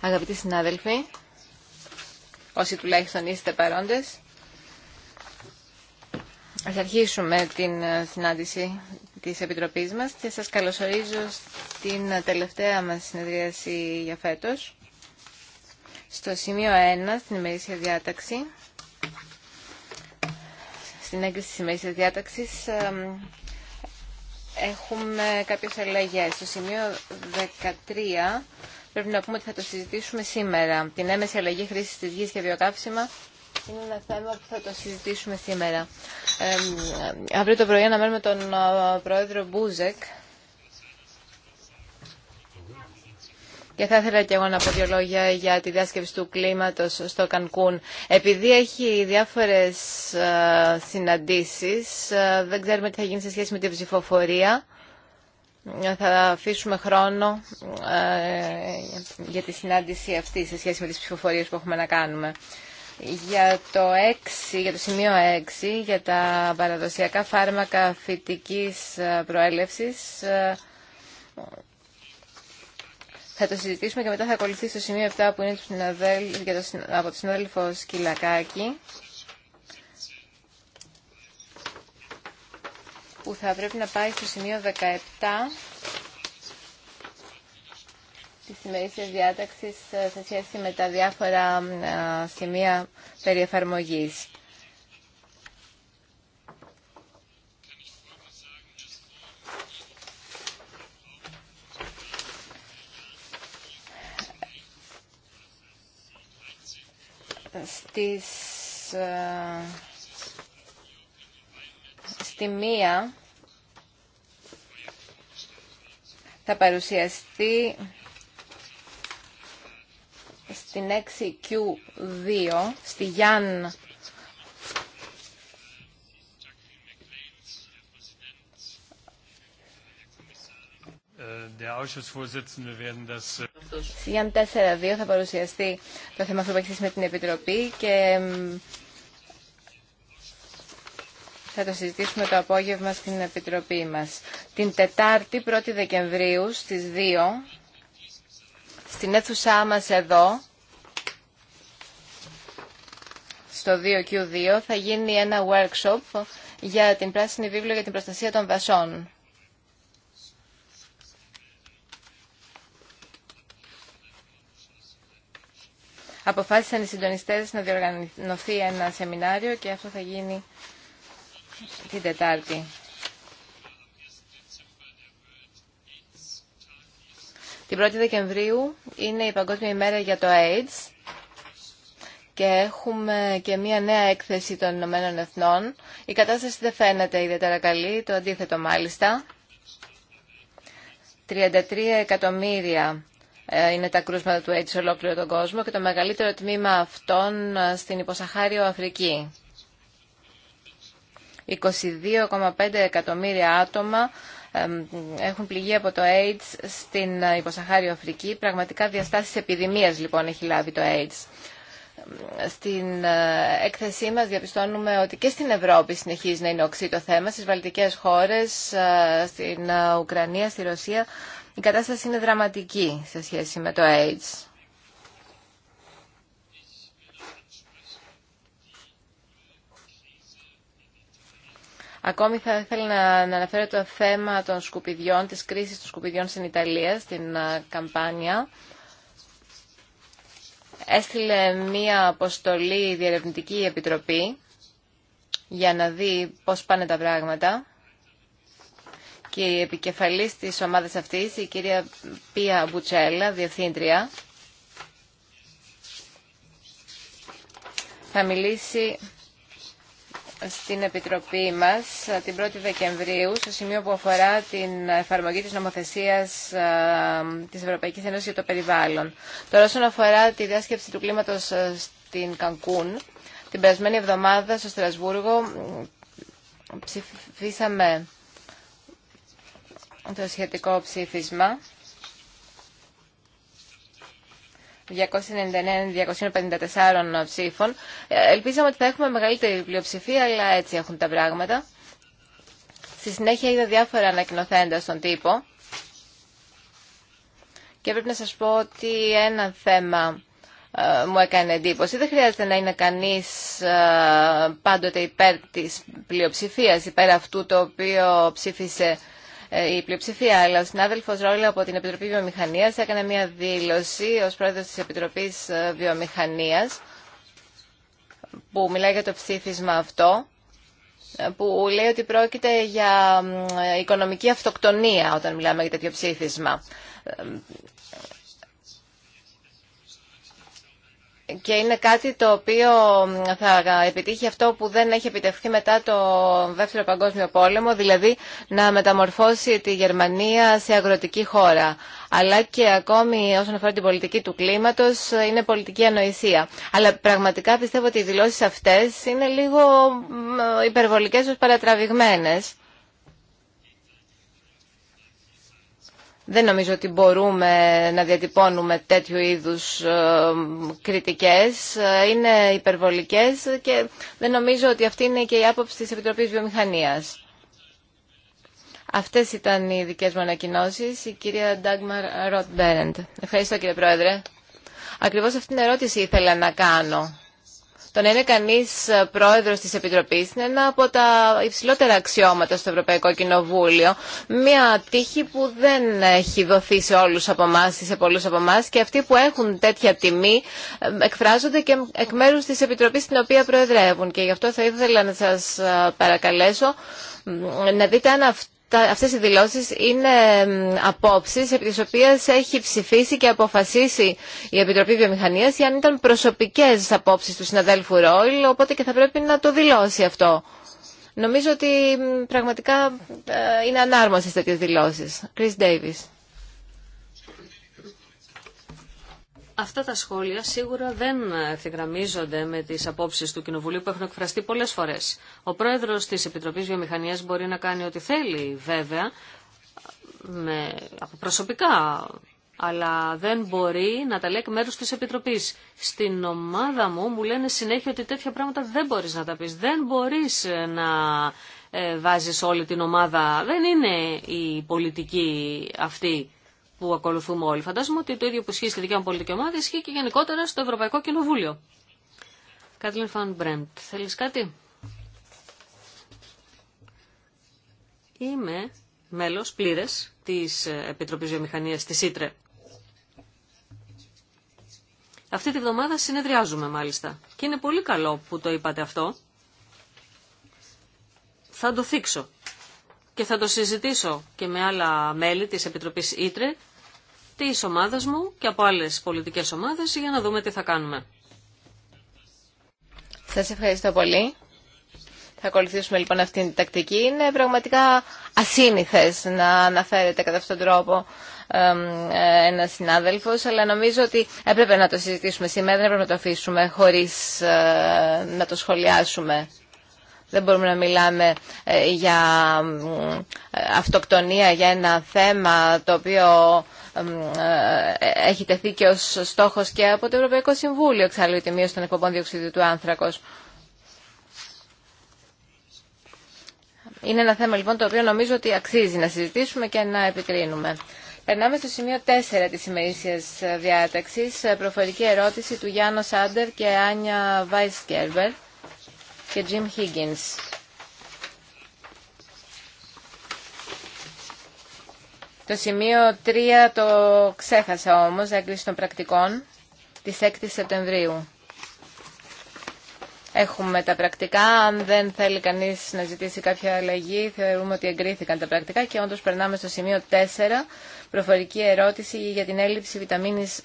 Αγαπητοί συνάδελφοι, όσοι τουλάχιστον είστε παρόντες, ας αρχίσουμε την ε, συνάντηση της Επιτροπής μας και σας καλωσορίζω στην τελευταία μας συνεδρίαση για φέτος. Στο σημείο 1, στην ημερήσια διάταξη, στην έγκριση της ημερήσιας διάταξης, έχουμε κάποιες αλλαγές. Στο σημείο 13 πρέπει να πούμε ότι θα το συζητήσουμε σήμερα. Την έμεση αλλαγή χρήση της γης και βιοκάψιμα είναι ένα θέμα που θα το συζητήσουμε σήμερα. Ε, αύριο το πρωί αναμένουμε τον ε, πρόεδρο Μπούζεκ Και θα ήθελα και εγώ να πω δύο λόγια για τη διάσκεψη του κλίματος στο Κανκούν. Επειδή έχει διάφορες ε, συναντήσεις, ε, δεν ξέρουμε τι θα γίνει σε σχέση με την ψηφοφορία. Θα αφήσουμε χρόνο ε, για τη συνάντηση αυτή σε σχέση με τις ψηφοφορίες που έχουμε να κάνουμε. Για το, 6, για το σημείο 6, για τα παραδοσιακά φάρμακα φυτικής προέλευσης, θα το συζητήσουμε και μετά θα ακολουθήσει στο σημείο 7 που είναι το συναδέλ, για το, από το συνάδελφο Σκυλακάκη που θα πρέπει να πάει στο σημείο 17 της ημερήσιας διάταξης ε, σε σχέση με τα διάφορα ε, σημεία περιεφαρμογής. Στις, ε, στη μία θα παρουσιαστεί στην 6Q2 στη Γιάννη. 4 2, äh, θα παρουσιαστεί το θέμα αυτό που έχει με την Επιτροπή και θα το συζητήσουμε το απόγευμα στην Επιτροπή μας. Την Τετάρτη, 1η Δεκεμβρίου, στις 2, στην αίθουσά μας εδώ, στο 2Q2, θα γίνει ένα workshop για την Πράσινη Βίβλο για την Προστασία των Βασών. αποφάσισαν οι συντονιστές να διοργανωθεί ένα σεμινάριο και αυτό θα γίνει την Τετάρτη. Την 1η Δεκεμβρίου είναι η Παγκόσμια ημέρα για το AIDS και έχουμε και μία νέα έκθεση των Ηνωμένων Εθνών. Η κατάσταση δεν φαίνεται ιδιαίτερα καλή, το αντίθετο μάλιστα. 33 εκατομμύρια ε, είναι τα κρούσματα του AIDS σε ολόκληρο τον κόσμο και το μεγαλύτερο τμήμα αυτών ε, στην υποσαχάριο Αφρική. 22,5 εκατομμύρια άτομα ε, έχουν πληγεί από το AIDS στην υποσαχάριο Αφρική. Πραγματικά διαστάσεις επιδημίας λοιπόν έχει λάβει το AIDS. Στην έκθεσή μας διαπιστώνουμε ότι και στην Ευρώπη συνεχίζει να είναι οξύ το θέμα, στις βαλτικές χώρες, στην Ουκρανία, στη Ρωσία η κατάσταση είναι δραματική σε σχέση με το AIDS. Ακόμη θα ήθελα να αναφέρω το θέμα των σκουπιδιών, της κρίσης των σκουπιδιών στην Ιταλία, στην καμπάνια. Έστειλε μία αποστολή διερευνητική επιτροπή για να δει πώς πάνε τα πράγματα και η επικεφαλής της ομάδας αυτής, η κυρία Πία Μπουτσέλα, διευθύντρια, θα μιλήσει στην Επιτροπή μας την 1η Δεκεμβρίου στο σημείο που αφορά την εφαρμογή της νομοθεσίας της Ευρωπαϊκής Ένωσης για το περιβάλλον. Τώρα όσον αφορά τη διάσκεψη του κλίματος στην Κανκούν, την περασμένη εβδομάδα στο Στρασβούργο ψηφίσαμε το σχετικό ψήφισμα. 299-254 ψήφων. Ε, ελπίζαμε ότι θα έχουμε μεγαλύτερη πλειοψηφία, αλλά έτσι έχουν τα πράγματα. Στη συνέχεια είδα διάφορα ανακοινοθέντα στον τύπο. Και πρέπει να σας πω ότι ένα θέμα ε, μου έκανε εντύπωση. Δεν χρειάζεται να είναι κανείς ε, πάντοτε υπέρ της πλειοψηφίας, υπέρ αυτού το οποίο ψήφισε ε, η πλειοψηφία. Αλλά ο συνάδελφο ρόλο από την Επιτροπή Βιομηχανία έκανε μια δήλωση ω πρόεδρο τη Επιτροπή ε, Βιομηχανία που μιλάει για το ψήφισμα αυτό ε, που λέει ότι πρόκειται για οικονομική αυτοκτονία όταν μιλάμε για τέτοιο ψήφισμα. και είναι κάτι το οποίο θα επιτύχει αυτό που δεν έχει επιτευχθεί μετά το Δεύτερο Παγκόσμιο Πόλεμο, δηλαδή να μεταμορφώσει τη Γερμανία σε αγροτική χώρα. Αλλά και ακόμη όσον αφορά την πολιτική του κλίματος είναι πολιτική ανοησία. Αλλά πραγματικά πιστεύω ότι οι δηλώσεις αυτές είναι λίγο υπερβολικές ως παρατραβηγμένες. Δεν νομίζω ότι μπορούμε να διατυπώνουμε τέτοιου είδους ε, κριτικές. Είναι υπερβολικές και δεν νομίζω ότι αυτή είναι και η άποψη της Επιτροπής Βιομηχανίας. Αυτές ήταν οι δικές μου ανακοινώσει. η κυρία Ντάγμαρ Ροτ Ευχαριστώ κύριε Πρόεδρε. Ακριβώς αυτήν την ερώτηση ήθελα να κάνω. Το να είναι κανεί ε, πρόεδρο τη Επιτροπής είναι ένα από τα υψηλότερα αξιώματα στο Ευρωπαϊκό Κοινοβούλιο. Μια τύχη που δεν έχει δοθεί σε όλου από εμά ή σε πολλού από εμά και αυτοί που έχουν τέτοια τιμή ε, εκφράζονται και εκ μέρου τη επιτροπή την οποία προεδρεύουν. Και γι' αυτό θα ήθελα να σα ε, παρακαλέσω να δείτε αν αυτό αυτές οι δηλώσεις είναι απόψεις επί τις οποίες έχει ψηφίσει και αποφασίσει η Επιτροπή Βιομηχανίας για αν ήταν προσωπικές απόψεις του συναδέλφου Ρόιλ, οπότε και θα πρέπει να το δηλώσει αυτό. Νομίζω ότι πραγματικά ε, είναι ανάρμοσες τέτοιες δηλώσεις. Chris Davis. Αυτά τα σχόλια σίγουρα δεν ευθυγραμμίζονται με τις απόψει του Κοινοβουλίου που έχουν εκφραστεί πολλέ φορές. Ο πρόεδρος της Επιτροπής Βιομηχανίας μπορεί να κάνει ό,τι θέλει βέβαια, με, από προσωπικά, αλλά δεν μπορεί να τα λέει εκ μέρου της Επιτροπής. Στην ομάδα μου μου λένε συνέχεια ότι τέτοια πράγματα δεν μπορεί να τα πει, Δεν μπορεί να ε, βάζει όλη την ομάδα. Δεν είναι η πολιτική αυτή που ακολουθούμε όλοι. Φαντάζομαι ότι το ίδιο που ισχύει στη δικιά μου πολιτική ομάδα ισχύει και γενικότερα στο Ευρωπαϊκό Κοινοβούλιο. Κάτλιν Φαν Μπρέντ, θέλεις κάτι? Είμαι μέλος πλήρες της Επιτροπής Βιομηχανίας της ΣΥΤΡΕ. Αυτή τη βδομάδα συνεδριάζουμε μάλιστα. Και είναι πολύ καλό που το είπατε αυτό. Θα το θίξω και θα το συζητήσω και με άλλα μέλη της Επιτροπής Ήτρε της ομάδας μου και από άλλες πολιτικές ομάδες για να δούμε τι θα κάνουμε. Σας ευχαριστώ πολύ. Θα ακολουθήσουμε λοιπόν αυτήν την τακτική. Είναι πραγματικά ασύνηθες να αναφέρεται κατά αυτόν τον τρόπο ένα συνάδελφο, αλλά νομίζω ότι έπρεπε να το συζητήσουμε σήμερα, δεν έπρεπε να το αφήσουμε χωρίς ε, να το σχολιάσουμε. Δεν μπορούμε να μιλάμε ε, για ε, αυτοκτονία, για ένα θέμα το οποίο ε, έχει τεθεί και ως στόχος και από το Ευρωπαϊκό Συμβούλιο εξάλλου η τιμή των εκπομπών διοξιδίου του άνθρακος. Είναι ένα θέμα λοιπόν το οποίο νομίζω ότι αξίζει να συζητήσουμε και να επικρίνουμε. Περνάμε στο σημείο 4 της ημερήσιας διάταξης, προφορική ερώτηση του Γιάννο Σάντερ και Άνια Βάισκερβερ και Jim Higgins. Το σημείο 3 το ξέχασα όμως, έγκριση των πρακτικών της 6 Σεπτεμβρίου. Έχουμε τα πρακτικά. Αν δεν θέλει κανείς να ζητήσει κάποια αλλαγή, θεωρούμε ότι εγκρίθηκαν τα πρακτικά και όντως περνάμε στο σημείο 4, προφορική ερώτηση για την έλλειψη βιταμίνης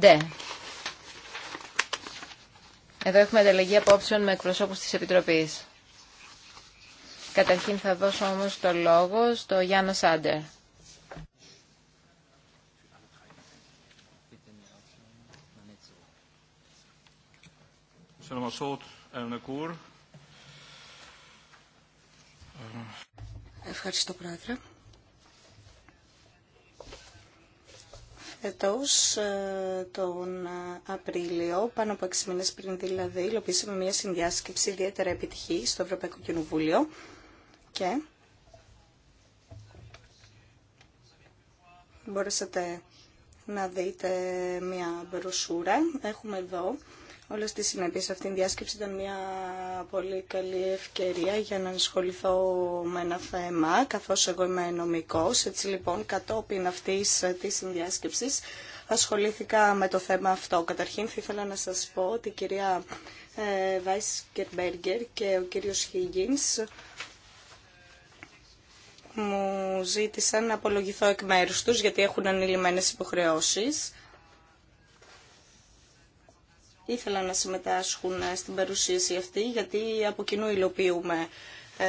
D. Εδώ έχουμε ανταλλαγή απόψεων με εκπροσώπους της Επιτροπής. Καταρχήν θα δώσω όμως το λόγο στο Γιάννο Σάντερ. Ευχαριστώ, Πρόεδρε. Ετός ε, τον ε, Απρίλιο, πάνω από 6 μήνες πριν δηλαδή, υλοποιήσαμε μια συνδιάσκεψη ιδιαίτερα επιτυχή στο Ευρωπαϊκό Κοινοβούλιο και μπορέσατε να δείτε μια μπροσούρα. Έχουμε εδώ όλες τις συνέπειες. αυτήν η διάσκεψη ήταν μια πολύ καλή ευκαιρία για να ασχοληθώ με ένα θέμα, καθώς εγώ είμαι νομικό. Έτσι λοιπόν, κατόπιν αυτής ε, της συνδιάσκεψης, ασχολήθηκα με το θέμα αυτό. Καταρχήν θα ήθελα να σας πω ότι η κυρία ε, Βάις και ο κύριος Χίγκιν μου ζήτησαν να απολογηθώ εκ μέρου του γιατί έχουν ανηλυμένε υποχρεώσει. Ήθελα να συμμετάσχουν ε, στην παρουσίαση αυτή γιατί από κοινού υλοποιούμε ε,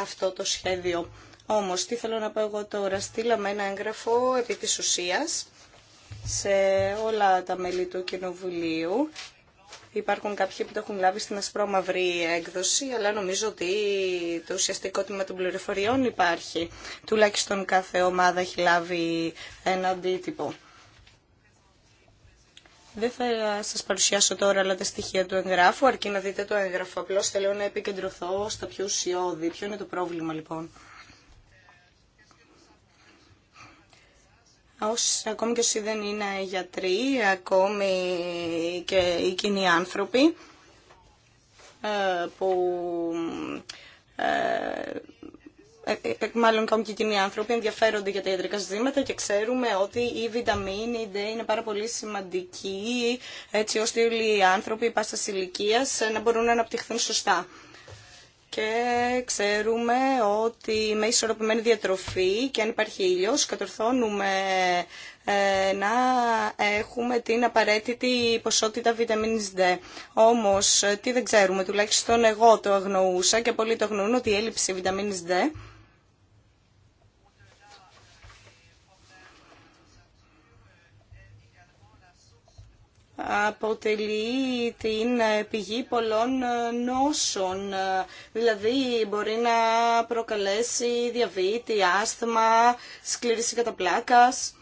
αυτό το σχέδιο. Όμως, τι θέλω να πω εγώ τώρα, στείλαμε ένα έγγραφο επί της ουσίας σε όλα τα μέλη του Κοινοβουλίου. Υπάρχουν κάποιοι που το έχουν λάβει στην ασπρόμαυρη έκδοση, αλλά νομίζω ότι το ουσιαστικό τμήμα των πληροφοριών υπάρχει. Τουλάχιστον κάθε ομάδα έχει λάβει ένα αντίτυπο. Δεν θα σας παρουσιάσω τώρα όλα τα στοιχεία του εγγράφου, αρκεί να δείτε το έγγραφο. Απλώ θέλω να επικεντρωθώ στα πιο ουσιώδη. Ποιο είναι το πρόβλημα λοιπόν. Όσοι, ακόμη και όσοι δεν είναι γιατροί, ακόμη και οι κοινοί άνθρωποι ε, που ε, ε, ε, ε, μάλλον ακόμη και εκείνοι κοινοί άνθρωποι ενδιαφέρονται για τα ιατρικά ζητήματα και ξέρουμε ότι η βιταμίνη D είναι πάρα πολύ σημαντική έτσι ώστε όλοι οι άνθρωποι πάστα ηλικία να μπορούν να αναπτυχθούν σωστά. Και ξέρουμε ότι με ισορροπημένη διατροφή και αν υπάρχει ήλιος κατορθώνουμε να έχουμε την απαραίτητη ποσότητα βιταμίνης D. Όμως, τι δεν ξέρουμε, τουλάχιστον εγώ το αγνοούσα και πολλοί το αγνοούν ότι η έλλειψη βιταμίνης D αποτελεί την πηγή πολλών νόσων. Δηλαδή μπορεί να προκαλέσει διαβήτη, άσθμα, σκλήρηση κατά πλάκας,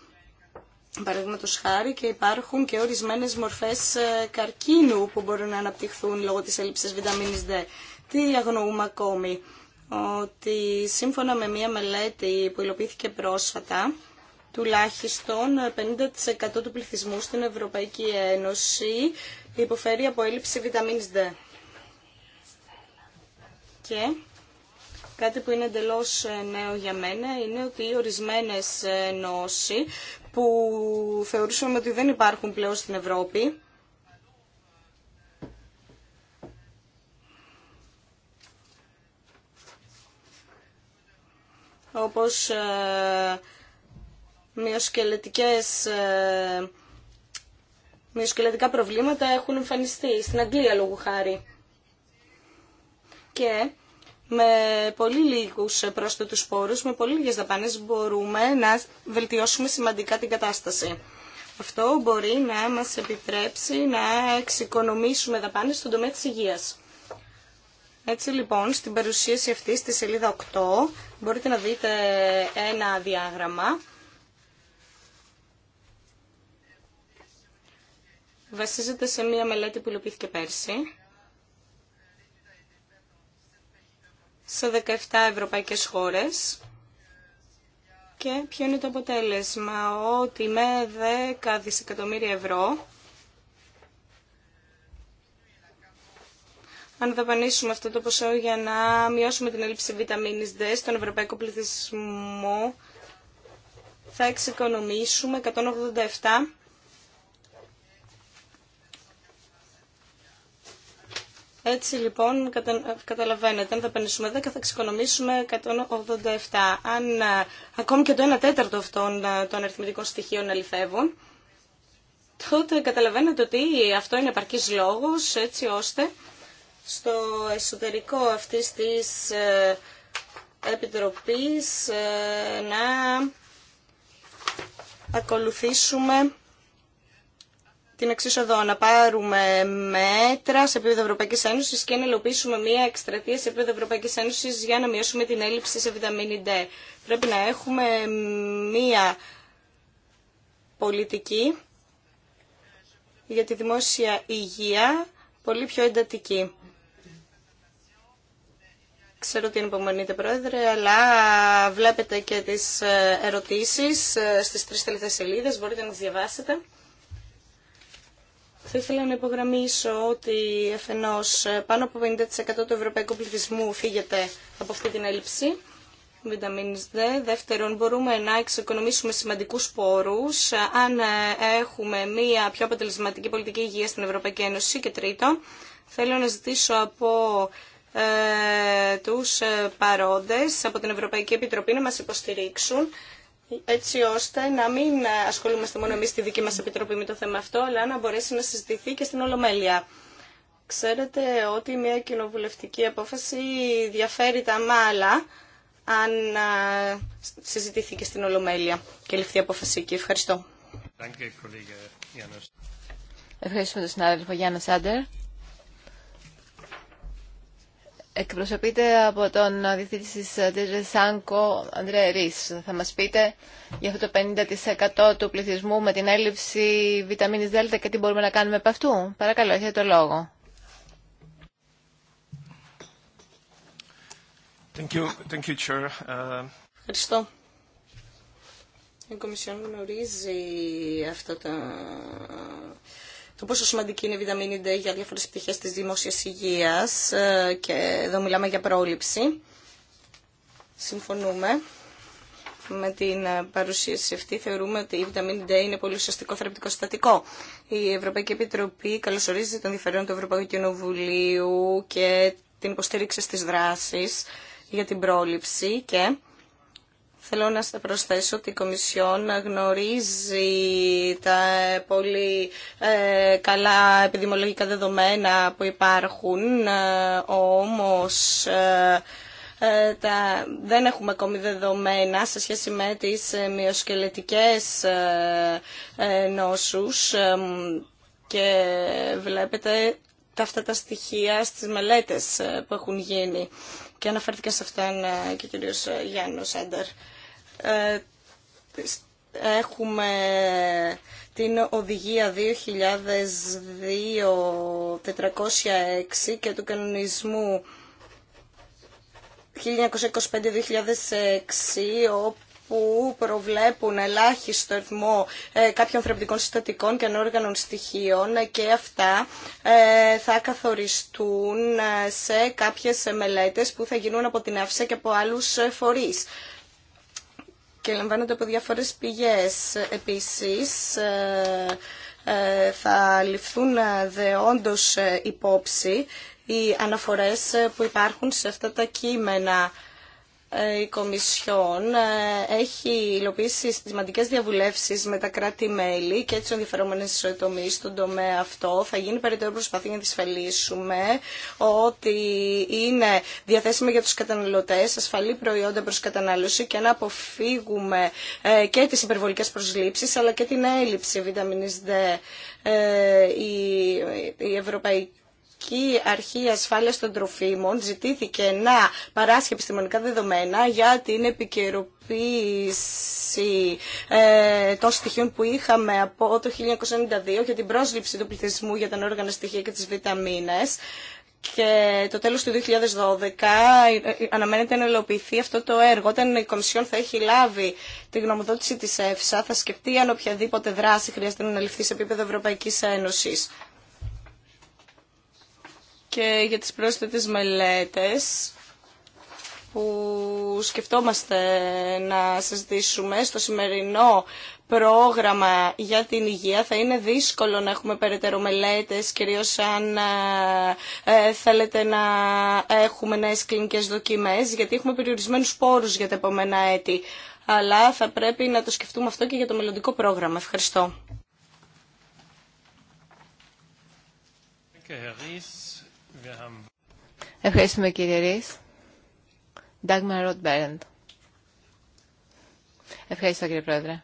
παραδείγματος χάρη και υπάρχουν και ορισμένες μορφές ε, καρκίνου που μπορούν να αναπτυχθούν λόγω της έλλειψης βιταμίνης D. Τι αγνοούμε ακόμη, ότι σύμφωνα με μία μελέτη που υλοποιήθηκε πρόσφατα, τουλάχιστον 50% του πληθυσμού στην Ευρωπαϊκή Ένωση υποφέρει από έλλειψη βιταμίνης D. Και κάτι που είναι εντελώ ε, νέο για μένα είναι ότι ορισμένες ε, νόσοι που θεωρούσαμε ότι δεν υπάρχουν πλέον στην Ευρώπη όπως ε, μειοσκελετικές ε, μειοσκελετικά προβλήματα έχουν εμφανιστεί στην Αγγλία λόγου χάρη. Και με πολύ λίγους πρόσθετους σπόρους, με πολύ λίγες δαπάνες μπορούμε να βελτιώσουμε σημαντικά την κατάσταση. Αυτό μπορεί να μας επιτρέψει να εξοικονομήσουμε δαπάνες στον τομέα της υγείας. Έτσι λοιπόν, στην παρουσίαση αυτή στη σελίδα 8 μπορείτε να δείτε ένα διάγραμμα βασίζεται σε μία μελέτη που υλοποιήθηκε πέρσι σε 17 ευρωπαϊκές χώρες και ποιο είναι το αποτέλεσμα ότι με 10 δισεκατομμύρια ευρώ αν δαπανίσουμε αυτό το ποσό για να μειώσουμε την έλλειψη βιταμίνης D στον ευρωπαϊκό πληθυσμό θα εξοικονομήσουμε 187 Έτσι λοιπόν καταλαβαίνετε, αν θα πενήσουμε 10 θα ξεκονομήσουμε 187. Αν ε, ακόμη και το 1 τέταρτο αυτών ε, των αριθμητικών στοιχείων αληθεύουν, τότε καταλαβαίνετε ότι αυτό είναι επαρκής λόγος έτσι ώστε στο εσωτερικό αυτής της ε, Επιτροπής να ακολουθήσουμε την εξίσοδο εδώ, να πάρουμε μέτρα σε επίπεδο Ευρωπαϊκή Ένωση και να υλοποιήσουμε μια εκστρατεία σε επίπεδο Ευρωπαϊκή Ένωση για να μειώσουμε την έλλειψη σε βιταμίνη D. Πρέπει να έχουμε μια πολιτική για τη δημόσια υγεία πολύ πιο εντατική. Ξέρω ότι ανυπομονείτε πρόεδρε, αλλά βλέπετε και τις ε, ερωτήσεις ε, στις τρεις τελευταίες σελίδες, μπορείτε να τις διαβάσετε. Θα ήθελα να υπογραμμίσω ότι αφενός πάνω από 50% του ευρωπαϊκού πληθυσμού φύγεται από αυτή την έλλειψη βιταμίνης D. Δεύτερον, μπορούμε να εξοικονομήσουμε σημαντικούς πόρους αν έχουμε μία πιο αποτελεσματική πολιτική υγεία στην Ευρωπαϊκή Ένωση. Και τρίτον, θέλω να ζητήσω από ε, τους παρόντες, από την Ευρωπαϊκή Επιτροπή να μας υποστηρίξουν έτσι ώστε να μην ασχολούμαστε μόνο εμείς στη δική μας επιτροπή με το θέμα αυτό, αλλά να μπορέσει να συζητηθεί και στην Ολομέλεια. Ξέρετε ότι μια κοινοβουλευτική απόφαση διαφέρει τα μάλα αν συζητηθεί και στην Ολομέλεια και ληφθεί απόφαση εκεί. Ευχαριστώ. Ευχαριστούμε τον συνάδελφο Γιάννα Σάντερ. Εκπροσωπείτε από τον διευθύντη της DG Σάνκο, Ανδρέα Ρίς. Θα μας πείτε για αυτό το 50% του πληθυσμού με την έλλειψη βιταμίνης Δ και τι μπορούμε να κάνουμε από αυτού. Παρακαλώ, έχετε το λόγο. Thank you. Thank you, uh, Ευχαριστώ. Η Κομισιόν γνωρίζει αυτό το το πόσο σημαντική είναι η βιταμίνη D για διάφορε πτυχέ της δημόσιας υγείας ε, και εδώ μιλάμε για πρόληψη. Συμφωνούμε με την ε, παρουσίαση αυτή θεωρούμε ότι η βιταμίνη D είναι πολύ ουσιαστικό θεραπευτικό συστατικό. Η Ευρωπαϊκή Επιτροπή καλωσορίζει τον ενδιαφέρον του Ευρωπαϊκού Κοινοβουλίου και την υποστήριξη στις δράσεις για την πρόληψη και Θέλω να σας προσθέσω ότι η Κομισιόν γνωρίζει τα πολύ ε, καλά επιδημολογικά δεδομένα που υπάρχουν, ε, όμως ε, τα, δεν έχουμε ακόμη δεδομένα σε σχέση με τις μειοσκελετικέ νόσους και βλέπετε τα αυτά τα στοιχεία στις μελέτες που έχουν γίνει. Και αναφέρθηκε σε αυτά και ο κ. Γιάννος ε, έχουμε την οδηγία 2002-406 και του κανονισμού 1925-2006 όπου προβλέπουν ελάχιστο αριθμό ε, κάποιων θρεπτικών συστατικών και ανόργανων στοιχείων και αυτά ε, θα καθοριστούν σε κάποιες μελέτες που θα γίνουν από την ΑΦΣΑ και από άλλους φορείς και λαμβάνονται από διάφορες πηγές. Επίσης, ε, ε, θα ληφθούν ε, δεόντως υπόψη οι αναφορές που υπάρχουν σε αυτά τα κείμενα. Ε, η Κομισιόν ε, έχει υλοποιήσει σημαντικέ διαβουλευσει με τα κράτη-μέλη και έτσι ενδιαφερόμενε τομεί στον τομέα αυτό. Θα γίνει περαιτέρω προσπαθή να δυσφαλίσουμε ότι είναι διαθέσιμα για τους καταναλωτές ασφαλή προϊόντα προ κατανάλωση και να αποφύγουμε ε, και τις υπερβολικές προσλήψεις αλλά και την έλλειψη βιταμίνη D. Η Ευρωπαϊκή η Αρχή Ασφάλειας των Τροφίμων ζητήθηκε να παράσχει επιστημονικά δεδομένα για την επικαιροποίηση ε, των στοιχείων που είχαμε από το 1992 για την πρόσληψη του πληθυσμού για τα όργανα στοιχεία και τις βιταμίνες και το τέλος του 2012 ε, ε, αναμένεται να ελοποιηθεί αυτό το έργο. Όταν η Κομισιόν θα έχει λάβει τη γνωμοδότηση της ΕΦΣΑ, θα σκεφτεί αν οποιαδήποτε δράση χρειάζεται να ληφθεί σε επίπεδο Ευρωπαϊκής Ένωσης και για τις πρόσθετες μελέτες που σκεφτόμαστε να συζητήσουμε στο σημερινό πρόγραμμα για την υγεία θα είναι δύσκολο να έχουμε περαιτέρω μελέτες, κυρίως αν ε, ε, θέλετε να έχουμε νέες κλινικές δοκιμές, γιατί έχουμε περιορισμένους πόρους για τα επόμενα έτη. Αλλά θα πρέπει να το σκεφτούμε αυτό και για το μελλοντικό πρόγραμμα. Ευχαριστώ. Ευχαριστούμε κύριε Ρης. Ντάγμα Ροτ Μπέρεντ. Ευχαριστώ κύριε Πρόεδρε.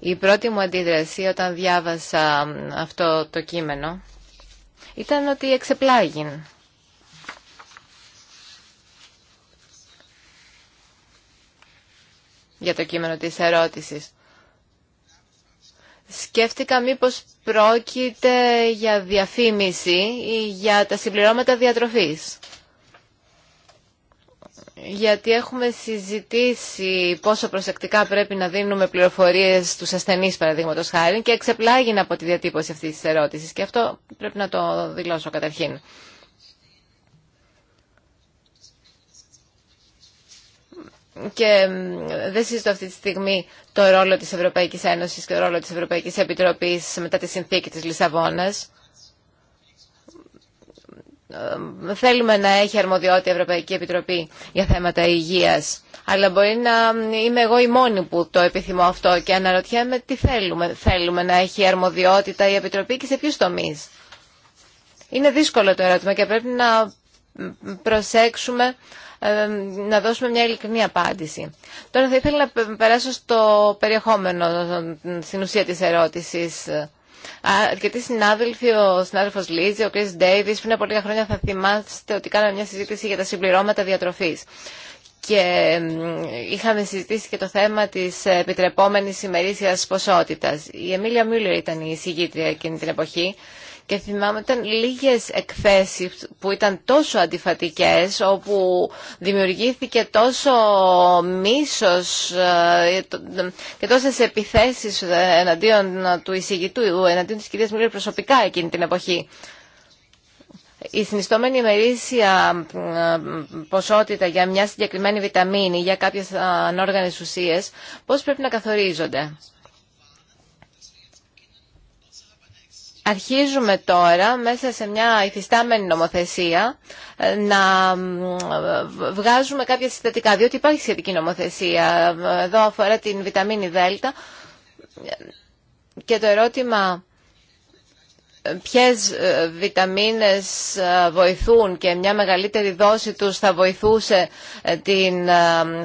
Η πρώτη μου αντίδραση όταν διάβασα αυτό το κείμενο ήταν ότι εξεπλάγην για το κείμενο της ερώτησης. Σκέφτηκα μήπως πρόκειται για διαφήμιση ή για τα συμπληρώματα διατροφής. Γιατί έχουμε συζητήσει πόσο προσεκτικά πρέπει να δίνουμε πληροφορίες στους ασθενείς παραδείγματο χάρη και εξεπλάγει από τη διατύπωση αυτής της ερώτησης και αυτό πρέπει να το δηλώσω καταρχήν. και δεν συζητώ αυτή τη στιγμή το ρόλο της Ευρωπαϊκής Ένωσης και το ρόλο της Ευρωπαϊκής Επιτροπής μετά τη συνθήκη της Λισαβόνας. Ε, θέλουμε να έχει αρμοδιότητα η Ευρωπαϊκή Επιτροπή για θέματα υγείας. Αλλά μπορεί να είμαι εγώ η μόνη που το επιθυμώ αυτό και αναρωτιέμαι τι θέλουμε. Θέλουμε να έχει αρμοδιότητα η Επιτροπή και σε ποιους τομείς. Είναι δύσκολο το ερώτημα και πρέπει να προσέξουμε ε, να δώσουμε μια ειλικρινή απάντηση. Τώρα θα ήθελα να περάσω στο περιεχόμενο, στην ουσία της ερώτησης. Αρκετοί συνάδελφοι, ο συνάδελφο Λίζη, ο Κρίς Ντέιβις, πριν από λίγα χρόνια θα θυμάστε ότι κάναμε μια συζήτηση για τα συμπληρώματα διατροφής Και είχαμε συζητήσει και το θέμα της επιτρεπόμενη ημερήσιας ποσότητα. Η Εμίλια Μιούλερ ήταν η εισηγήτρια εκείνη την εποχή και θυμάμαι ήταν λίγες εκθέσεις που ήταν τόσο αντιφατικές, όπου δημιουργήθηκε τόσο μίσος ε, και τόσες επιθέσεις ε, εναντίον του εισηγητού, εναντίον της κυρίας Μιλή προσωπικά εκείνη την εποχή. Η συνιστόμενη ημερήσια ε, ποσότητα για μια συγκεκριμένη βιταμίνη, για κάποιες ανόργανες ουσίες, πώς πρέπει να καθορίζονται. Αρχίζουμε τώρα μέσα σε μια υφιστάμενη νομοθεσία να βγάζουμε κάποια συστατικά, διότι υπάρχει σχετική νομοθεσία. Εδώ αφορά την βιταμίνη Δέλτα Και το ερώτημα ποιες ε, βιταμίνες ε, βοηθούν και μια μεγαλύτερη δόση τους θα βοηθούσε ε, την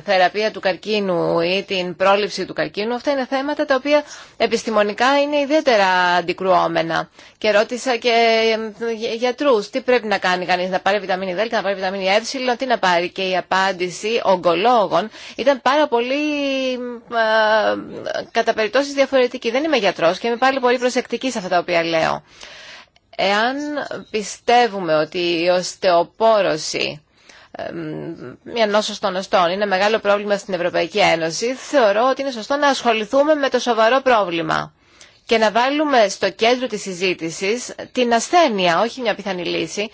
θεραπεία του καρκίνου ή την πρόληψη του καρκίνου. Αυτά είναι θέματα τα οποία επιστημονικά είναι ιδιαίτερα αντικρουόμενα. Και ρώτησα και γιατρούς τι πρέπει να κάνει κανείς, να πάρει βιταμίνη Δ, να πάρει βιταμίνη Ε, τι να πάρει. Και η απάντηση ογκολόγων ήταν πάρα πολύ κατά περιπτώσεις διαφορετική. Δεν είμαι γιατρός και είμαι πάλι πολύ προσεκτική σε αυτά τα οποία λέω. Εάν πιστεύουμε ότι η οστεοπόρωση μια νόσο των οστών είναι μεγάλο πρόβλημα στην Ευρωπαϊκή Ένωση, θεωρώ ότι είναι σωστό να ασχοληθούμε με το σοβαρό πρόβλημα και να βάλουμε στο κέντρο της συζήτησης την ασθένεια, όχι μια πιθανή λύση,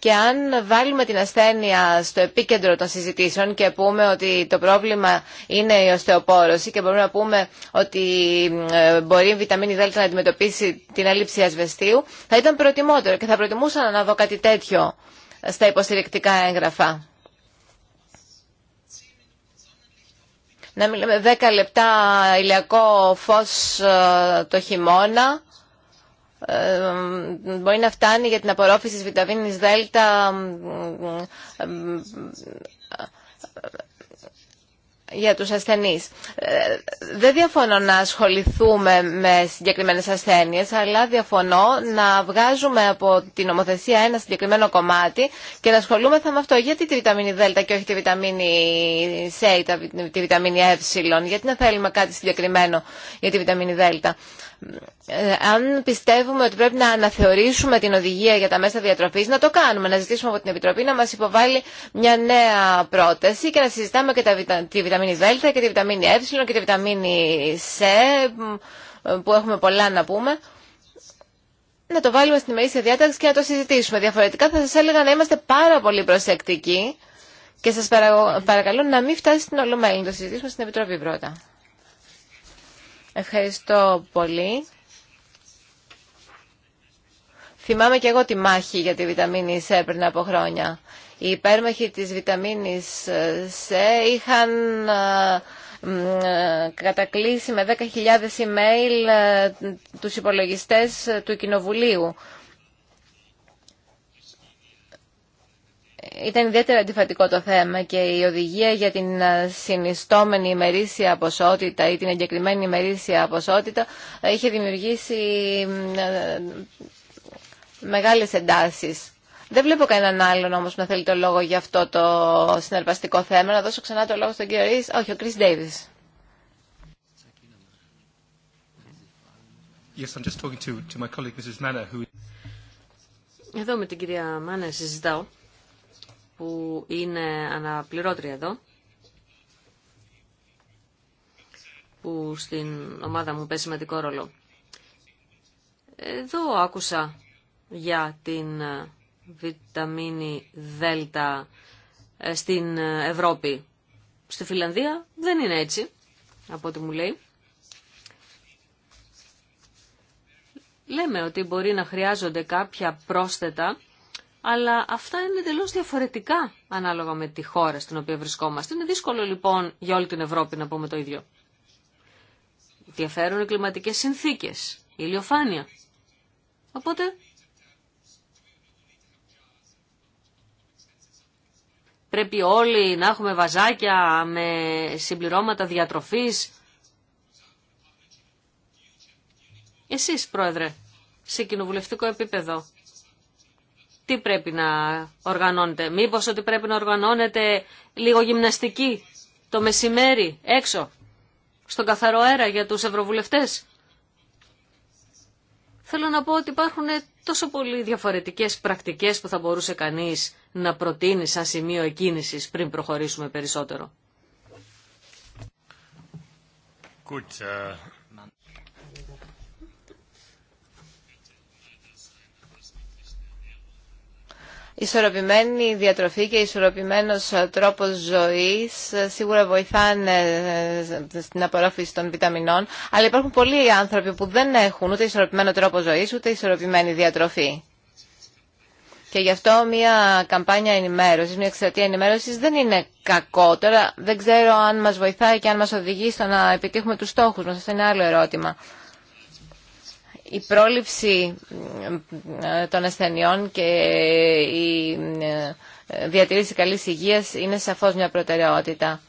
και αν βάλουμε την ασθένεια στο επίκεντρο των συζητήσεων και πούμε ότι το πρόβλημα είναι η οστεοπόρωση και μπορούμε να πούμε ότι ε, μπορεί η βιταμίνη Δ να αντιμετωπίσει την έλλειψη ασβεστίου, θα ήταν προτιμότερο και θα προτιμούσα να δω κάτι τέτοιο στα υποστηρικτικά έγγραφα. Να μιλάμε 10 λεπτά ηλιακό φως ε, το χειμώνα μπορεί να φτάνει για την απορρόφηση της βιταμίνης Δ για τους ασθενείς. Δεν διαφωνώ να ασχοληθούμε με συγκεκριμένες ασθένειες, αλλά διαφωνώ να βγάζουμε από την νομοθεσία ένα συγκεκριμένο κομμάτι και να ασχολούμεθα με αυτό. Γιατί τη βιταμίνη Δ και όχι τη βιταμίνη Σ τη βιταμίνη Ε, γιατί να θέλουμε κάτι συγκεκριμένο για τη βιταμίνη Δ. Ε, αν πιστεύουμε ότι πρέπει να αναθεωρήσουμε την οδηγία για τα μέσα διατροφής, να το κάνουμε, να ζητήσουμε από την Επιτροπή να μας υποβάλει μια νέα πρόταση και να συζητάμε και τη βιταμίνη Δ και τη βιταμίνη Ε και τη βιταμίνη Σ που έχουμε πολλά να πούμε να το βάλουμε στην ημερήσια διάταξη και να το συζητήσουμε. Διαφορετικά θα σας έλεγα να είμαστε πάρα πολύ προσεκτικοί και σας παρακαλώ να μην φτάσει στην Ολομέλη. Να το συζητήσουμε στην Επιτροπή πρώτα. Ευχαριστώ πολύ. Θυμάμαι και εγώ τη μάχη για τη βιταμίνη C πριν από χρόνια. Οι υπέρμαχοι της βιταμίνης C είχαν ε, ε, κατακλείσει με 10.000 email ε, τους υπολογιστές του Κοινοβουλίου ήταν ιδιαίτερα αντιφατικό το θέμα και η οδηγία για την ε, συνιστόμενη ημερήσια ποσότητα ή την εγκεκριμένη ημερήσια ποσότητα ε, είχε δημιουργήσει ε, μεγάλες εντάσεις. Δεν βλέπω κανέναν άλλον όμως να θέλει το λόγο για αυτό το συναρπαστικό θέμα. Να δώσω ξανά το λόγο στον κύριο Ρίς. Όχι, ο Κρίς Ντέιβις. Εδώ με την κυρία Μάνα συζητάω που είναι αναπληρώτρια εδώ, που στην ομάδα μου παίζει σημαντικό ρόλο. Εδώ άκουσα για την βιταμίνη Δέλτα στην Ευρώπη. Στη Φιλανδία δεν είναι έτσι, από ό,τι μου λέει. Λέμε ότι μπορεί να χρειάζονται κάποια πρόσθετα αλλά αυτά είναι εντελώ διαφορετικά ανάλογα με τη χώρα στην οποία βρισκόμαστε. Είναι δύσκολο λοιπόν για όλη την Ευρώπη να πούμε το ίδιο. Διαφέρουν οι κλιματικές συνθήκες, η ηλιοφάνεια. Οπότε πρέπει όλοι να έχουμε βαζάκια με συμπληρώματα διατροφής. Εσείς, Πρόεδρε, σε κοινοβουλευτικό επίπεδο, τι πρέπει να οργανώνετε. Μήπως ότι πρέπει να οργανώνετε λίγο γυμναστική το μεσημέρι έξω στον καθαρό αέρα για τους ευρωβουλευτές. Θέλω να πω ότι υπάρχουν τόσο πολύ διαφορετικές πρακτικές που θα μπορούσε κανείς να προτείνει σαν σημείο εκκίνησης πριν προχωρήσουμε περισσότερο. Uh, ισορροπημένη διατροφή και ισορροπημένος ε, τρόπος ζωής ε, σίγουρα βοηθάνε ε, στην απορρόφηση των βιταμινών, αλλά υπάρχουν πολλοί άνθρωποι που δεν έχουν ούτε ισορροπημένο τρόπο ζωής, ούτε ισορροπημένη διατροφή. Και γι' αυτό μια καμπάνια ενημέρωσης, μια εξαιρετική ενημέρωσης δεν είναι κακό. Τώρα δεν ξέρω αν μας βοηθάει και αν μας οδηγεί στο να επιτύχουμε τους στόχους μας. Αυτό είναι άλλο ερώτημα η πρόληψη ε, των ασθενειών και η ε, διατήρηση καλής υγείας είναι σαφώς μια προτεραιότητα.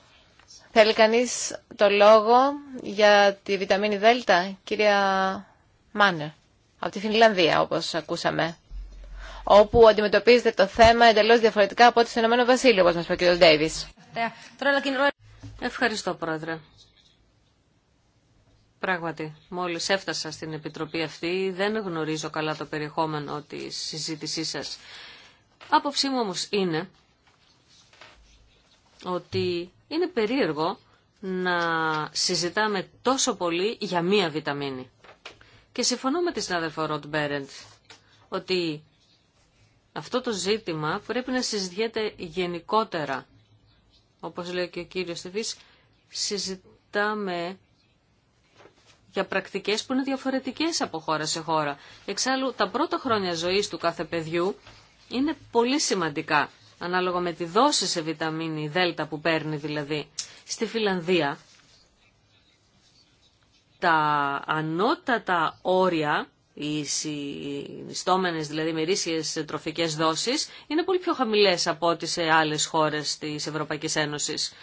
Θέλει κανείς το λόγο για τη βιταμίνη Δ, κυρία Μάνερ, από τη Φινλανδία όπως ακούσαμε, όπου αντιμετωπίζεται το θέμα εντελώς διαφορετικά από ό,τι στο Ηνωμένο Βασίλειο, όπως μας είπε ο κ. Ντέιβις. Ευχαριστώ, Πρόεδρε. Πράγματι, μόλις έφτασα στην Επιτροπή αυτή, δεν γνωρίζω καλά το περιεχόμενο της συζήτησής σας. Άποψή μου όμως είναι ότι είναι περίεργο να συζητάμε τόσο πολύ για μία βιταμίνη. Και συμφωνώ με τη συνάδελφο Ροτ Μπέρεντ ότι αυτό το ζήτημα πρέπει να συζητιέται γενικότερα. Όπως λέει και ο κύριος Στεφής, συζητάμε για πρακτικές που είναι διαφορετικές από χώρα σε χώρα. Εξάλλου, τα πρώτα χρόνια ζωής του κάθε παιδιού είναι πολύ σημαντικά, ανάλογα με τη δόση σε βιταμίνη Δ που παίρνει δηλαδή. Στη Φιλανδία, τα ανώτατα όρια, οι συνιστόμενες δηλαδή μερίσιες τροφικές δόσεις, είναι πολύ πιο χαμηλές από ό,τι σε άλλες χώρες της Ευρωπαϊκής Ένωσης.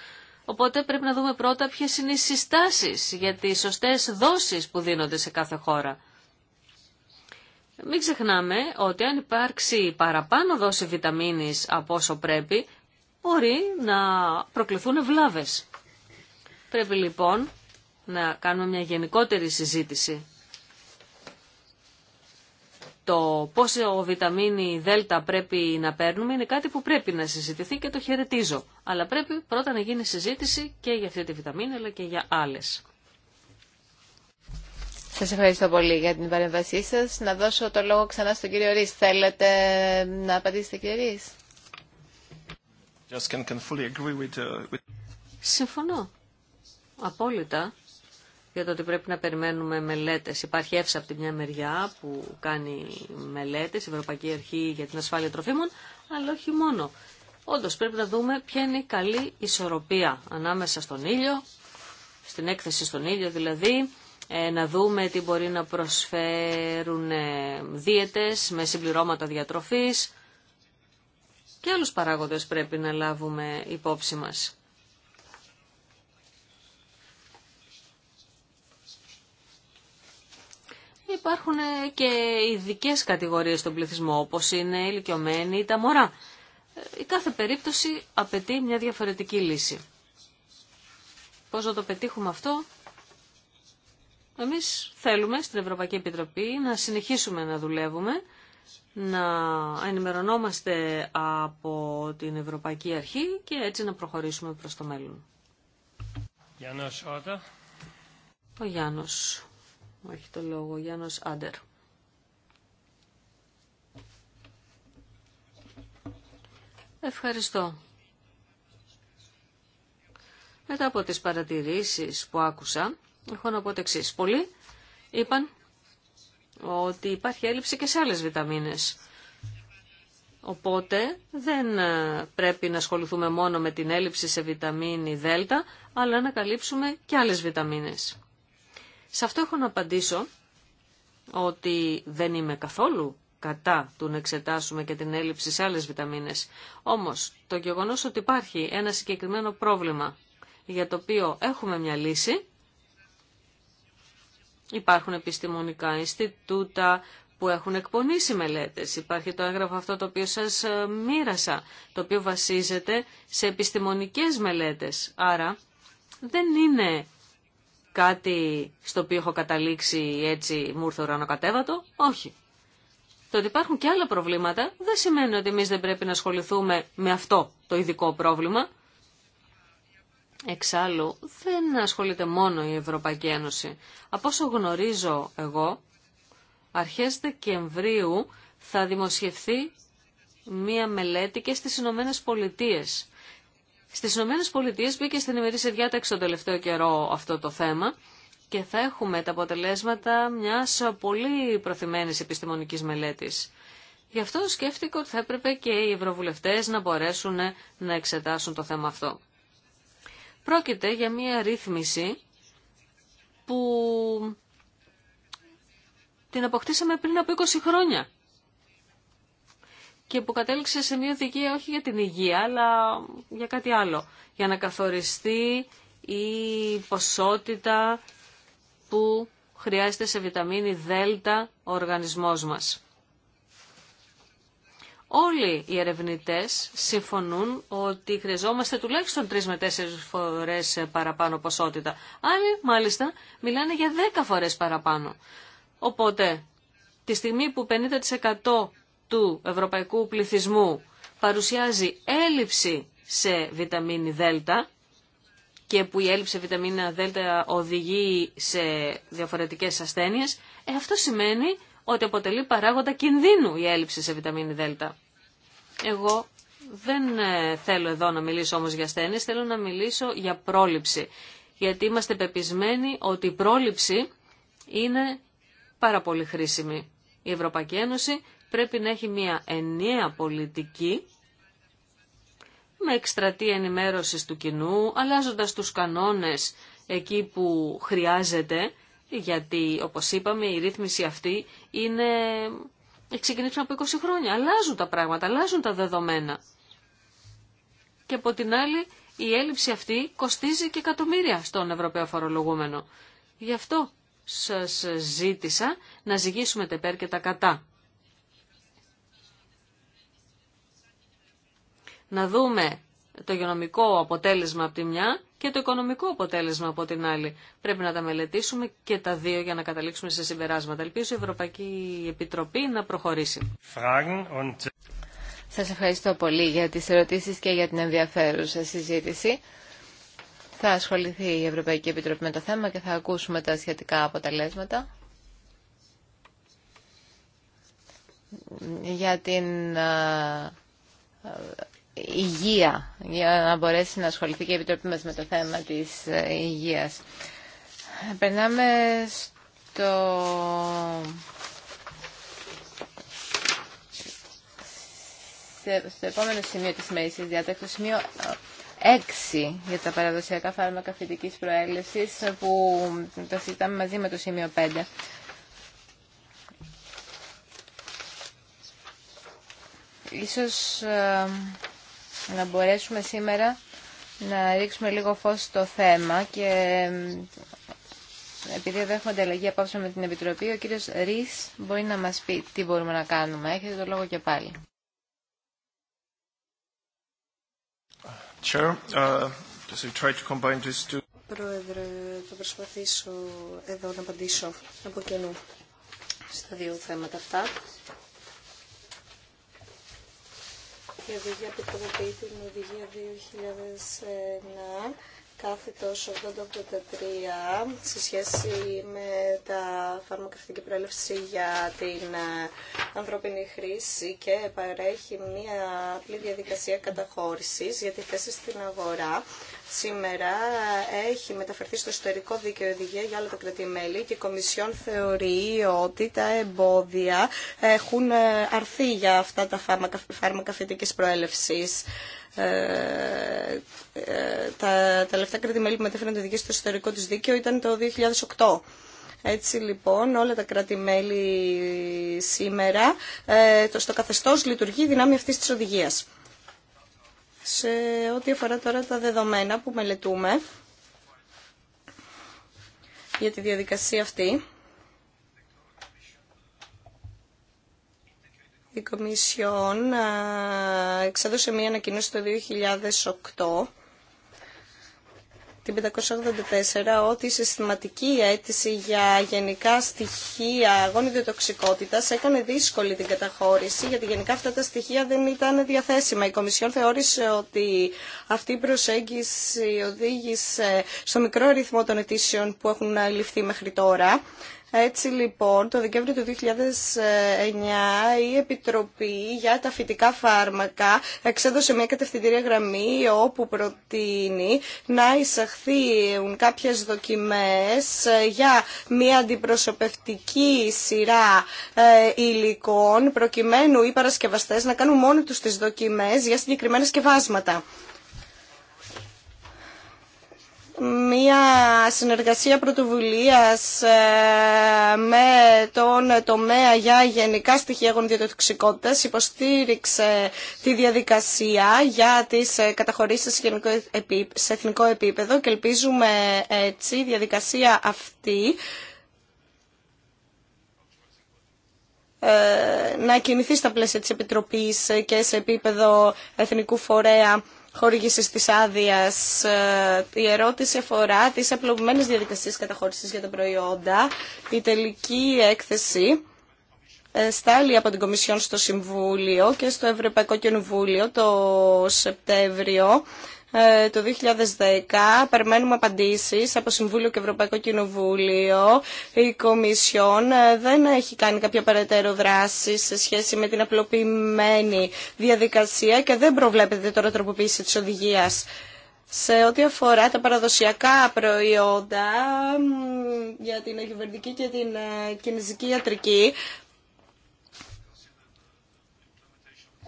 Οπότε πρέπει να δούμε πρώτα ποιε είναι οι συστάσει για τι σωστές δόσεις που δίνονται σε κάθε χώρα. Μην ξεχνάμε ότι αν υπάρξει παραπάνω δόση βιταμίνης από όσο πρέπει, μπορεί να προκληθούν βλάβες. Πρέπει λοιπόν να κάνουμε μια γενικότερη συζήτηση το πόσο βιταμίνη Δ πρέπει να παίρνουμε είναι κάτι που πρέπει να συζητηθεί και το χαιρετίζω. Αλλά πρέπει πρώτα να γίνει συζήτηση και για αυτή τη βιταμίνη αλλά και για άλλες. Σας ευχαριστώ πολύ για την παρέμβασή σας. Να δώσω το λόγο ξανά στον κύριο Ρης. Θέλετε να απαντήσετε κύριε Ρης. Uh, Συμφωνώ απόλυτα για το ότι πρέπει να περιμένουμε μελέτες. Υπάρχει ΕΦΣΑ από τη μια μεριά που κάνει μελέτες, η Ευρωπαϊκή Αρχή για την Ασφάλεια Τροφίμων, αλλά όχι μόνο. Όντως πρέπει να δούμε ποια είναι η καλή ισορροπία ανάμεσα στον ήλιο, στην έκθεση στον ήλιο δηλαδή, ε, να δούμε τι μπορεί να προσφέρουν ε, δίαιτες με συμπληρώματα διατροφής και άλλους παράγοντες πρέπει να λάβουμε υπόψη μας. υπάρχουν ε, και ειδικέ κατηγορίες στον πληθυσμό, όπως είναι οι ηλικιωμένοι ή τα μωρά. Ε, η κάθε περίπτωση απαιτεί μια διαφορετική λύση. Πώς να το πετύχουμε αυτό, εμείς θέλουμε στην Ευρωπαϊκή Επιτροπή να συνεχίσουμε να δουλεύουμε, να ενημερωνόμαστε από την Ευρωπαϊκή Αρχή και έτσι να προχωρήσουμε προς το μέλλον. Ο Γιάννος. Έχει το λόγο ο Γιάννος Άντερ. Ευχαριστώ. Μετά από τις παρατηρήσεις που άκουσα, έχω να πω το εξής. Πολλοί είπαν ότι υπάρχει έλλειψη και σε άλλες βιταμίνες. Οπότε δεν ε, πρέπει να ασχοληθούμε μόνο με την έλλειψη σε βιταμίνη Δ, αλλά να καλύψουμε και άλλες βιταμίνες. Σε αυτό έχω να απαντήσω ότι δεν είμαι καθόλου κατά του να εξετάσουμε και την έλλειψη σε άλλες βιταμίνες. Όμως το γεγονός ότι υπάρχει ένα συγκεκριμένο πρόβλημα για το οποίο έχουμε μια λύση, υπάρχουν επιστημονικά Ινστιτούτα που έχουν εκπονήσει μελέτες. Υπάρχει το έγγραφο αυτό το οποίο σας ε, μοίρασα, το οποίο βασίζεται σε επιστημονικές μελέτες. Άρα δεν είναι κάτι στο οποίο έχω καταλήξει έτσι μου ήρθε Όχι. Το ότι υπάρχουν και άλλα προβλήματα δεν σημαίνει ότι εμεί δεν πρέπει να ασχοληθούμε με αυτό το ειδικό πρόβλημα. Εξάλλου, δεν ασχολείται μόνο η Ευρωπαϊκή Ένωση. Από όσο γνωρίζω εγώ, αρχές Δεκεμβρίου θα δημοσιευθεί μία μελέτη και στις Ηνωμένε Πολιτείες στις Ηνωμένες Πολιτείες μπήκε στην ημερήσια διάταξη τον τελευταίο καιρό αυτό το θέμα και θα έχουμε τα αποτελέσματα μιας πολύ προθυμένης επιστημονικής μελέτης. Γι' αυτό σκέφτηκα ότι θα έπρεπε και οι ευρωβουλευτές να μπορέσουν να εξετάσουν το θέμα αυτό. Πρόκειται για μια ρύθμιση που την αποκτήσαμε πριν από 20 χρόνια και που κατέληξε σε μια οδηγία όχι για την υγεία, αλλά για κάτι άλλο. Για να καθοριστεί η ποσότητα που χρειάζεται σε βιταμίνη Δ ο οργανισμός μας. Όλοι οι ερευνητές συμφωνούν ότι χρειαζόμαστε τουλάχιστον 3 με 4 φορές παραπάνω ποσότητα. Άλλοι, μάλιστα, μιλάνε για 10 φορές παραπάνω. Οπότε, τη στιγμή που 50% του ευρωπαϊκού πληθυσμού παρουσιάζει έλλειψη σε βιταμίνη Δ και που η έλλειψη βιταμίνα Δ οδηγεί σε διαφορετικές ασθένειες, ε, αυτό σημαίνει ότι αποτελεί παράγοντα κινδύνου η έλλειψη σε βιταμίνη Δ. Εγώ δεν ε, θέλω εδώ να μιλήσω όμως για ασθένειες, θέλω να μιλήσω για πρόληψη. Γιατί είμαστε πεπισμένοι ότι η πρόληψη είναι πάρα πολύ χρήσιμη. Η Ευρωπαϊκή Ένωση πρέπει να έχει μια ενιαία πολιτική με εκστρατεία ενημέρωσης του κοινού, αλλάζοντας τους κανόνες εκεί που χρειάζεται, γιατί όπως είπαμε η ρύθμιση αυτή είναι... ξεκινήσει από 20 χρόνια. Αλλάζουν τα πράγματα, αλλάζουν τα δεδομένα. Και από την άλλη η έλλειψη αυτή κοστίζει και εκατομμύρια στον Ευρωπαίο φορολογούμενο. Γι' αυτό σας ζήτησα να ζυγίσουμε τα υπέρ και τα κατά. να δούμε το υγειονομικό αποτέλεσμα από τη μια και το οικονομικό αποτέλεσμα από την άλλη. Πρέπει να τα μελετήσουμε και τα δύο για να καταλήξουμε σε συμπεράσματα. Ελπίζω η Ευρωπαϊκή Επιτροπή να προχωρήσει. Σας ευχαριστώ πολύ για τις ερωτήσεις και για την ενδιαφέρουσα συζήτηση. Θα ασχοληθεί η Ευρωπαϊκή Επιτροπή με το θέμα και θα ακούσουμε τα σχετικά αποτελέσματα. Για την υγεία για να μπορέσει να ασχοληθεί και η Επιτροπή μας με το θέμα της ε, υγείας. Περνάμε στο στο επόμενο σημείο της μέσης διάταξης, το σημείο 6 ε, για τα παραδοσιακά φάρμακα φυτικής προέλευσης που το συζητάμε μαζί με το σημείο 5. Ίσως ε, να μπορέσουμε σήμερα να ρίξουμε λίγο φως στο θέμα και επειδή εδώ έχουμε ανταλλαγή απόψε με την Επιτροπή, ο κύριος Ρίς μπορεί να μας πει τι μπορούμε να κάνουμε. Έχετε το λόγο και πάλι. Uh, try to combine Πρόεδρε, θα προσπαθήσω εδώ να απαντήσω από κενού στα δύο θέματα αυτά η οδηγία που τροποποιεί την οδηγία 2009 κάθετος 883 σε σχέση με τα φαρμακευτική προέλευση για την ε, ανθρώπινη χρήση και παρέχει μια απλή διαδικασία καταχώρησης για τη θέση στην αγορά. Σήμερα έχει μεταφερθεί στο εσωτερικό δίκαιο οδηγία για όλα τα κρατημέλη και η Κομισιόν θεωρεί ότι τα εμπόδια έχουν ε, αρθεί για αυτά τα φάρμακα, φάρμακα προέλευσης. Ε, ε, τα τελευταία κράτη-μέλη που μετέφεραν το οδηγία στο ιστορικό της δίκαιο ήταν το 2008. Έτσι λοιπόν όλα τα κράτη-μέλη σήμερα ε, στο καθεστώς λειτουργεί η δυνάμη αυτής της οδηγίας. Σε ό,τι αφορά τώρα τα δεδομένα που μελετούμε για τη διαδικασία αυτή, Η Κομισιόν εξέδωσε μία ανακοίνωση το 2008 την 584 ότι η συστηματική αίτηση για γενικά στοιχεία αγώνιδιο τοξικότητας έκανε δύσκολη την καταχώρηση γιατί γενικά αυτά τα στοιχεία δεν ήταν διαθέσιμα. Η Κομισιόν θεώρησε ότι αυτή η προσέγγιση οδήγησε στο μικρό αριθμό των αιτήσεων που έχουν ληφθεί μέχρι τώρα έτσι λοιπόν, το Δεκέμβριο του 2009 η Επιτροπή για τα φυτικά φάρμακα εξέδωσε μια κατευθυντήρια γραμμή όπου προτείνει να εισαχθούν κάποιες δοκιμές ε, για μια αντιπροσωπευτική σειρά ε, υλικών προκειμένου οι παρασκευαστές να κάνουν μόνοι τους τις δοκιμές για συγκεκριμένα σκευάσματα μια συνεργασία πρωτοβουλίας ε, με τον τομέα για γενικά στοιχεία γονιδιοτοξικότητας υποστήριξε τη διαδικασία για τις ε, καταχωρήσεις σε εθνικό επίπεδο και ελπίζουμε ε, έτσι η διαδικασία αυτή να κινηθεί στα πλαίσια της Επιτροπής και σε επίπεδο εθνικού φορέα χορήγηση τη άδεια. Ε, η ερώτηση αφορά τις απλοποιημένε διαδικασίες καταχώρηση για τα προϊόντα. Η τελική έκθεση ε, στάλει από την Κομισιόν στο Συμβούλιο και στο Ευρωπαϊκό Κοινοβούλιο το Σεπτέμβριο ε, το 2010 περιμένουμε απαντήσεις από Συμβούλιο και Ευρωπαϊκό Κοινοβούλιο. Η Κομισιόν ε, δεν έχει κάνει κάποια περαιτέρω δράση σε σχέση με την απλοποιημένη διαδικασία και δεν προβλέπεται τώρα τροποποίηση της οδηγίας. Σε ό,τι αφορά τα παραδοσιακά προϊόντα για την κυβερνητική και την ε, Κινηζική ιατρική,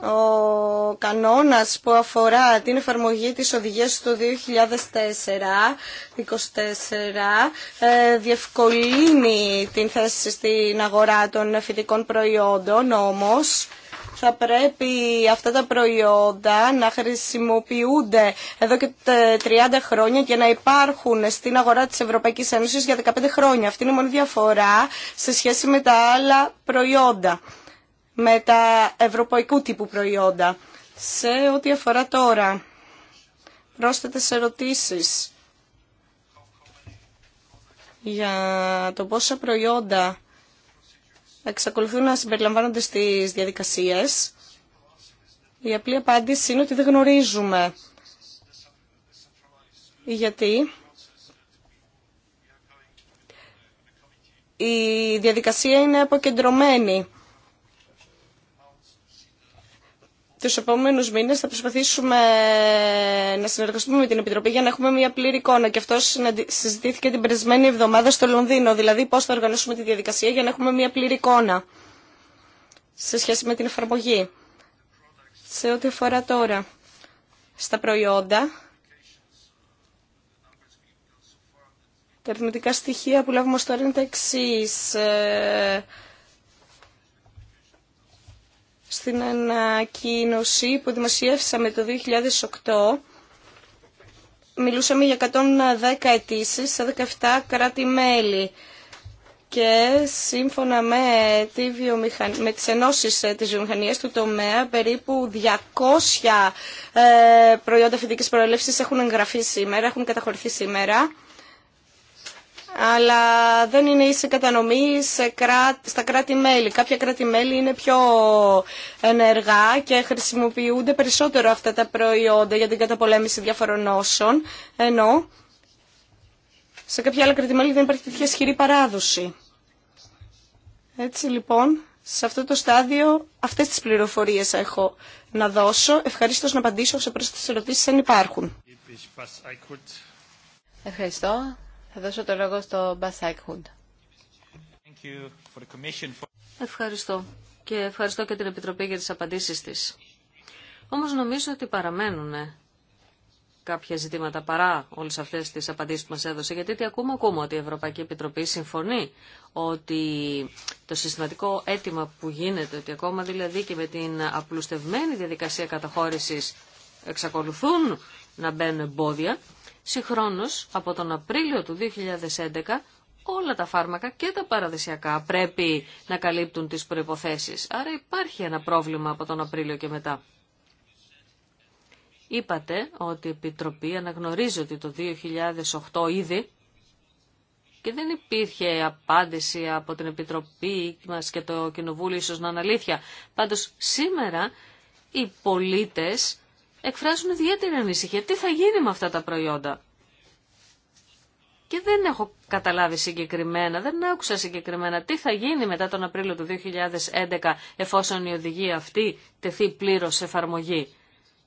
ο κανόνας που αφορά την εφαρμογή της οδηγίας του 2004-24 ε, διευκολύνει την θέση στην αγορά των φυτικών προϊόντων, όμως θα πρέπει αυτά τα προϊόντα να χρησιμοποιούνται εδώ και 30 χρόνια και να υπάρχουν στην αγορά της Ευρωπαϊκής Ένωσης για 15 χρόνια. Αυτή είναι η μόνη διαφορά σε σχέση με τα άλλα προϊόντα με τα ευρωπαϊκού τύπου προϊόντα. Σε ό,τι αφορά τώρα πρόσθετες ερωτήσεις για το πόσα προϊόντα εξακολουθούν να συμπεριλαμβάνονται στις διαδικασίες. Η απλή απάντηση είναι ότι δεν γνωρίζουμε. Γιατί η διαδικασία είναι αποκεντρωμένη τους επόμενους μήνες θα προσπαθήσουμε να συνεργαστούμε με την Επιτροπή για να έχουμε μια πλήρη εικόνα και αυτό συζητήθηκε την περασμένη εβδομάδα στο Λονδίνο, δηλαδή πώς θα οργανώσουμε τη διαδικασία για να έχουμε μια πλήρη εικόνα σε σχέση με την εφαρμογή. Σε ό,τι αφορά τώρα στα προϊόντα, τα αριθμητικά στοιχεία που λάβουμε στο τώρα είναι τα εξής στην ανακοίνωση που δημοσιεύσαμε το 2008 μιλούσαμε για 110 αιτήσει σε 17 κράτη-μέλη και σύμφωνα με, τη βιομηχαν... με τις ενώσεις ε, της βιομηχανίας του τομέα περίπου 200 ε, προϊόντα φυτικής προέλευσης έχουν εγγραφεί σήμερα, έχουν καταχωρηθεί σήμερα αλλά δεν είναι ίση κατανομή σε στα κράτη-μέλη. Κάποια κράτη-μέλη είναι πιο ενεργά και χρησιμοποιούνται περισσότερο αυτά τα προϊόντα για την καταπολέμηση διαφορών νόσων, ενώ σε κάποια άλλα κράτη-μέλη δεν υπάρχει τέτοια ισχυρή παράδοση. Έτσι λοιπόν, σε αυτό το στάδιο αυτές τις πληροφορίες έχω να δώσω. Ευχαριστώ να απαντήσω σε πρόσθετες ερωτήσεις αν υπάρχουν. Ευχαριστώ. Θα δώσω το λόγο στο Μπασάικ Χουντ. Ευχαριστώ και ευχαριστώ και την Επιτροπή για τις απαντήσεις της. Όμως νομίζω ότι παραμένουν ε, κάποια ζητήματα παρά όλες αυτές τις απαντήσεις που μας έδωσε. Γιατί τι ακούμε, ακούμε ότι η Ευρωπαϊκή Επιτροπή συμφωνεί ότι το συστηματικό αίτημα που γίνεται, ότι ακόμα δηλαδή και με την απλουστευμένη διαδικασία καταχώρησης εξακολουθούν να μπαίνουν εμπόδια, Συγχρόνως, από τον Απρίλιο του 2011, όλα τα φάρμακα και τα παραδεσιακά πρέπει να καλύπτουν τις προϋποθέσεις. Άρα υπάρχει ένα πρόβλημα από τον Απρίλιο και μετά. Είπατε ότι η Επιτροπή αναγνωρίζει ότι το 2008 ήδη και δεν υπήρχε απάντηση από την Επιτροπή μας και το Κοινοβούλιο ίσως να είναι αλήθεια. Πάντως σήμερα οι πολίτες εκφράζουν ιδιαίτερη ανησυχία. Τι θα γίνει με αυτά τα προϊόντα. Και δεν έχω καταλάβει συγκεκριμένα, δεν άκουσα συγκεκριμένα τι θα γίνει μετά τον Απρίλιο του 2011 εφόσον η οδηγία αυτή τεθεί πλήρως εφαρμογή.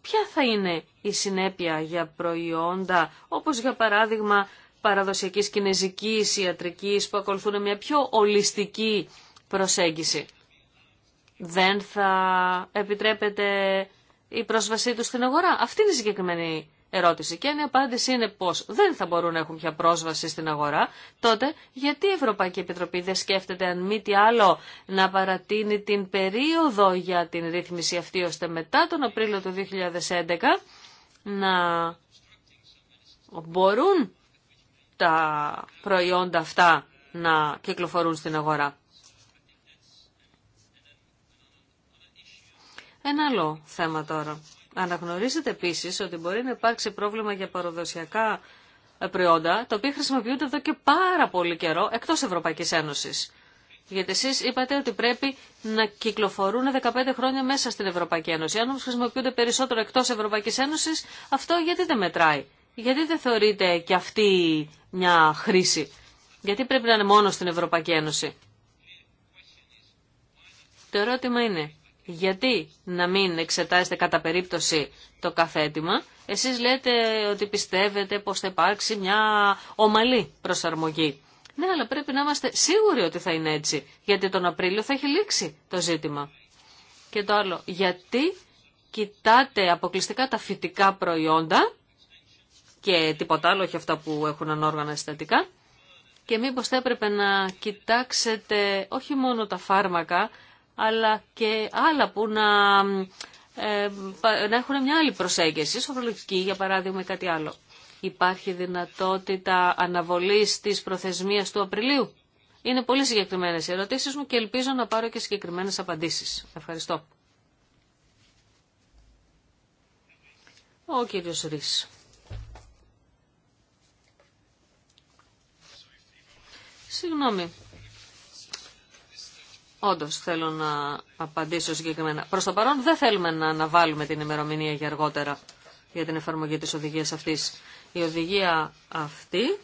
Ποια θα είναι η συνέπεια για προϊόντα όπως για παράδειγμα παραδοσιακής κινέζικης ιατρικής που ακολουθούν μια πιο ολιστική προσέγγιση. Δεν θα επιτρέπεται η πρόσβασή του στην αγορά. Αυτή είναι η συγκεκριμένη ερώτηση. Και αν η απάντηση είναι πως δεν θα μπορούν να έχουν πια πρόσβαση στην αγορά, τότε γιατί η Ευρωπαϊκή Επιτροπή δεν σκέφτεται αν μη τι άλλο να παρατείνει την περίοδο για την ρύθμιση αυτή, ώστε μετά τον Απρίλιο του 2011 να μπορούν τα προϊόντα αυτά να κυκλοφορούν στην αγορά. Ένα άλλο θέμα τώρα. Αναγνωρίζετε επίση ότι μπορεί να υπάρξει πρόβλημα για παραδοσιακά ε, προϊόντα, τα οποία χρησιμοποιούνται εδώ και πάρα πολύ καιρό εκτό Ευρωπαϊκή Ένωση. Γιατί εσεί είπατε ότι πρέπει να κυκλοφορούν 15 χρόνια μέσα στην Ευρωπαϊκή Ένωση. Αν όμως χρησιμοποιούνται περισσότερο εκτό Ευρωπαϊκή Ένωση, αυτό γιατί δεν μετράει. Γιατί δεν θεωρείται και αυτή μια χρήση. Γιατί πρέπει να είναι μόνο στην Ευρωπαϊκή Ένωση. Το ερώτημα είναι, γιατί να μην εξετάζετε κατά περίπτωση το καθέτημα. Εσείς λέτε ότι πιστεύετε πως θα υπάρξει μια ομαλή προσαρμογή. Ναι, αλλά πρέπει να είμαστε σίγουροι ότι θα είναι έτσι, γιατί τον Απρίλιο θα έχει λήξει το ζήτημα. Και το άλλο, γιατί κοιτάτε αποκλειστικά τα φυτικά προϊόντα και τίποτα άλλο, όχι αυτά που έχουν ανόργανα συστατικά, και μήπως θα έπρεπε να κοιτάξετε όχι μόνο τα φάρμακα, αλλά και άλλα που να, ε, να έχουν μια άλλη προσέγγιση, σοφρολογική για παράδειγμα ή κάτι άλλο. Υπάρχει δυνατότητα αναβολής της προθεσμίας του Απριλίου. Είναι πολύ συγκεκριμένες οι ερωτήσεις μου και ελπίζω να πάρω και συγκεκριμένες απαντήσεις. Ευχαριστώ. Ο κύριος Ρης. Συγγνώμη, Όντω θέλω να απαντήσω συγκεκριμένα. Προ το παρόν δεν θέλουμε να αναβάλουμε την ημερομηνία για αργότερα για την εφαρμογή τη οδηγία αυτή. Η οδηγία αυτή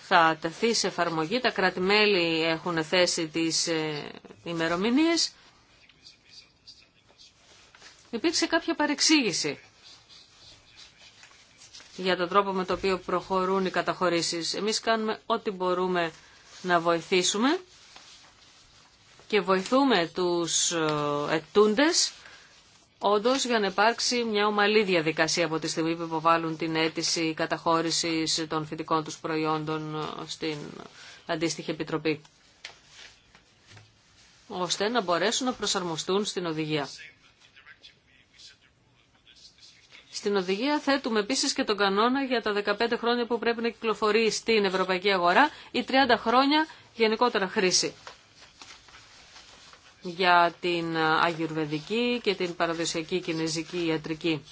θα τεθεί σε εφαρμογή. Τα κράτη-μέλη έχουν θέσει τις ε, ημερομηνίες. Υπήρξε κάποια παρεξήγηση για τον τρόπο με τον οποίο προχωρούν οι καταχωρήσεις. Εμείς κάνουμε ό,τι μπορούμε να βοηθήσουμε και βοηθούμε τους ε, ετούντες Όντω, για να υπάρξει μια ομαλή διαδικασία από τη στιγμή που υποβάλλουν την αίτηση καταχώρησης των φοιτικών τους προϊόντων ε, στην αντίστοιχη επιτροπή. ώστε να μπορέσουν να προσαρμοστούν στην οδηγία. Στην οδηγία θέτουμε επίση και τον κανόνα για τα 15 χρόνια που πρέπει να κυκλοφορεί στην ευρωπαϊκή αγορά ή 30 χρόνια γενικότερα χρήση για την αγιουρβεδική και την παραδοσιακή κινέζικη ιατρική.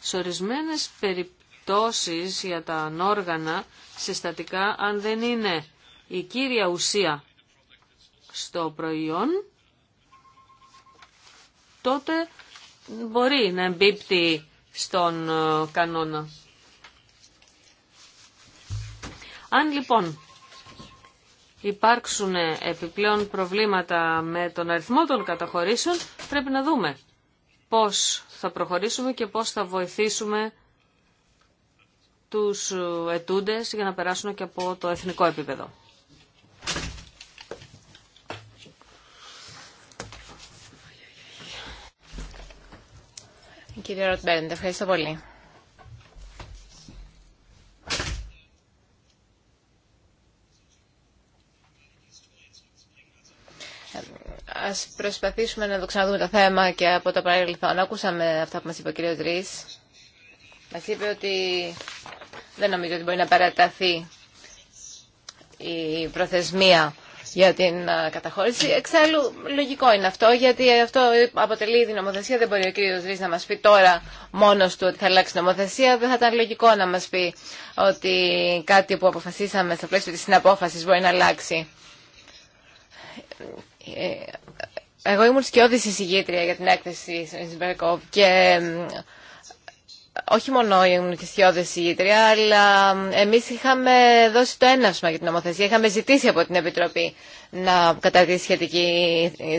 Σε ορισμένε περιπτώσεις για τα ανόργανα συστατικά, αν δεν είναι η κύρια ουσία στο προϊόν, τότε μπορεί να εμπίπτει στον ε, κανόνα. Αν λοιπόν υπάρξουν επιπλέον προβλήματα με τον αριθμό των καταχωρήσεων, πρέπει να δούμε πώς θα προχωρήσουμε και πώς θα βοηθήσουμε τους ε, ετούντες για να περάσουν και από το εθνικό επίπεδο. Κύριε Ροτμπέρντ, ευχαριστώ πολύ. Ας προσπαθήσουμε να το ξαναδούμε το θέμα και από το παρελθόν. Ακούσαμε αυτά που μας είπε ο κύριος Ρης. Μας είπε ότι δεν νομίζω ότι μπορεί να παραταθεί η προθεσμία για την καταχώρηση. Εξάλλου, λογικό είναι αυτό, γιατί αυτό αποτελεί η νομοθεσία. Δεν μπορεί ο κύριος Ρή να μα πει τώρα μόνο του ότι θα αλλάξει νομοθεσία. Δεν θα ήταν λογικό να μα πει ότι κάτι που αποφασίσαμε στο πλαίσιο της συναπόφαση μπορεί να αλλάξει. Ε, εγώ ήμουν σκιώδη εισηγήτρια για την έκθεση τη και όχι μόνο η και αλλά εμείς είχαμε δώσει το έναυσμα για την νομοθεσία. Είχαμε ζητήσει από την Επιτροπή να καταρτήσει σχετική,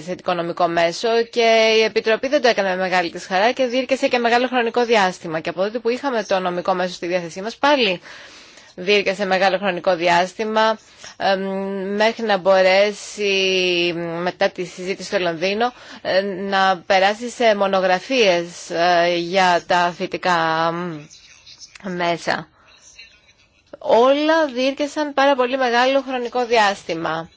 σχετικό νομικό μέσο και η Επιτροπή δεν το έκανε με μεγάλη τη χαρά και διήρκεσε και μεγάλο χρονικό διάστημα. Και από τότε που είχαμε το νομικό μέσο στη διάθεσή μας πάλι σε μεγάλο χρονικό διάστημα μέχρι να μπορέσει μετά τη συζήτηση στο Λονδίνο ε, να περάσει σε μονογραφίες ε, για τα φυτικά μέσα. Όλα διήρκεσαν πάρα πολύ μεγάλο χρονικό διάστημα.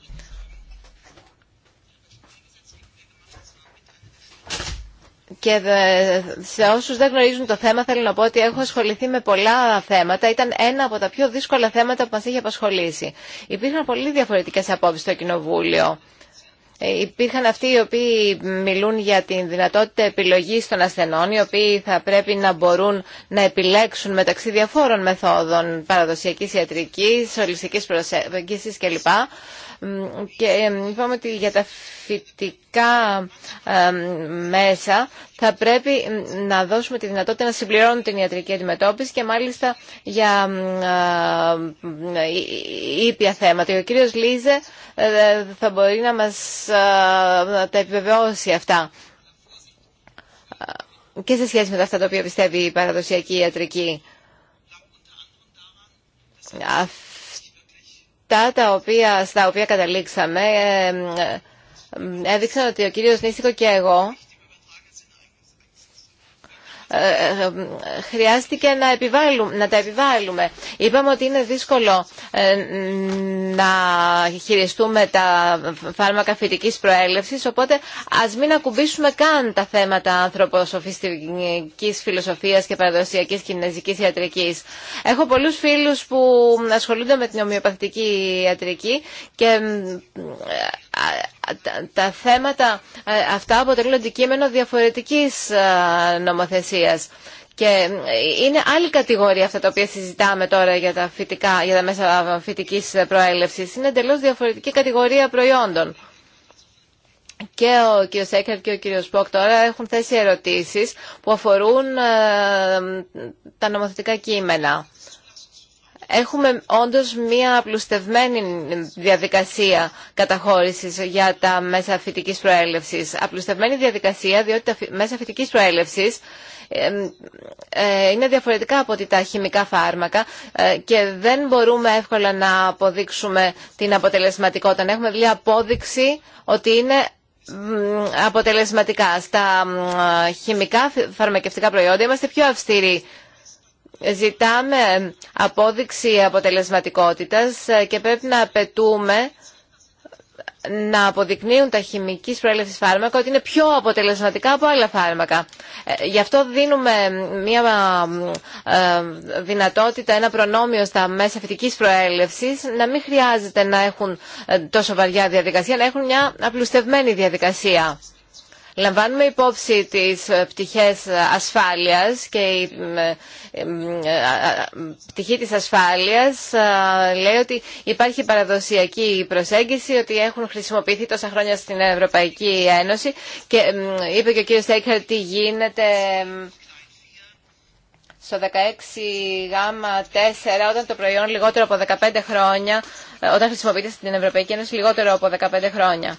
Και σε όσους δεν γνωρίζουν το θέμα θέλω να πω ότι έχω ασχοληθεί με πολλά θέματα. Ήταν ένα από τα πιο δύσκολα θέματα που μας είχε απασχολήσει. Υπήρχαν πολύ διαφορετικές απόψεις στο Κοινοβούλιο. Ε, υπήρχαν αυτοί οι οποίοι μιλούν για τη δυνατότητα επιλογής των ασθενών, οι οποίοι θα πρέπει να μπορούν να επιλέξουν μεταξύ διαφόρων μεθόδων παραδοσιακής ιατρικής, ολιστικής προσέγγισης κλπ. Και ε, είπαμε ότι για τα φυτικά ε, μέσα θα πρέπει να δώσουμε τη δυνατότητα να συμπληρώνουν την ιατρική αντιμετώπιση και μάλιστα για ε, ήπια θέματα. Ο κύριος Λίζε θα μπορεί να μας τα επιβεβαιώσει αυτά και σε σχέση με αυτά τα οποία πιστεύει η παραδοσιακή ιατρική. Αυτά τα οποία, στα οποία καταλήξαμε έδειξαν ότι ο κύριος Νίστικο και εγώ χρειάστηκε να, επιβάλλουμε, να τα επιβάλλουμε. Είπαμε ότι είναι δύσκολο ε, να χειριστούμε τα φάρμακα φυτικής προέλευσης, οπότε ας μην ακουμπήσουμε καν τα θέματα ανθρωποσοφιστικής φιλοσοφίας και παραδοσιακής κινέζικης ιατρικής. Έχω πολλούς φίλους που ασχολούνται με την ομοιοπαθητική ιατρική και ε, τα θέματα ε, αυτά αποτελούν αντικείμενο διαφορετικής ε, νομοθεσίας. Και ε, είναι άλλη κατηγορία αυτά τα οποία συζητάμε τώρα για τα, φυτικά, για μέσα φυτικής προέλευσης. Είναι εντελώ διαφορετική κατηγορία προϊόντων. Και ο κ. Σέκερ και ο κ. Σποκ τώρα έχουν θέσει ερωτήσεις που αφορούν τα νομοθετικά κείμενα. Έχουμε όντως μία απλουστευμένη διαδικασία καταχώρησης για τα μέσα φυτικής προέλευσης. Απλουστευμένη διαδικασία διότι τα μέσα φυτικής προέλευσης ε, είναι διαφορετικά από τα χημικά φάρμακα ε, και δεν μπορούμε εύκολα να αποδείξουμε την αποτελεσματικότητα. έχουμε δηλαδή απόδειξη ότι είναι αποτελεσματικά. Στα χημικά φαρμακευτικά προϊόντα είμαστε πιο αυστηροί Ζητάμε απόδειξη αποτελεσματικότητας ε, και πρέπει να απαιτούμε να αποδεικνύουν τα χημικής προέλευσης φάρμακα ότι είναι πιο αποτελεσματικά από άλλα φάρμακα. Ε, γι' αυτό δίνουμε μια ε, δυνατότητα, ένα προνόμιο στα μέσα φυτικής προέλευσης να μην χρειάζεται να έχουν τόσο βαριά διαδικασία, να έχουν μια απλουστευμένη διαδικασία. Λαμβάνουμε υπόψη τις ε, πτυχές ε, ασφάλειας και η ε, πτυχή της ασφάλειας λέει ότι υπάρχει παραδοσιακή προσέγγιση ότι έχουν χρησιμοποιηθεί τόσα χρόνια στην Ευρωπαϊκή Ένωση και είπε και ο κύριος τι γίνεται στο 16 γάμα 4 όταν το προϊόν λιγότερο από 15 χρόνια όταν χρησιμοποιείται στην Ευρωπαϊκή Ένωση λιγότερο από 15 χρόνια.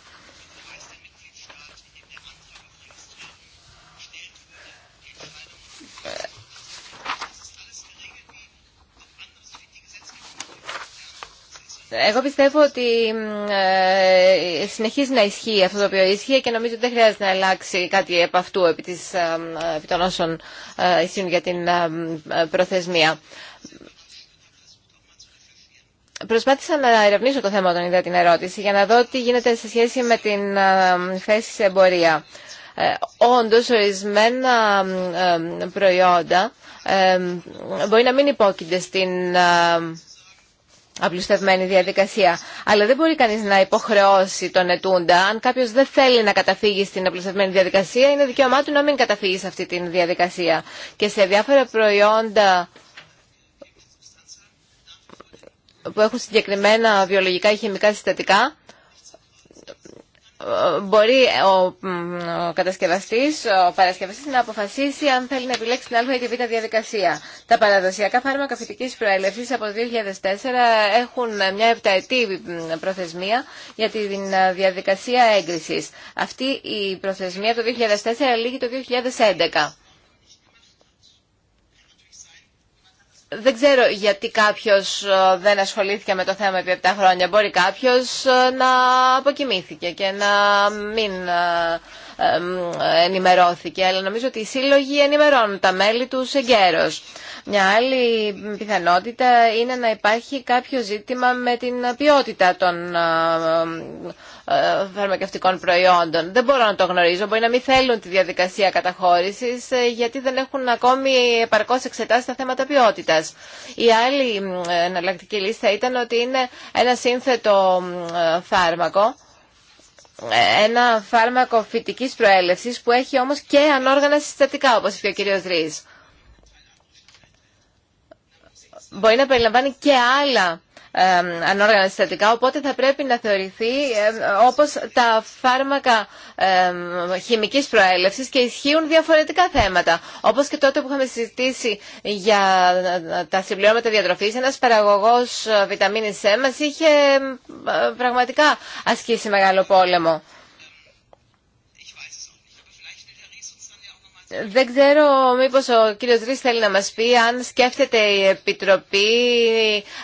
Εγώ πιστεύω ότι ε, συνεχίζει να ισχύει αυτό το οποίο ισχύει και νομίζω ότι δεν χρειάζεται να αλλάξει κάτι από αυτού επί, της, ε, επί των όσων ε, ισχύουν για την προθεσμία. Προσπάθησα να ερευνήσω το θέμα όταν είδα την ερώτηση για να δω τι γίνεται σε σχέση με την θέση σε εμπορία. Όντως, ορισμένα προϊόντα μπορεί να μην υπόκεινται στην απλουστευμένη διαδικασία. Αλλά δεν μπορεί κανείς να υποχρεώσει τον ετούντα. Αν κάποιος δεν θέλει να καταφύγει στην απλουστευμένη διαδικασία, είναι δικαίωμά του να μην καταφύγει σε αυτή τη διαδικασία. Και σε διάφορα προϊόντα που έχουν συγκεκριμένα βιολογικά ή χημικά συστατικά, μπορεί ο κατασκευαστής, ο παρασκευαστής να αποφασίσει αν θέλει να επιλέξει την α ή τη β διαδικασία. Τα παραδοσιακά φάρμακα φυτικής προέλευσης από το 2004 έχουν μια επταετή προθεσμία για τη ε, διαδικασία έγκρισης. Αυτή η προθεσμία το 2004 λήγει το 2011. δεν ξέρω γιατί κάποιος ε, δεν ασχολήθηκε με το θέμα επί 7 χρόνια. Μπορεί κάποιος ε, να αποκοιμήθηκε και να μην ε, ενημερώθηκε, αλλά νομίζω ότι οι σύλλογοι ενημερώνουν τα μέλη του εγκαίρω. Μια άλλη πιθανότητα είναι να υπάρχει κάποιο ζήτημα με την ποιότητα των ε, φαρμακευτικών προϊόντων. Δεν μπορώ να το γνωρίζω. Μπορεί να μην θέλουν τη διαδικασία καταχώρησης ε, γιατί δεν έχουν ακόμη επαρκώς εξετάσει τα θέματα ποιότητας. Η άλλη εναλλακτική λίστα ήταν ότι είναι ένα σύνθετο φάρμακο ένα φάρμακο φυτικής προέλευσης που έχει όμως και ανόργανα συστατικά, όπως είπε ο κύριος Ρή. Μπορεί να περιλαμβάνει και άλλα ανόργανα συστατικά, οπότε θα πρέπει να θεωρηθεί όπως τα φάρμακα χημικής προέλευσης και ισχύουν διαφορετικά θέματα. Όπως και τότε που είχαμε συζητήσει για τα συμπληρώματα διατροφής, ένας παραγωγός ε, βιταμίνης C μας είχε ε, πραγματικά ασκήσει μεγάλο πόλεμο. Δεν ξέρω μήπως ο κύριος Ρής θέλει να μας πει αν σκέφτεται η Επιτροπή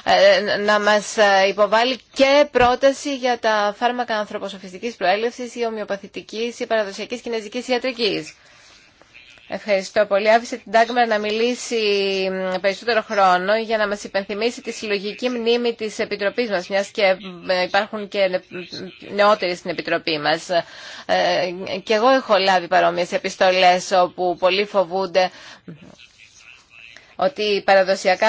ε, να μας ε, υποβάλει και πρόταση για τα φάρμακα ανθρωποσοφιστικής προέλευσης ή ομοιοπαθητικής ή παραδοσιακής κινέζικης ιατρικής. Ευχαριστώ πολύ. Άφησε την Τάγμα να μιλήσει περισσότερο χρόνο για να μας υπενθυμίσει τη συλλογική μνήμη της Επιτροπής μας, μιας και υπάρχουν και νεότεροι στην Επιτροπή μας. Ε, και εγώ έχω λάβει παρόμοιες επιστολές όπου πολλοί φοβούνται ότι παραδοσιακά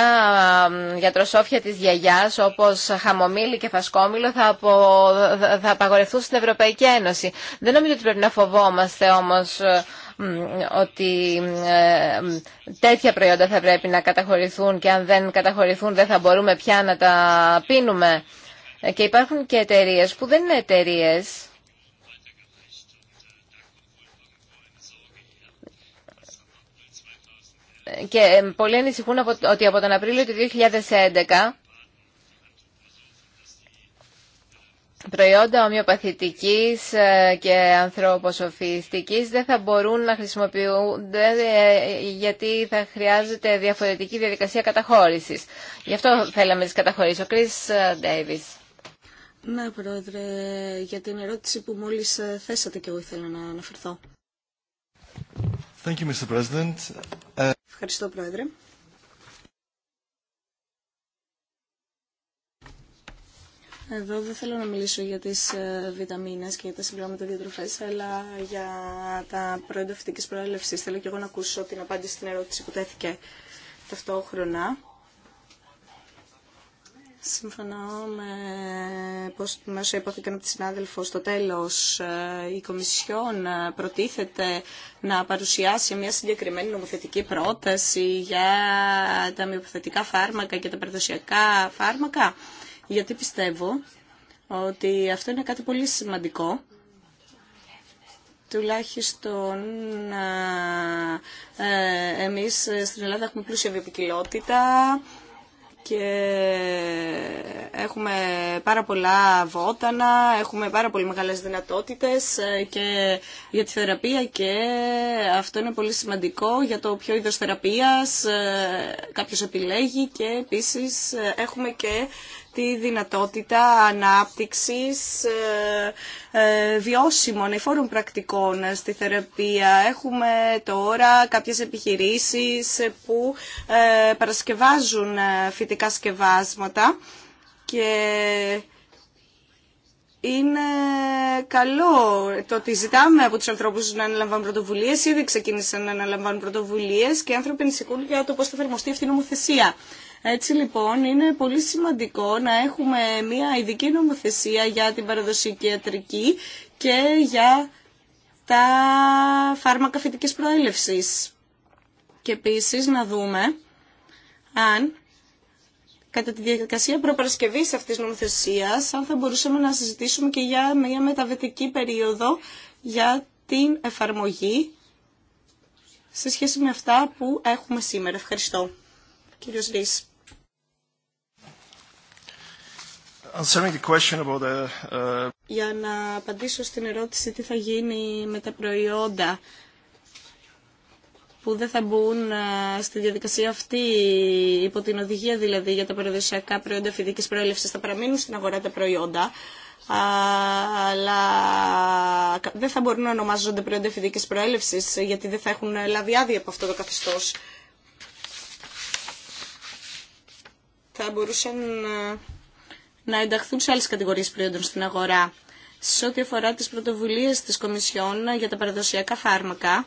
γιατροσόφια της γιαγιάς όπως χαμομήλι και φασκόμηλο θα, θα απαγορευτούν στην Ευρωπαϊκή Ένωση. Δεν νομίζω ότι πρέπει να φοβόμαστε όμως ε, ότι ε, τέτοια προϊόντα θα πρέπει να καταχωρηθούν και αν δεν καταχωρηθούν δεν θα μπορούμε πια να τα πίνουμε. Και υπάρχουν και εταιρείε που δεν είναι εταιρείε. Και πολλοί ανησυχούν ότι από τον Απρίλιο του 2011 προϊόντα ομοιοπαθητικής ε, και ανθρωποσοφιστικής δεν θα μπορούν να χρησιμοποιούνται ε, γιατί θα χρειάζεται διαφορετική διαδικασία καταχώρησης. Γι' αυτό θέλαμε τις καταχωρήσεις. Ο Κρίς Ντέιβις. Ε, ναι, Πρόεδρε, για την ερώτηση που μόλις θέσατε και εγώ ήθελα να αναφερθώ. Thank you, Mr. President. Ευχαριστώ, Πρόεδρε. Εδώ δεν θέλω να μιλήσω για τις ε, βιταμίνες και για τα συμπληρώματα διατροφές, αλλά για τα προϊόντα φυτικής προέλευσης. Θέλω και εγώ να ακούσω την απάντηση στην ερώτηση που τέθηκε ταυτόχρονα. Συμφωνώ με, πώς, μέσα όσο υπόθηκαν από τη συνάδελφο στο τέλος. Ε, η Κομισιόν ε, προτίθεται να παρουσιάσει μια συγκεκριμένη νομοθετική πρόταση για τα μειοποθετικά φάρμακα και τα παραδοσιακά φάρμακα γιατί πιστεύω ότι αυτό είναι κάτι πολύ σημαντικό τουλάχιστον ε, εμείς στην Ελλάδα έχουμε πλούσια βιοπικιλότητα και έχουμε πάρα πολλά βότανα, έχουμε πάρα πολύ μεγάλες δυνατότητες ε, και για τη θεραπεία και αυτό είναι πολύ σημαντικό για το ποιο είδος θεραπείας ε, κάποιος επιλέγει και επίσης ε, έχουμε και τη δυνατότητα ανάπτυξης ε, ε, βιώσιμων εφόρων πρακτικών στη θεραπεία. Έχουμε τώρα κάποιες επιχειρήσεις που ε, παρασκευάζουν φυτικά σκευάσματα και είναι καλό το ότι ζητάμε από τους ανθρώπους να αναλαμβάνουν πρωτοβουλίες. Ήδη ξεκίνησαν να αναλαμβάνουν πρωτοβουλίες και οι άνθρωποι ανησυχούν για το πώς θα εφαρμοστεί αυτή η νομοθεσία. Έτσι λοιπόν είναι πολύ σημαντικό να έχουμε μια ειδική νομοθεσία για την παραδοσιακή ιατρική και για τα φάρμακα φυτικής προέλευσης. Και επίσης να δούμε αν κατά τη διαδικασία προπαρασκευής αυτής της νομοθεσίας, αν θα μπορούσαμε να συζητήσουμε και για μια μεταβετική περίοδο για την εφαρμογή σε σχέση με αυτά που έχουμε σήμερα. Ευχαριστώ. Κύριος Uh, για να απαντήσω στην ερώτηση τι θα γίνει με τα προϊόντα που δεν θα μπουν ε, στη διαδικασία αυτή υπό την οδηγία δηλαδή για τα παραδοσιακά προϊόντα φοιτικής προέλευσης θα παραμείνουν στην αγορά τα προϊόντα αλλά δεν θα μπορούν να ονομάζονται προϊόντα φοιτικής προέλευσης γιατί δεν θα έχουν λάβει άδεια από αυτό το καθεστώ. Θα μπορούσαν ε, να ενταχθούν σε άλλε κατηγορίε προϊόντων στην αγορά. Σε ό,τι αφορά τι πρωτοβουλίε τη Κομισιόν για τα παραδοσιακά φάρμακα,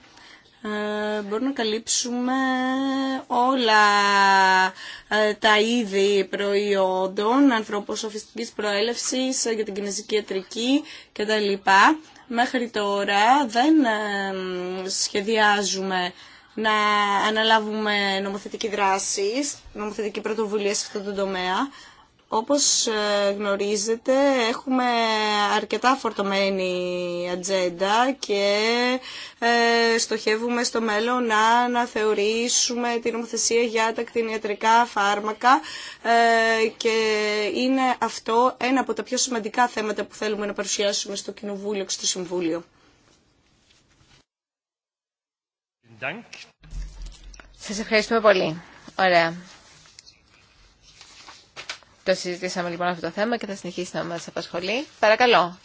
ε, μπορούμε να καλύψουμε όλα ε, τα είδη προϊόντων, ανθρωποσοφιστικής προέλευσης ε, για την κινέζικη ιατρική κτλ. Μέχρι τώρα δεν σχεδιάζουμε να αναλάβουμε νομοθετική δράση, νομοθετική πρωτοβουλία σε αυτό το τομέα. Όπως ε, γνωρίζετε έχουμε αρκετά φορτωμένη ατζέντα και ε, στοχεύουμε στο μέλλον να αναθεωρήσουμε την νομοθεσία για τα κτηνιατρικά φάρμακα ε, και είναι αυτό ένα από τα πιο σημαντικά θέματα που θέλουμε να παρουσιάσουμε στο Κοινοβούλιο και στο Συμβούλιο. Σας ευχαριστούμε πολύ. Ωραία. Το συζητήσαμε λοιπόν αυτό το θέμα και θα συνεχίσει να μας απασχολεί. Παρακαλώ,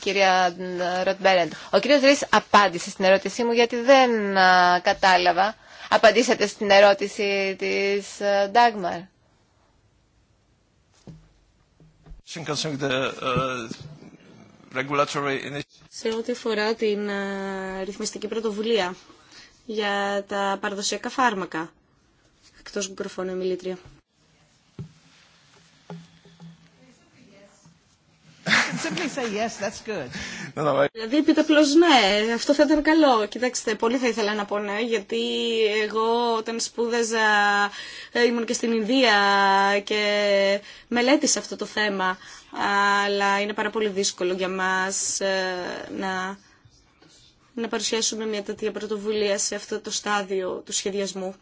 κυρία Ροτμπέρεντ. Ο κύριος Ρης απάντησε στην ερώτησή μου γιατί δεν κατάλαβα. Απαντήσατε στην ερώτηση της Ντάγμαρ. Σε ό,τι αφορά την ρυθμιστική πρωτοβουλία για τα παραδοσιακά φάρμακα. Εκτός μικροφώνου, μιλήτρια. Δηλαδή πείτε απλώ ναι, αυτό θα ήταν καλό. Κοιτάξτε, πολύ θα ήθελα να πω ναι, γιατί εγώ όταν σπούδαζα ε, ήμουν και στην Ινδία και μελέτησα αυτό το θέμα. Αλλά είναι πάρα πολύ δύσκολο για μας ε, να, να παρουσιάσουμε μια τέτοια πρωτοβουλία σε αυτό το στάδιο του σχεδιασμού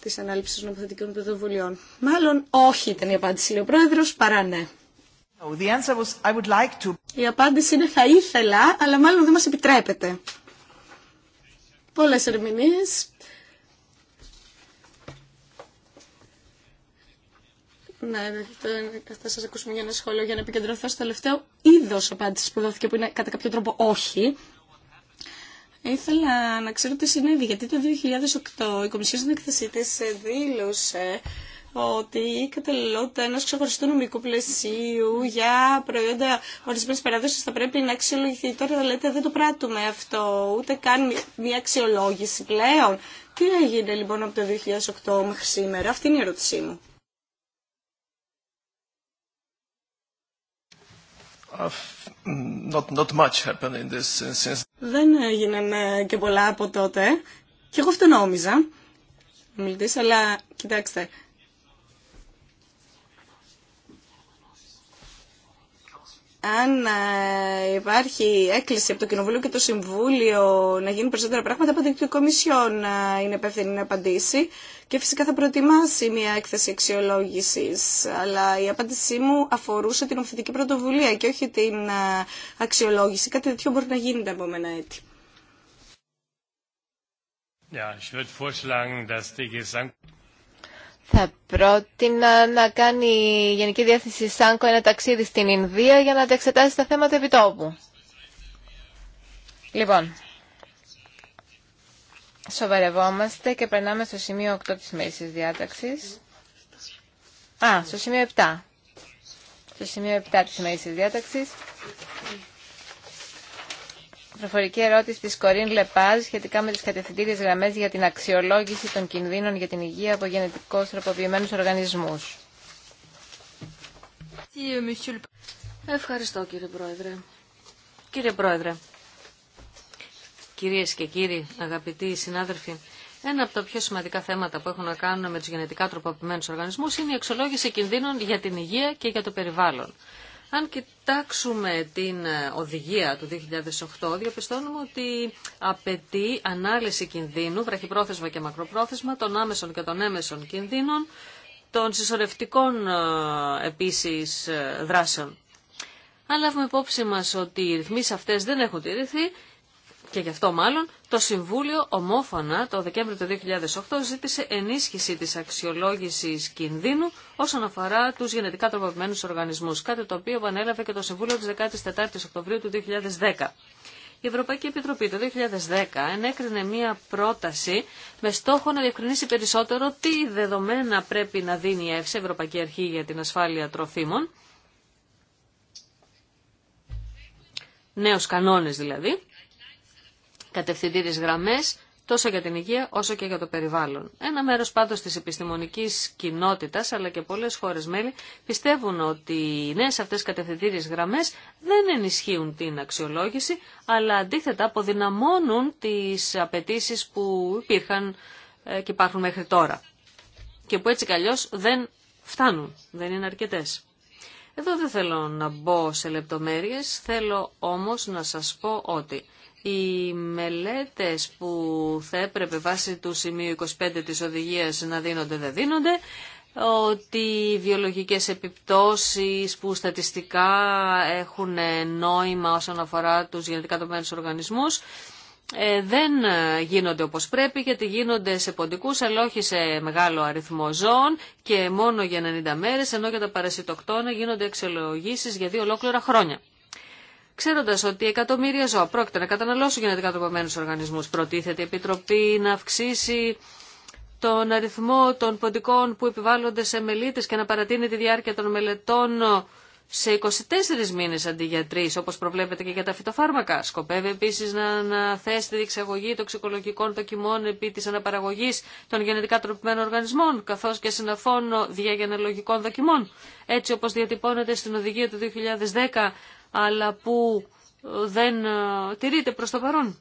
της ανάληψης νομοθετικών πρωτοβουλειών. Μάλλον όχι ήταν η απάντηση, λέει ο πρόεδρο, παρά ναι. Η απάντηση είναι θα ήθελα, αλλά μάλλον δεν μας επιτρέπεται. Πολλές ερμηνείες. Ναι, θα ναι, σας ακούσουμε για ένα σχόλιο για να επικεντρωθώ στο τελευταίο είδος απάντησης που δόθηκε, που είναι κατά κάποιο τρόπο όχι. Ήθελα να ξέρω τι συνέβη, γιατί το 2008 η Κομισιόν Εκθεσίτης δήλωσε ότι η καταλληλότητα ενό ξεχωριστού νομικού πλαισίου για προϊόντα ορισμένη παράδοση θα πρέπει να αξιολογηθεί. Τώρα λέτε δεν το πράττουμε αυτό, ούτε καν μια αξιολόγηση πλέον. Τι έγινε λοιπόν από το 2008 μέχρι σήμερα, αυτή είναι η ερώτησή μου. Not, not much happened in this Δεν έγιναν και πολλά από τότε. Και εγώ αυτό νόμιζα. Μιλητής, αλλά κοιτάξτε, αν ε, υπάρχει έκκληση από το Κοινοβούλιο και το Συμβούλιο να γίνουν περισσότερα πράγματα, από και η Κομισιόν ε, είναι υπεύθυνη να απαντήσει και φυσικά θα προετοιμάσει μια έκθεση αξιολόγηση. Αλλά η απάντησή μου αφορούσε την ομοθετική πρωτοβουλία και όχι την ε, αξιολόγηση. Κάτι τέτοιο μπορεί να γίνει τα επόμενα έτη. Θα πρότεινα να κάνει η Γενική Διεύθυνση ΣΑΝΚΟ ένα ταξίδι στην Ινδία για να τα εξετάσει τα θέματα επιτόπου. Λοιπόν, σοβαρευόμαστε και περνάμε στο σημείο 8 της μέσης διάταξης. Α, στο σημείο 7. Στο σημείο 7 της μέσης διάταξης προφορική ερώτηση της Κορίν Λεπάζ σχετικά με τις κατευθυντήριες γραμμές για την αξιολόγηση των κινδύνων για την υγεία από γενετικώς τροποποιημένους οργανισμούς. Ευχαριστώ κύριε Πρόεδρε. Κύριε Πρόεδρε, κυρίες και κύριοι, αγαπητοί συνάδελφοι, ένα από τα πιο σημαντικά θέματα που έχουν να κάνουν με τους γενετικά τροποποιημένους οργανισμούς είναι η αξιολόγηση κινδύνων για την υγεία και για το περιβάλλον. Αν κοιτάξουμε την ε, οδηγία του 2008, διαπιστώνουμε ότι απαιτεί ανάλυση κινδύνου, βραχυπρόθεσμα και μακροπρόθεσμα, των άμεσων και των έμεσων κινδύνων, των συσσωρευτικών ε, επίσης ε, δράσεων. Αν λάβουμε υπόψη μας ότι οι ρυθμίσεις αυτές δεν έχουν τηρηθεί, και γι' αυτό μάλλον το Συμβούλιο ομόφωνα το Δεκέμβριο του 2008 ζήτησε ενίσχυση της αξιολόγησης κινδύνου όσον αφορά τους γενετικά τροποποιημένους οργανισμούς, κάτι το οποίο επανέλαβε και το Συμβούλιο της 14ης Οκτωβρίου του 2010. Η Ευρωπαϊκή Επιτροπή το 2010 ενέκρινε μία πρόταση με στόχο να διευκρινίσει περισσότερο τι δεδομένα πρέπει να δίνει η ΕΦΣΕ, Ευρωπαϊκή Αρχή για την Ασφάλεια Τροφίμων, νέους κανόνες δηλαδή, κατευθυντήριες γραμμές τόσο για την υγεία όσο και για το περιβάλλον. Ένα μέρος πάντως της επιστημονικής κοινότητας αλλά και πολλές χώρες μέλη πιστεύουν ότι οι νέες αυτές κατευθυντήριες γραμμές δεν ενισχύουν την αξιολόγηση αλλά αντίθετα αποδυναμώνουν τις απαιτήσει που υπήρχαν ε, και υπάρχουν μέχρι τώρα και που έτσι καλλιώς δεν φτάνουν, δεν είναι αρκετές. Εδώ δεν θέλω να μπω σε λεπτομέρειες, θέλω όμως να σας πω ότι οι μελέτες που θα έπρεπε βάσει του σημείου 25 της οδηγίας να δίνονται δεν δίνονται, ότι οι βιολογικές επιπτώσεις που στατιστικά έχουν νόημα όσον αφορά τους γενετικά τομένους οργανισμούς ε, δεν γίνονται όπως πρέπει γιατί γίνονται σε ποντικούς αλλά όχι σε μεγάλο αριθμό ζώων και μόνο για 90 μέρες ενώ για τα παρασιτοκτόνα γίνονται εξελογήσεις για δύο ολόκληρα χρόνια. Ξέροντα ότι εκατομμύρια ζώα πρόκειται να καταναλώσουν γενετικά τροπομένου οργανισμού, προτίθεται η Επιτροπή να αυξήσει τον αριθμό των ποντικών που επιβάλλονται σε μελίτε και να παρατείνει τη διάρκεια των μελετών σε 24 μήνες αντί για όπως προβλέπεται και για τα φυτοφάρμακα. Σκοπεύει επίσης να αναθέσει τη διεξαγωγή τοξικολογικών δοκιμών επί της αναπαραγωγής των γενετικά τροπημένων οργανισμών, καθώς και συναφών διαγενελογικών δοκιμών, έτσι όπως διατυπώνεται στην οδηγία του 2010 αλλά που ε, δεν ε, τηρείται προς το παρόν.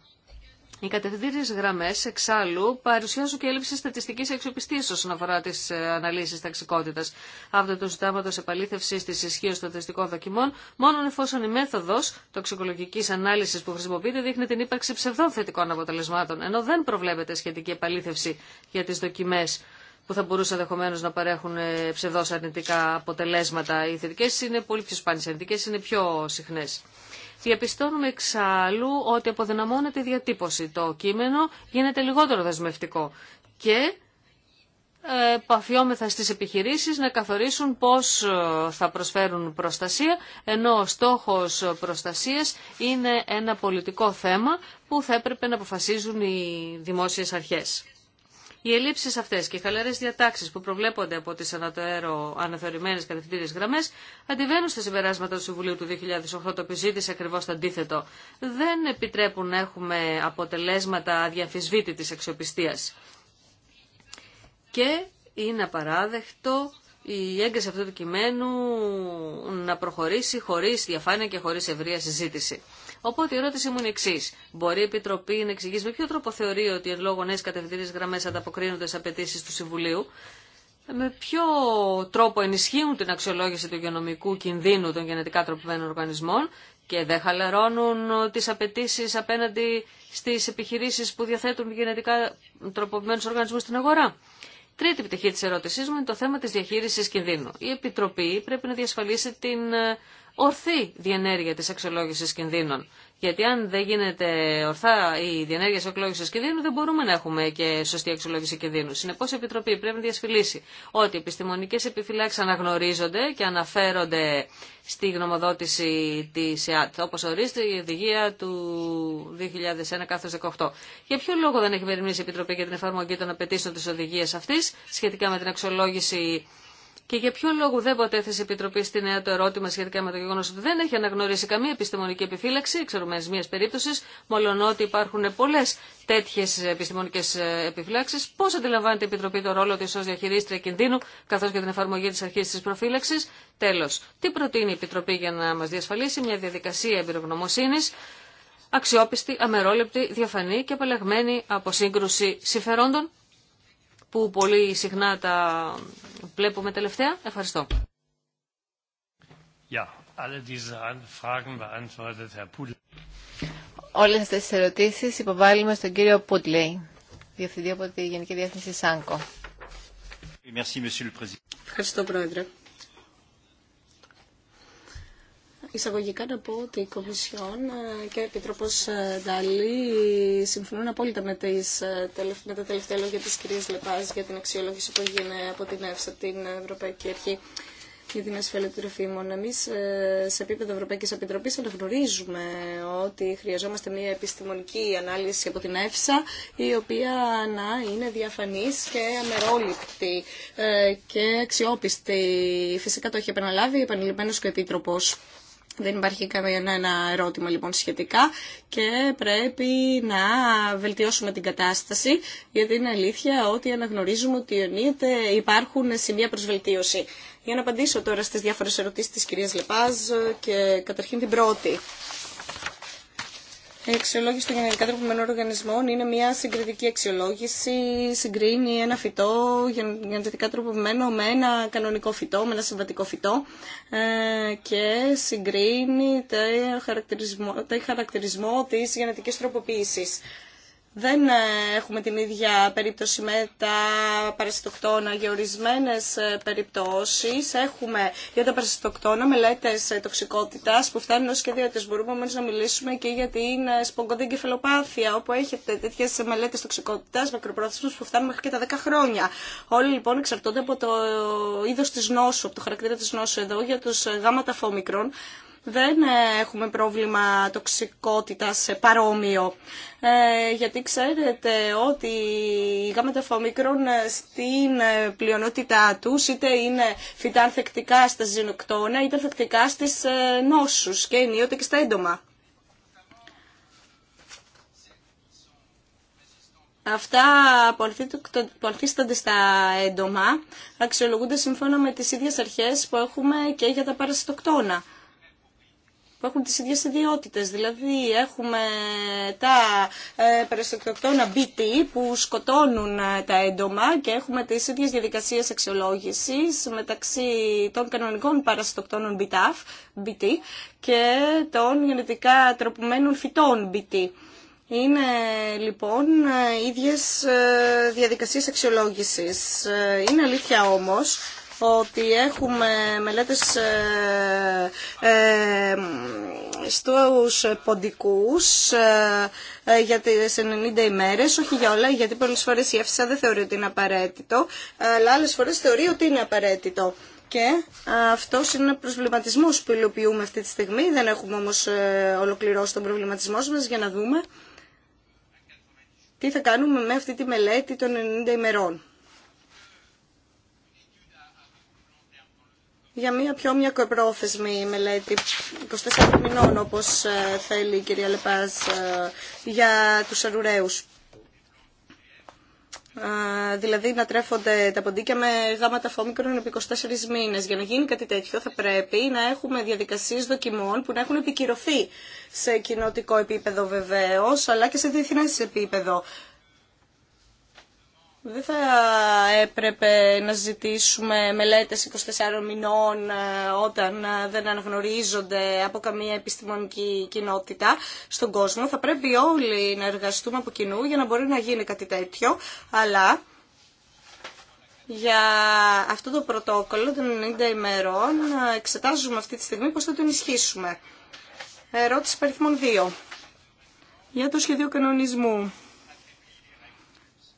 Οι κατευθυντήριες γραμμές, εξάλλου, παρουσιάζουν και έλλειψη στατιστικής αξιοπιστίας όσον αφορά τις ε, αναλύσεις ταξικότητας. Αυτό το ζητάματος επαλήθευσης της ισχύως των θεστικών δοκιμών, μόνο εφόσον η μέθοδος τοξικολογικής ανάλυσης που χρησιμοποιείται δείχνει την ύπαρξη ψευδών θετικών αποτελεσμάτων, ενώ δεν προβλέπεται σχετική επαλήθευση για τις δοκιμές που θα μπορούσαν ενδεχομένω να παρέχουν ε, ψευδό αρνητικά αποτελέσματα. Οι θετικέ είναι πολύ πιο σπάνιε, οι αρνητικέ είναι πιο συχνέ. Διαπιστώνουμε εξάλλου ότι αποδυναμώνεται η διατύπωση. Το κείμενο γίνεται λιγότερο δεσμευτικό και ε, παφιόμεθα στις επιχειρήσεις να καθορίσουν πώς ε, θα προσφέρουν προστασία, ενώ ο στόχος προστασίας είναι ένα πολιτικό θέμα που θα έπρεπε να αποφασίζουν οι δημόσιες αρχές. Οι ελλείψει αυτέ και οι χαλαρέ διατάξει που προβλέπονται από τι ανατοέρω αναθεωρημένε κατευθυντήριε γραμμέ αντιβαίνουν στα συμπεράσματα του Συμβουλίου του 2008, το οποίο ζήτησε ακριβώ το αντίθετο. Δεν επιτρέπουν να έχουμε αποτελέσματα αδιαφυσβήτητη αξιοπιστία. Και είναι απαράδεκτο η έγκριση αυτού του κειμένου να προχωρήσει χωρί διαφάνεια και χωρί ευρεία συζήτηση. Οπότε η ερώτηση μου είναι εξή. Μπορεί η Επιτροπή να εξηγήσει με ποιο τρόπο θεωρεί ότι εν λόγω νέε κατευθυντήριε γραμμέ ανταποκρίνονται στι απαιτήσει του Συμβουλίου, με ποιο τρόπο ενισχύουν την αξιολόγηση του υγειονομικού κινδύνου των γενετικά τροποποιημένων οργανισμών και δεν χαλαρώνουν τι απαιτήσει απέναντι στι επιχειρήσει που διαθέτουν γενετικά τροποποιημένους οργανισμού στην αγορά. Τρίτη πτυχή τη ερώτησή μου είναι το θέμα τη διαχείριση κινδύνου. Η Επιτροπή πρέπει να διασφαλίσει την ε, ορθή διενέργεια της αξιολόγησης κινδύνων. Γιατί αν δεν γίνεται ορθά η διενέργεια της αξιολόγησης κινδύνου, δεν μπορούμε να έχουμε και σωστή αξιολόγηση κινδύνου. Συνεπώ, η Επιτροπή πρέπει να διασφυλίσει ότι οι επιστημονικές επιφυλάξεις αναγνωρίζονται και αναφέρονται στη γνωμοδότηση της ΕΑΤ, όπω ορίζεται η οδηγία του 2001-18. Για ποιο λόγο δεν έχει μεριμνήσει η Επιτροπή για την εφαρμογή των απαιτήσεων της οδηγίας αυτή σχετικά με την αξιολόγηση και για ποιο λόγο δεν ποτέθεσε η Επιτροπή στη νέα το ερώτημα σχετικά με το γεγονό ότι δεν έχει αναγνωρίσει καμία επιστημονική επιφύλαξη, εξορμέ μια περίπτωση, ότι υπάρχουν πολλέ τέτοιε επιστημονικέ ε, επιφυλάξει. Πώ αντιλαμβάνεται η Επιτροπή το ρόλο τη ω διαχειρίστρια κινδύνου, καθώ και την εφαρμογή τη αρχή τη προφύλαξη. Τέλο, τι προτείνει η Επιτροπή για να μα διασφαλίσει μια διαδικασία εμπειρογνωμοσύνη αξιόπιστη, αμερόλεπτη, διαφανή και απελεγμένη από σύγκρουση συμφερόντων που πολύ συχνά τα βλέπουμε τελευταία. Ευχαριστώ. Όλες αυτές τις ερωτήσεις υποβάλλουμε στον κύριο Πούτλεϊ, Διευθυντή από τη Γενική Διεύθυνση ΣΑΝΚΟ. Ευχαριστώ, Πρόεδρε. Εισαγωγικά να πω ότι η Κομισιόν ε, και ο Επιτροπός ε, Νταλή συμφωνούν απόλυτα με, τις, ε, με τα τελευταία λόγια τη κυρία Λεπάζ για την αξιολόγηση που έγινε από την ΕΦΣΑ, την Ευρωπαϊκή Αρχή για την ασφάλεια του τροφίμων. Εμεί σε επίπεδο Ευρωπαϊκή Επιτροπή αναγνωρίζουμε ότι χρειαζόμαστε μια επιστημονική ανάλυση από την ΕΦΣΑ, η οποία να είναι διαφανή και αμερόληπτη και αξιόπιστη. Φυσικά το έχει επαναλάβει επανειλημμένο και ο Επίτροπο. Δεν υπάρχει κανένα ερώτημα λοιπόν σχετικά και πρέπει να βελτιώσουμε την κατάσταση γιατί είναι αλήθεια ότι αναγνωρίζουμε ότι υπάρχουν σημεία προς βελτίωση. Για να απαντήσω τώρα στις διάφορες ερωτήσεις της κυρίας Λεπάζ και καταρχήν την πρώτη η αξιολόγηση των γενετικά τροποποιημένων οργανισμών είναι μια συγκριτική αξιολόγηση. Συγκρίνει ένα φυτό γενετικά τροποποιημένο με ένα κανονικό φυτό, με ένα συμβατικό φυτό ε, και συγκρίνει τα χαρακτηρισμό, τα χαρακτηρισμό της γενετικής τροποποίησης δεν ε, έχουμε την ίδια περίπτωση με τα παρασιτοκτόνα. Για ορισμένε περιπτώσει έχουμε για τα παρασιτοκτόνα μελέτε τοξικότητα που φτάνουν ω και Μπορούμε όμω να μιλήσουμε και για την ε, σπονγκοδή κεφαλοπάθεια, όπου έχετε τέτοιε μελέτε τοξικότητα μακροπρόθεσμε που φτάνουν μέχρι και τα 10 χρόνια. Όλοι λοιπόν εξαρτώνται από το είδο τη νόσου, από το χαρακτήρα τη νόσου εδώ για του ε, γάμματα φωμικρών δεν ε, έχουμε πρόβλημα τοξικότητας παρόμοιο. Ε, γιατί ξέρετε ότι οι φωμικρών ε, στην πλειονότητά τους είτε είναι φυτά ανθεκτικά στα ζυνοκτώνα είτε ανθεκτικά στις νόσους και ενίοτε και στα έντομα. Αυτά που ανθίστανται στα έντομα αξιολογούνται σύμφωνα με τις ίδιες αρχές που έχουμε και για τα παρασιτοκτόνα έχουν τις ίδιες ιδιότητες. Δηλαδή έχουμε τα ε, BT που σκοτώνουν ε, τα έντομα και έχουμε τις ίδιες διαδικασίες αξιολόγησης μεταξύ των κανονικών παραστοκτόνων BTAF, BT και των γενετικά τροπομένων φυτών BT. Είναι λοιπόν ε, ίδιες ε, διαδικασίες αξιολόγησης. Είναι αλήθεια όμως ότι έχουμε μελέτες ε, ε, στους ποντικούς ε, ε για τις 90 ημέρες, όχι για όλα, γιατί πολλές φορές η ΕΦΣΑ δεν θεωρεί ότι είναι απαραίτητο, αλλά άλλες φορές θεωρεί ότι είναι απαραίτητο. Και αυτό είναι ο προβληματισμό που υλοποιούμε αυτή τη στιγμή. Δεν έχουμε όμως ε, ολοκληρώσει τον προβληματισμό μας για να δούμε τι θα κάνουμε με αυτή τη μελέτη των 90 ημερών. για μια πιο μιακοπρόθεσμη μελέτη 24 μηνών όπως ε, θέλει η κυρία Λεπάς ε, για τους αρουραίους. Δηλαδή να τρέφονται τα ποντίκια με γάματα φόμικρον επί 24 μήνες. Για να γίνει κάτι τέτοιο θα πρέπει να έχουμε διαδικασίες δοκιμών που να έχουν επικυρωθεί σε κοινοτικό επίπεδο βεβαίως αλλά και σε διεθνές επίπεδο δεν θα έπρεπε να ζητήσουμε μελέτες 24 μηνών ε, όταν ε, δεν αναγνωρίζονται από καμία επιστημονική κοινότητα στον κόσμο. Θα πρέπει όλοι να εργαστούμε από κοινού για να μπορεί να γίνει κάτι τέτοιο, αλλά για αυτό το πρωτόκολλο των 90 ημερών ε, εξετάζουμε αυτή τη στιγμή πώς θα το ενισχύσουμε. Ερώτηση παριθμών 2. Για το σχεδίο κανονισμού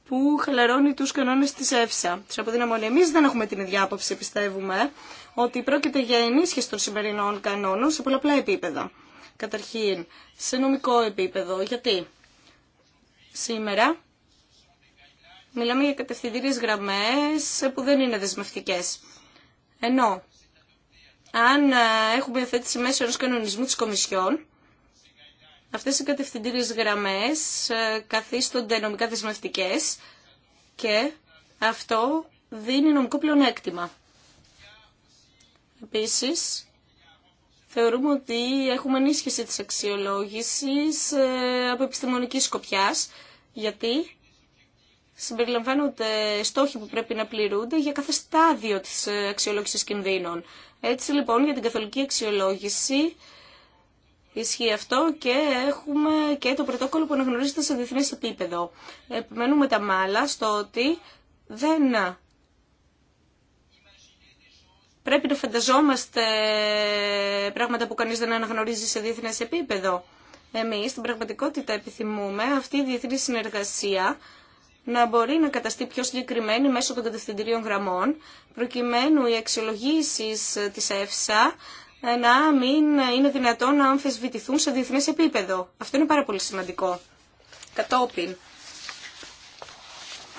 που χαλαρώνει τους κανόνες της ΕΦΣΑ. Τους αποδυναμώνει. Εμείς δεν έχουμε την ίδια άποψη, πιστεύουμε, ότι πρόκειται για ενίσχυση των σημερινών κανόνων σε πολλαπλά επίπεδα. Καταρχήν, σε νομικό επίπεδο. Γιατί σήμερα μιλάμε για κατευθυντήριες γραμμές που δεν είναι δεσμευτικές. Ενώ, αν ε, έχουμε θέτηση μέσω ενός κανονισμού της Κομισιόν, Αυτές οι κατευθυντήριες γραμμές ε, καθίστονται νομικά δεσμευτικέ και αυτό δίνει νομικό πλεονέκτημα. Επίσης, θεωρούμε ότι έχουμε ενίσχυση της αξιολόγησης ε, από επιστημονική σκοπιάς, γιατί συμπεριλαμβάνονται στόχοι που πρέπει να πληρούνται για κάθε στάδιο της ε, αξιολόγησης κινδύνων. Έτσι λοιπόν για την καθολική αξιολόγηση Ισχύει αυτό και έχουμε και το πρωτόκολλο που αναγνωρίζεται σε διεθνέ επίπεδο. Επιμένουμε τα μάλα στο ότι δεν πρέπει να φανταζόμαστε πράγματα που κανείς δεν αναγνωρίζει σε διεθνέ επίπεδο. Εμείς στην πραγματικότητα επιθυμούμε αυτή η διεθνή συνεργασία να μπορεί να καταστεί πιο συγκεκριμένη μέσω των κατευθυντηρίων γραμμών, προκειμένου οι αξιολογήσει της ΕΦΣΑ ε, να μην είναι δυνατόν να αμφισβητηθούν σε διεθνές επίπεδο. Αυτό είναι πάρα πολύ σημαντικό. Κατόπιν.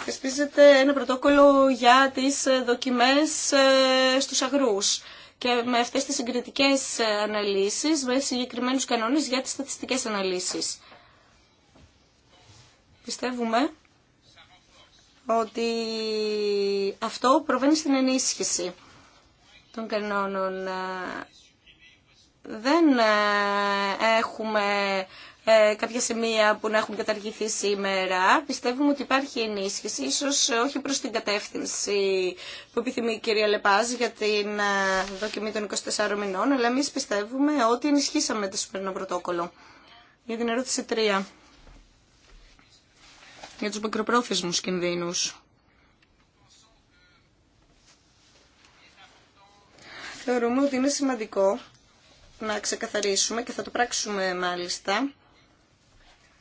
Θεσπίζεται ένα πρωτόκολλο για τις ε, δοκιμές ε, στους αγρούς και με αυτές τις συγκριτικές αναλύσεις, με συγκεκριμένους κανόνες για τις στατιστικές αναλύσεις. Πιστεύουμε ότι αυτό προβαίνει στην ενίσχυση των κανόνων δεν ε, έχουμε ε, κάποια σημεία που να έχουν καταργηθεί σήμερα. Πιστεύουμε ότι υπάρχει ενίσχυση, ίσως όχι προς την κατεύθυνση που επιθυμεί η κυρία Λεπάζ για την ε, δοκιμή των 24 μηνών, αλλά εμεί πιστεύουμε ότι ενισχύσαμε το σημερινό πρωτόκολλο. Για την ερώτηση 3. Για τους μικροπρόθεσμους κινδύνους. Θεωρούμε ότι είναι σημαντικό να ξεκαθαρίσουμε και θα το πράξουμε μάλιστα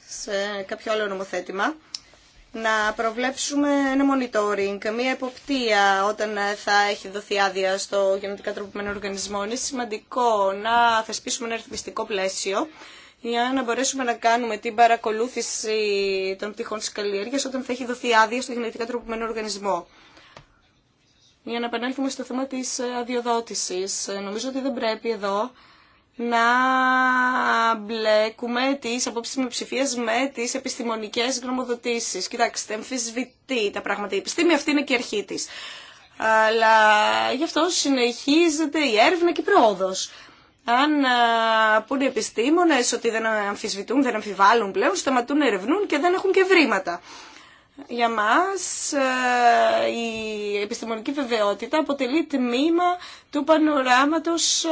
σε κάποιο άλλο νομοθέτημα να προβλέψουμε ένα monitoring, μια εποπτεία όταν θα έχει δοθεί άδεια στο γενετικά τροποποιημένο οργανισμό. Είναι σημαντικό να θεσπίσουμε ένα αριθμιστικό πλαίσιο για να μπορέσουμε να κάνουμε την παρακολούθηση των πτυχών της καλλιέργειας όταν θα έχει δοθεί άδεια στο γενετικά τροποποιημένο οργανισμό. Για να επανέλθουμε στο θέμα της αδειοδότησης. Νομίζω ότι δεν πρέπει εδώ να μπλέκουμε τις απόψεις με μειοψηφίας με τις επιστημονικές γνωμοδοτήσεις. Κοιτάξτε, εμφισβητεί τα πράγματα. Η επιστήμη αυτή είναι και η αρχή της. Αλλά γι' αυτό συνεχίζεται η έρευνα και η πρόοδος. Αν πούνε οι επιστήμονες ότι δεν αμφισβητούν, δεν αμφιβάλλουν πλέον, σταματούν να ερευνούν και δεν έχουν και βρήματα. Για μας η επιστημονική βεβαιότητα αποτελεί τμήμα του πανοράματος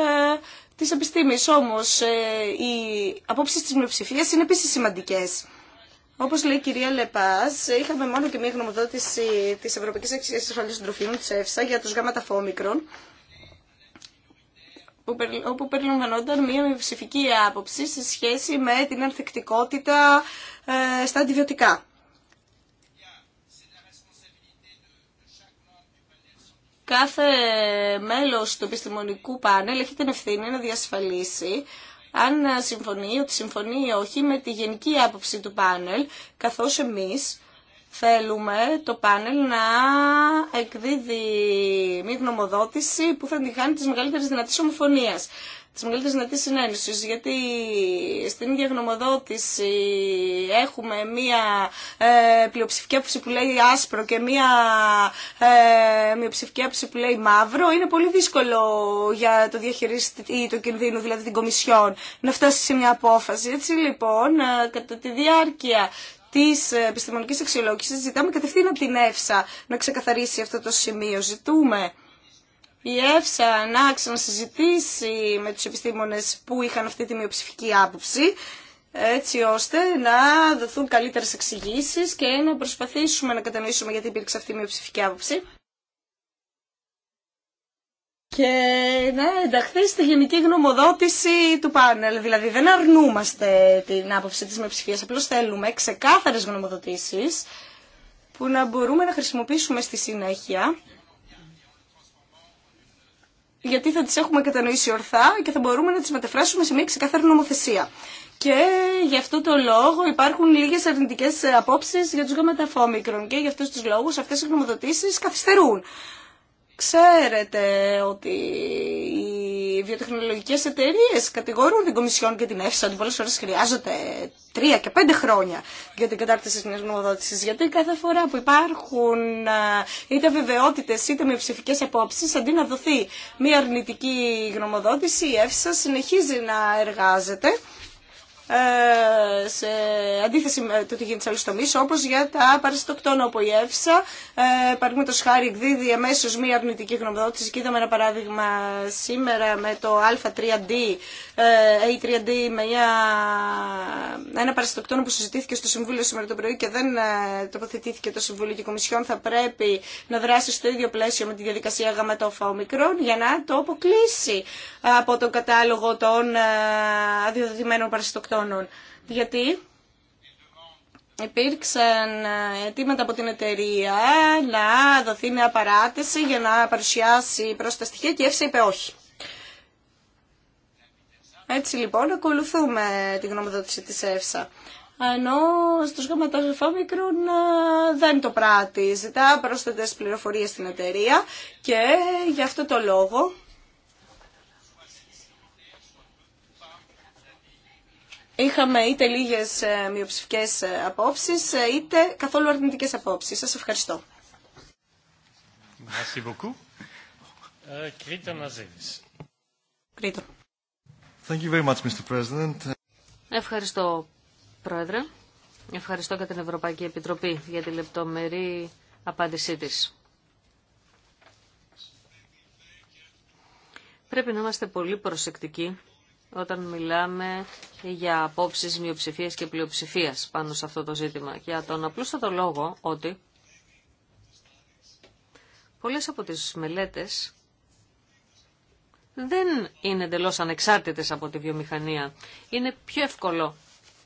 της επιστήμης. Όμως, ε, οι απόψεις της μειοψηφίας είναι επίσης σημαντικές. Όπως λέει η κυρία Λεπάς, ε, είχαμε μόνο και μία γνωμοδότηση της Ευρωπαϊκής Αξίας Ασφαλής των Τροφίμων, της ΕΦΣΑ, για τους γάμματα φόμικρον, όπου περιλαμβανόταν μία μειοψηφική άποψη σε σχέση με την ανθεκτικότητα ε, στα αντιβιωτικά. κάθε μέλος του επιστημονικού πάνελ έχει την ευθύνη να διασφαλίσει αν συμφωνεί, ότι συμφωνεί ή όχι με τη γενική άποψη του πάνελ, καθώς εμείς θέλουμε το πάνελ να εκδίδει μη γνωμοδότηση που θα τη χάνει μεγαλύτερες μεγαλύτερης δυνατής τη μεγαλύτερη δυνατή συνένεση. Γιατί στην ίδια έχουμε μία ε, πλειοψηφική άποψη που λέει άσπρο και μία ε, μειοψηφική άποψη που λέει μαύρο. Είναι πολύ δύσκολο για το διαχειριστή το κινδύνου, δηλαδή την Κομισιόν, να φτάσει σε μια απόφαση. Έτσι λοιπόν, ε, κατά τη διάρκεια τη επιστημονική αξιολόγηση, ζητάμε κατευθείαν από την ΕΦΣΑ να ξεκαθαρίσει αυτό το σημείο. Ζητούμε η ΕΦΣΑ να ξανασυζητήσει με τους επιστήμονες που είχαν αυτή τη μειοψηφική άποψη, έτσι ώστε να δοθούν καλύτερες εξηγήσεις και να προσπαθήσουμε να κατανοήσουμε γιατί υπήρξε αυτή η μειοψηφική άποψη. Και να ενταχθεί στη γενική γνωμοδότηση του πάνελ. Δηλαδή δεν αρνούμαστε την άποψη της μειοψηφίας, απλώς θέλουμε ξεκάθαρες γνωμοδοτήσεις που να μπορούμε να χρησιμοποιήσουμε στη συνέχεια γιατί θα τις έχουμε κατανοήσει ορθά και θα μπορούμε να τις μεταφράσουμε σε μια ξεκάθαρη νομοθεσία. Και γι' αυτό το λόγο υπάρχουν λίγες αρνητικές απόψεις για τους γαμματαφόμικρων και γι' αυτούς τους λόγους αυτές οι γνωμοδοτήσεις καθυστερούν. Ξέρετε ότι οι βιοτεχνολογικές εταιρείες κατηγορούν την Κομισιόν και την ΕΦΣΑ ότι πολλές φορές χρειάζονται τρία και πέντε χρόνια για την κατάρτιση της νομοδότησης. Γιατί κάθε φορά που υπάρχουν είτε βεβαιότητες είτε με ψηφικές απόψεις, αντί να δοθεί μια αρνητική γνωμοδότηση, η ΕΦΣΑ συνεχίζει να εργάζεται ε, σε αντίθεση με το τι γίνεται σε άλλου τομεί, όπω για τα παραστοκτόνα όπου η ΕΦΣΑ, ε, παραδείγματο χάρη, εκδίδει αμέσω μία αρνητική γνωμοδότηση. Και είδαμε ένα παράδειγμα σήμερα με το Α3D, ε, A3D, με μια, ένα παραστοκτόνο που συζητήθηκε στο Συμβούλιο σήμερα το πρωί και δεν ε, τοποθετήθηκε το Συμβούλιο και η Κομισιόν θα πρέπει να δράσει στο ίδιο πλαίσιο με τη διαδικασία γαματόφα ομικρών για να το αποκλείσει από τον κατάλογο των ε, αδειοδοτημένων παραστοκτών γιατί υπήρξαν αιτήματα από την εταιρεία να δοθεί μια παράτηση για να παρουσιάσει προς τα στοιχεία και η είπε όχι. Έτσι λοιπόν ακολουθούμε τη γνωμοδότηση της ΕΦΣΑ. Ενώ στο σχηματογραφό μικρούν ε, δεν το πράττει. Ζητά πρόσθετες πληροφορίες στην εταιρεία και γι' αυτό το λόγο είχαμε είτε λίγες ε, μειοψηφικές ε, απόψεις, ε, είτε καθόλου αρνητικές απόψεις. Σας ευχαριστώ. Ευχαριστώ, Πρόεδρε. Ευχαριστώ και την Ευρωπαϊκή Επιτροπή για τη λεπτομερή απάντησή της. Πρέπει να είμαστε πολύ προσεκτικοί όταν μιλάμε για απόψει μειοψηφία και πλειοψηφία πάνω σε αυτό το ζήτημα. Για τον απλούστατο λόγο ότι πολλέ από τι μελέτες δεν είναι εντελώ ανεξάρτητες από τη βιομηχανία. Είναι πιο εύκολο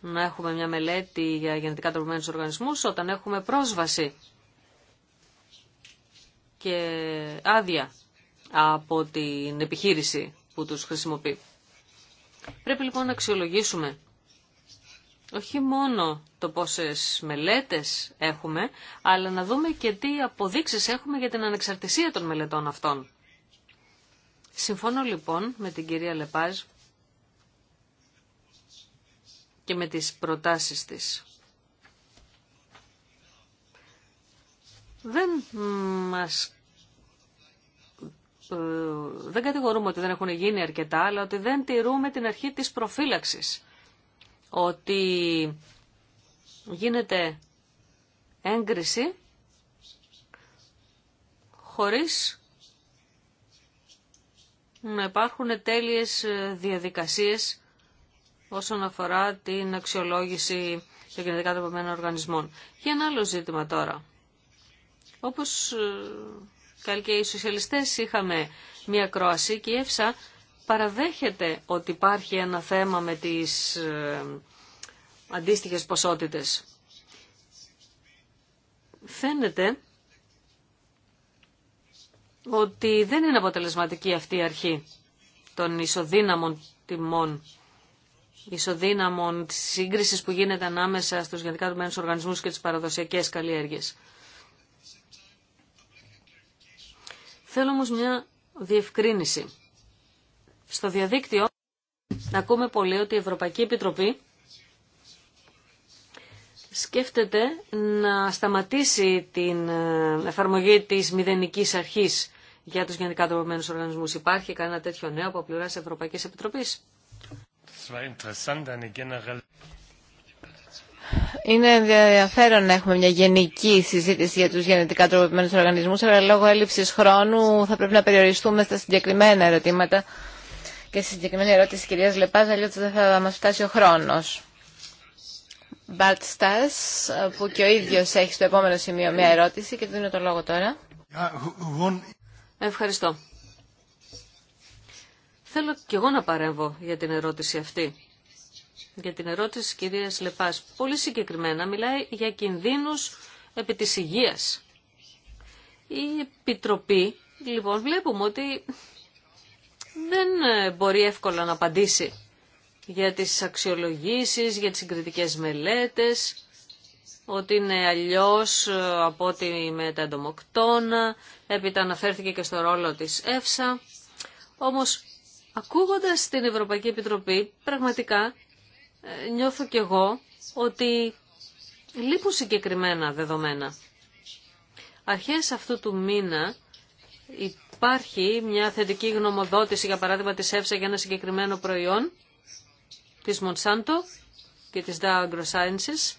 να έχουμε μια μελέτη για γενετικά τροπημένους οργανισμού όταν έχουμε πρόσβαση και άδεια από την επιχείρηση που τους χρησιμοποιεί. Πρέπει λοιπόν να αξιολογήσουμε όχι μόνο το πόσες μελέτες έχουμε, αλλά να δούμε και τι αποδείξεις έχουμε για την ανεξαρτησία των μελετών αυτών. Συμφωνώ λοιπόν με την κυρία Λεπάζ και με τις προτάσεις της. Δεν μας ε, δεν κατηγορούμε ότι δεν έχουν γίνει αρκετά, αλλά ότι δεν τηρούμε την αρχή της προφύλαξης. Ότι γίνεται έγκριση χωρίς να υπάρχουν τέλειες διαδικασίες όσον αφορά την αξιολόγηση των γενετικά δεδομένων οργανισμών. Και ένα άλλο ζήτημα τώρα. Όπως ε, και οι σοσιαλιστές είχαμε μια κρόαση και η ΕΦΣΑ παραδέχεται ότι υπάρχει ένα θέμα με τις ε, αντίστοιχες ποσότητες. Φαίνεται ότι δεν είναι αποτελεσματική αυτή η αρχή των ισοδύναμων τιμών, ισοδύναμων της σύγκρισης που γίνεται ανάμεσα στους γενικά οργανισμούς και τις παραδοσιακές καλλιέργειες. Θέλω όμως μια διευκρίνηση. Στο διαδίκτυο ακούμε πολύ ότι η Ευρωπαϊκή Επιτροπή σκέφτεται να σταματήσει την ε, εφαρμογή της μηδενική αρχής για τους γενικά τροπομένους οργανισμούς. Υπάρχει κανένα τέτοιο νέο από πλευράς Ευρωπαϊκής Επιτροπής. Είναι ενδιαφέρον να έχουμε μια γενική συζήτηση για τους γενετικά τροποποιημένους οργανισμούς, αλλά λόγω έλλειψης χρόνου θα πρέπει να περιοριστούμε στα συγκεκριμένα ερωτήματα και στη συγκεκριμένη ερώτηση της κυρίας Λεπάζ, αλλιώς δεν θα μας φτάσει ο χρόνος. Μπαρτ που και ο ίδιος έχει στο επόμενο σημείο μια ερώτηση και του δίνω το λόγο τώρα. Ευχαριστώ. Θέλω κι εγώ να παρέμβω για την ερώτηση αυτή για την ερώτηση της κυρίας Λεπάς. Πολύ συγκεκριμένα μιλάει για κινδύνους επί της υγείας. Η Επιτροπή, λοιπόν, βλέπουμε ότι δεν μπορεί εύκολα να απαντήσει για τις αξιολογήσεις, για τις συγκριτικές μελέτες, ότι είναι αλλιώς ε, από ό,τι με τα εντομοκτώνα, έπειτα αναφέρθηκε και στο ρόλο της ΕΦΣΑ. Όμως, ακούγοντας την Ευρωπαϊκή Επιτροπή, πραγματικά ε, νιώθω κι εγώ ότι λείπουν συγκεκριμένα δεδομένα. Αρχές αυτού του μήνα υπάρχει μια θετική γνωμοδότηση, για παράδειγμα της ΕΦΣΑ για ένα συγκεκριμένο προϊόν, της Μονσάντο και της Dow AgroSciences,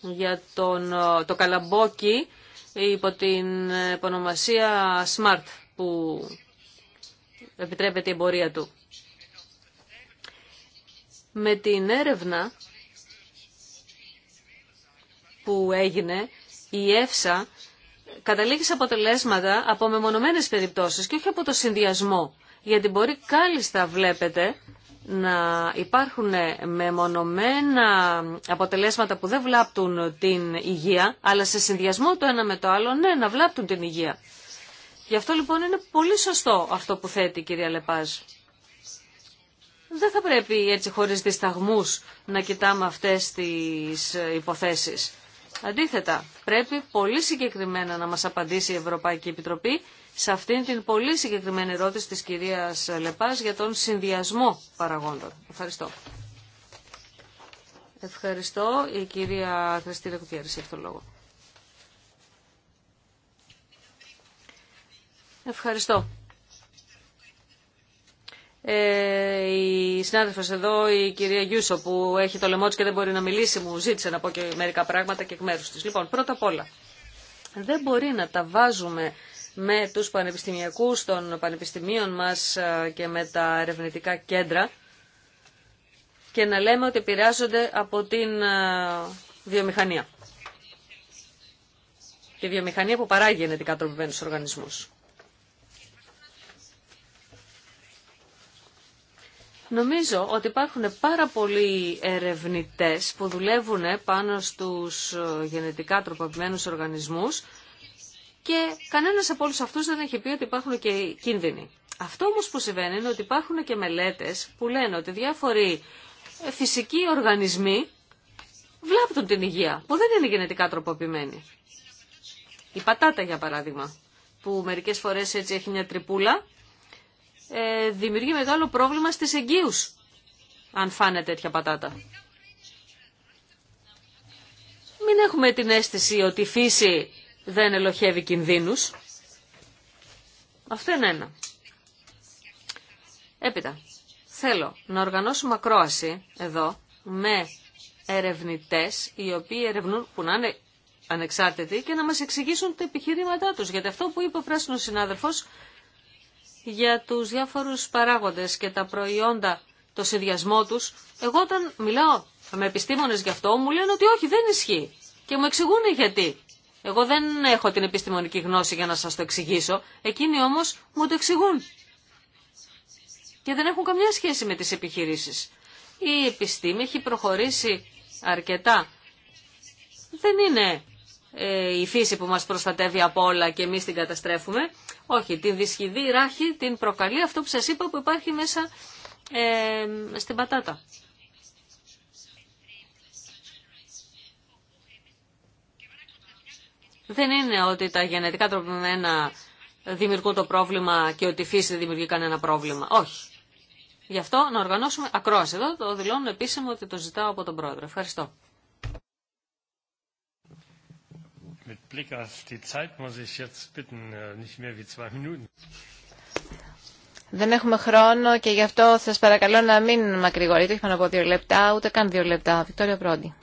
για τον, ε, το καλαμπόκι υπό την επωνομασία Smart που επιτρέπεται η εμπορία του με την έρευνα που έγινε η ΕΦΣΑ καταλήγει σε αποτελέσματα από μεμονωμένες περιπτώσεις και όχι από το συνδυασμό. Γιατί μπορεί κάλλιστα βλέπετε να υπάρχουν μεμονωμένα αποτελέσματα που δεν βλάπτουν την υγεία, αλλά σε συνδυασμό το ένα με το άλλο, ναι, να βλάπτουν την υγεία. Γι' αυτό λοιπόν είναι πολύ σωστό αυτό που θέτει η κυρία Λεπάζ δεν θα πρέπει έτσι χωρίς δισταγμούς να κοιτάμε αυτές τις ε, υποθέσεις. Αντίθετα, πρέπει πολύ συγκεκριμένα να μας απαντήσει η Ευρωπαϊκή Επιτροπή σε αυτήν την πολύ συγκεκριμένη ερώτηση της κυρίας Λεπάς για τον συνδυασμό παραγόντων. Ευχαριστώ. Ευχαριστώ. Η κυρία Χριστίνα Κουτιέρης έχει το λόγο. Ευχαριστώ. Ε, η συνάδελφος εδώ, η κυρία Γιούσο, που έχει το λαιμό της και δεν μπορεί να μιλήσει, μου ζήτησε να πω και μερικά πράγματα και εκ μέρους της. Λοιπόν, πρώτα απ' όλα, δεν μπορεί να τα βάζουμε με τους πανεπιστημιακούς των πανεπιστημίων μας ε, και με τα ερευνητικά κέντρα και να λέμε ότι επηρεάζονται από την ε, βιομηχανία. τη βιομηχανία που παράγει γενετικά τροπημένους οργανισμούς. Νομίζω ότι υπάρχουν πάρα πολλοί ερευνητές που δουλεύουν πάνω στους ε, γενετικά τροποποιημένους οργανισμούς και κανένας από όλους αυτούς δεν έχει πει ότι υπάρχουν και κίνδυνοι. Αυτό όμως που συμβαίνει είναι ότι υπάρχουν και μελέτες που λένε ότι διάφοροι ε, φυσικοί οργανισμοί βλάπτουν την υγεία, που δεν είναι γενετικά τροποποιημένοι. Η πατάτα για παράδειγμα, που μερικές φορές έτσι έχει μια τρυπούλα ε, δημιουργεί μεγάλο πρόβλημα στις εγγύους, αν φάνε τέτοια πατάτα. Μην έχουμε την αίσθηση ότι η φύση δεν ελοχεύει κινδύνους. Αυτό είναι ένα. Έπειτα, θέλω να οργανώσουμε ακρόαση εδώ με ερευνητές οι οποίοι ερευνούν που να είναι ανεξάρτητοι και να μας εξηγήσουν τα επιχειρήματά τους. Γιατί αυτό που είπε ο πράσινος συνάδελφος για τους διάφορους παράγοντες και τα προϊόντα, το συνδυασμό τους, εγώ όταν μιλάω με επιστήμονες γι' αυτό μου λένε ότι όχι δεν ισχύει και μου εξηγούν γιατί. Εγώ δεν έχω την επιστημονική γνώση για να σας το εξηγήσω, εκείνοι όμως μου το εξηγούν και δεν έχουν καμιά σχέση με τις επιχειρήσεις. Η επιστήμη έχει προχωρήσει αρκετά. Δεν είναι ε, η φύση που μας προστατεύει από όλα και εμείς την καταστρέφουμε. Όχι, την δυσχυδή ράχη την προκαλεί αυτό που σας είπα που υπάρχει μέσα ε, στην πατάτα. Δεν είναι ότι τα γενετικά τροπημένα δημιουργούν το πρόβλημα και ότι η φύση δεν δημιουργεί κανένα πρόβλημα. Όχι. Γι' αυτό να οργανώσουμε ακρόαση εδώ. Το δηλώνω επίσημο ότι το ζητάω από τον πρόεδρο. Ευχαριστώ. Δεν έχουμε χρόνο και γι' αυτό σας παρακαλώ να μην μακρηγορείτε, όχι να πω δύο λεπτά, ούτε καν δύο λεπτά. Βικτώρια Πρόντι.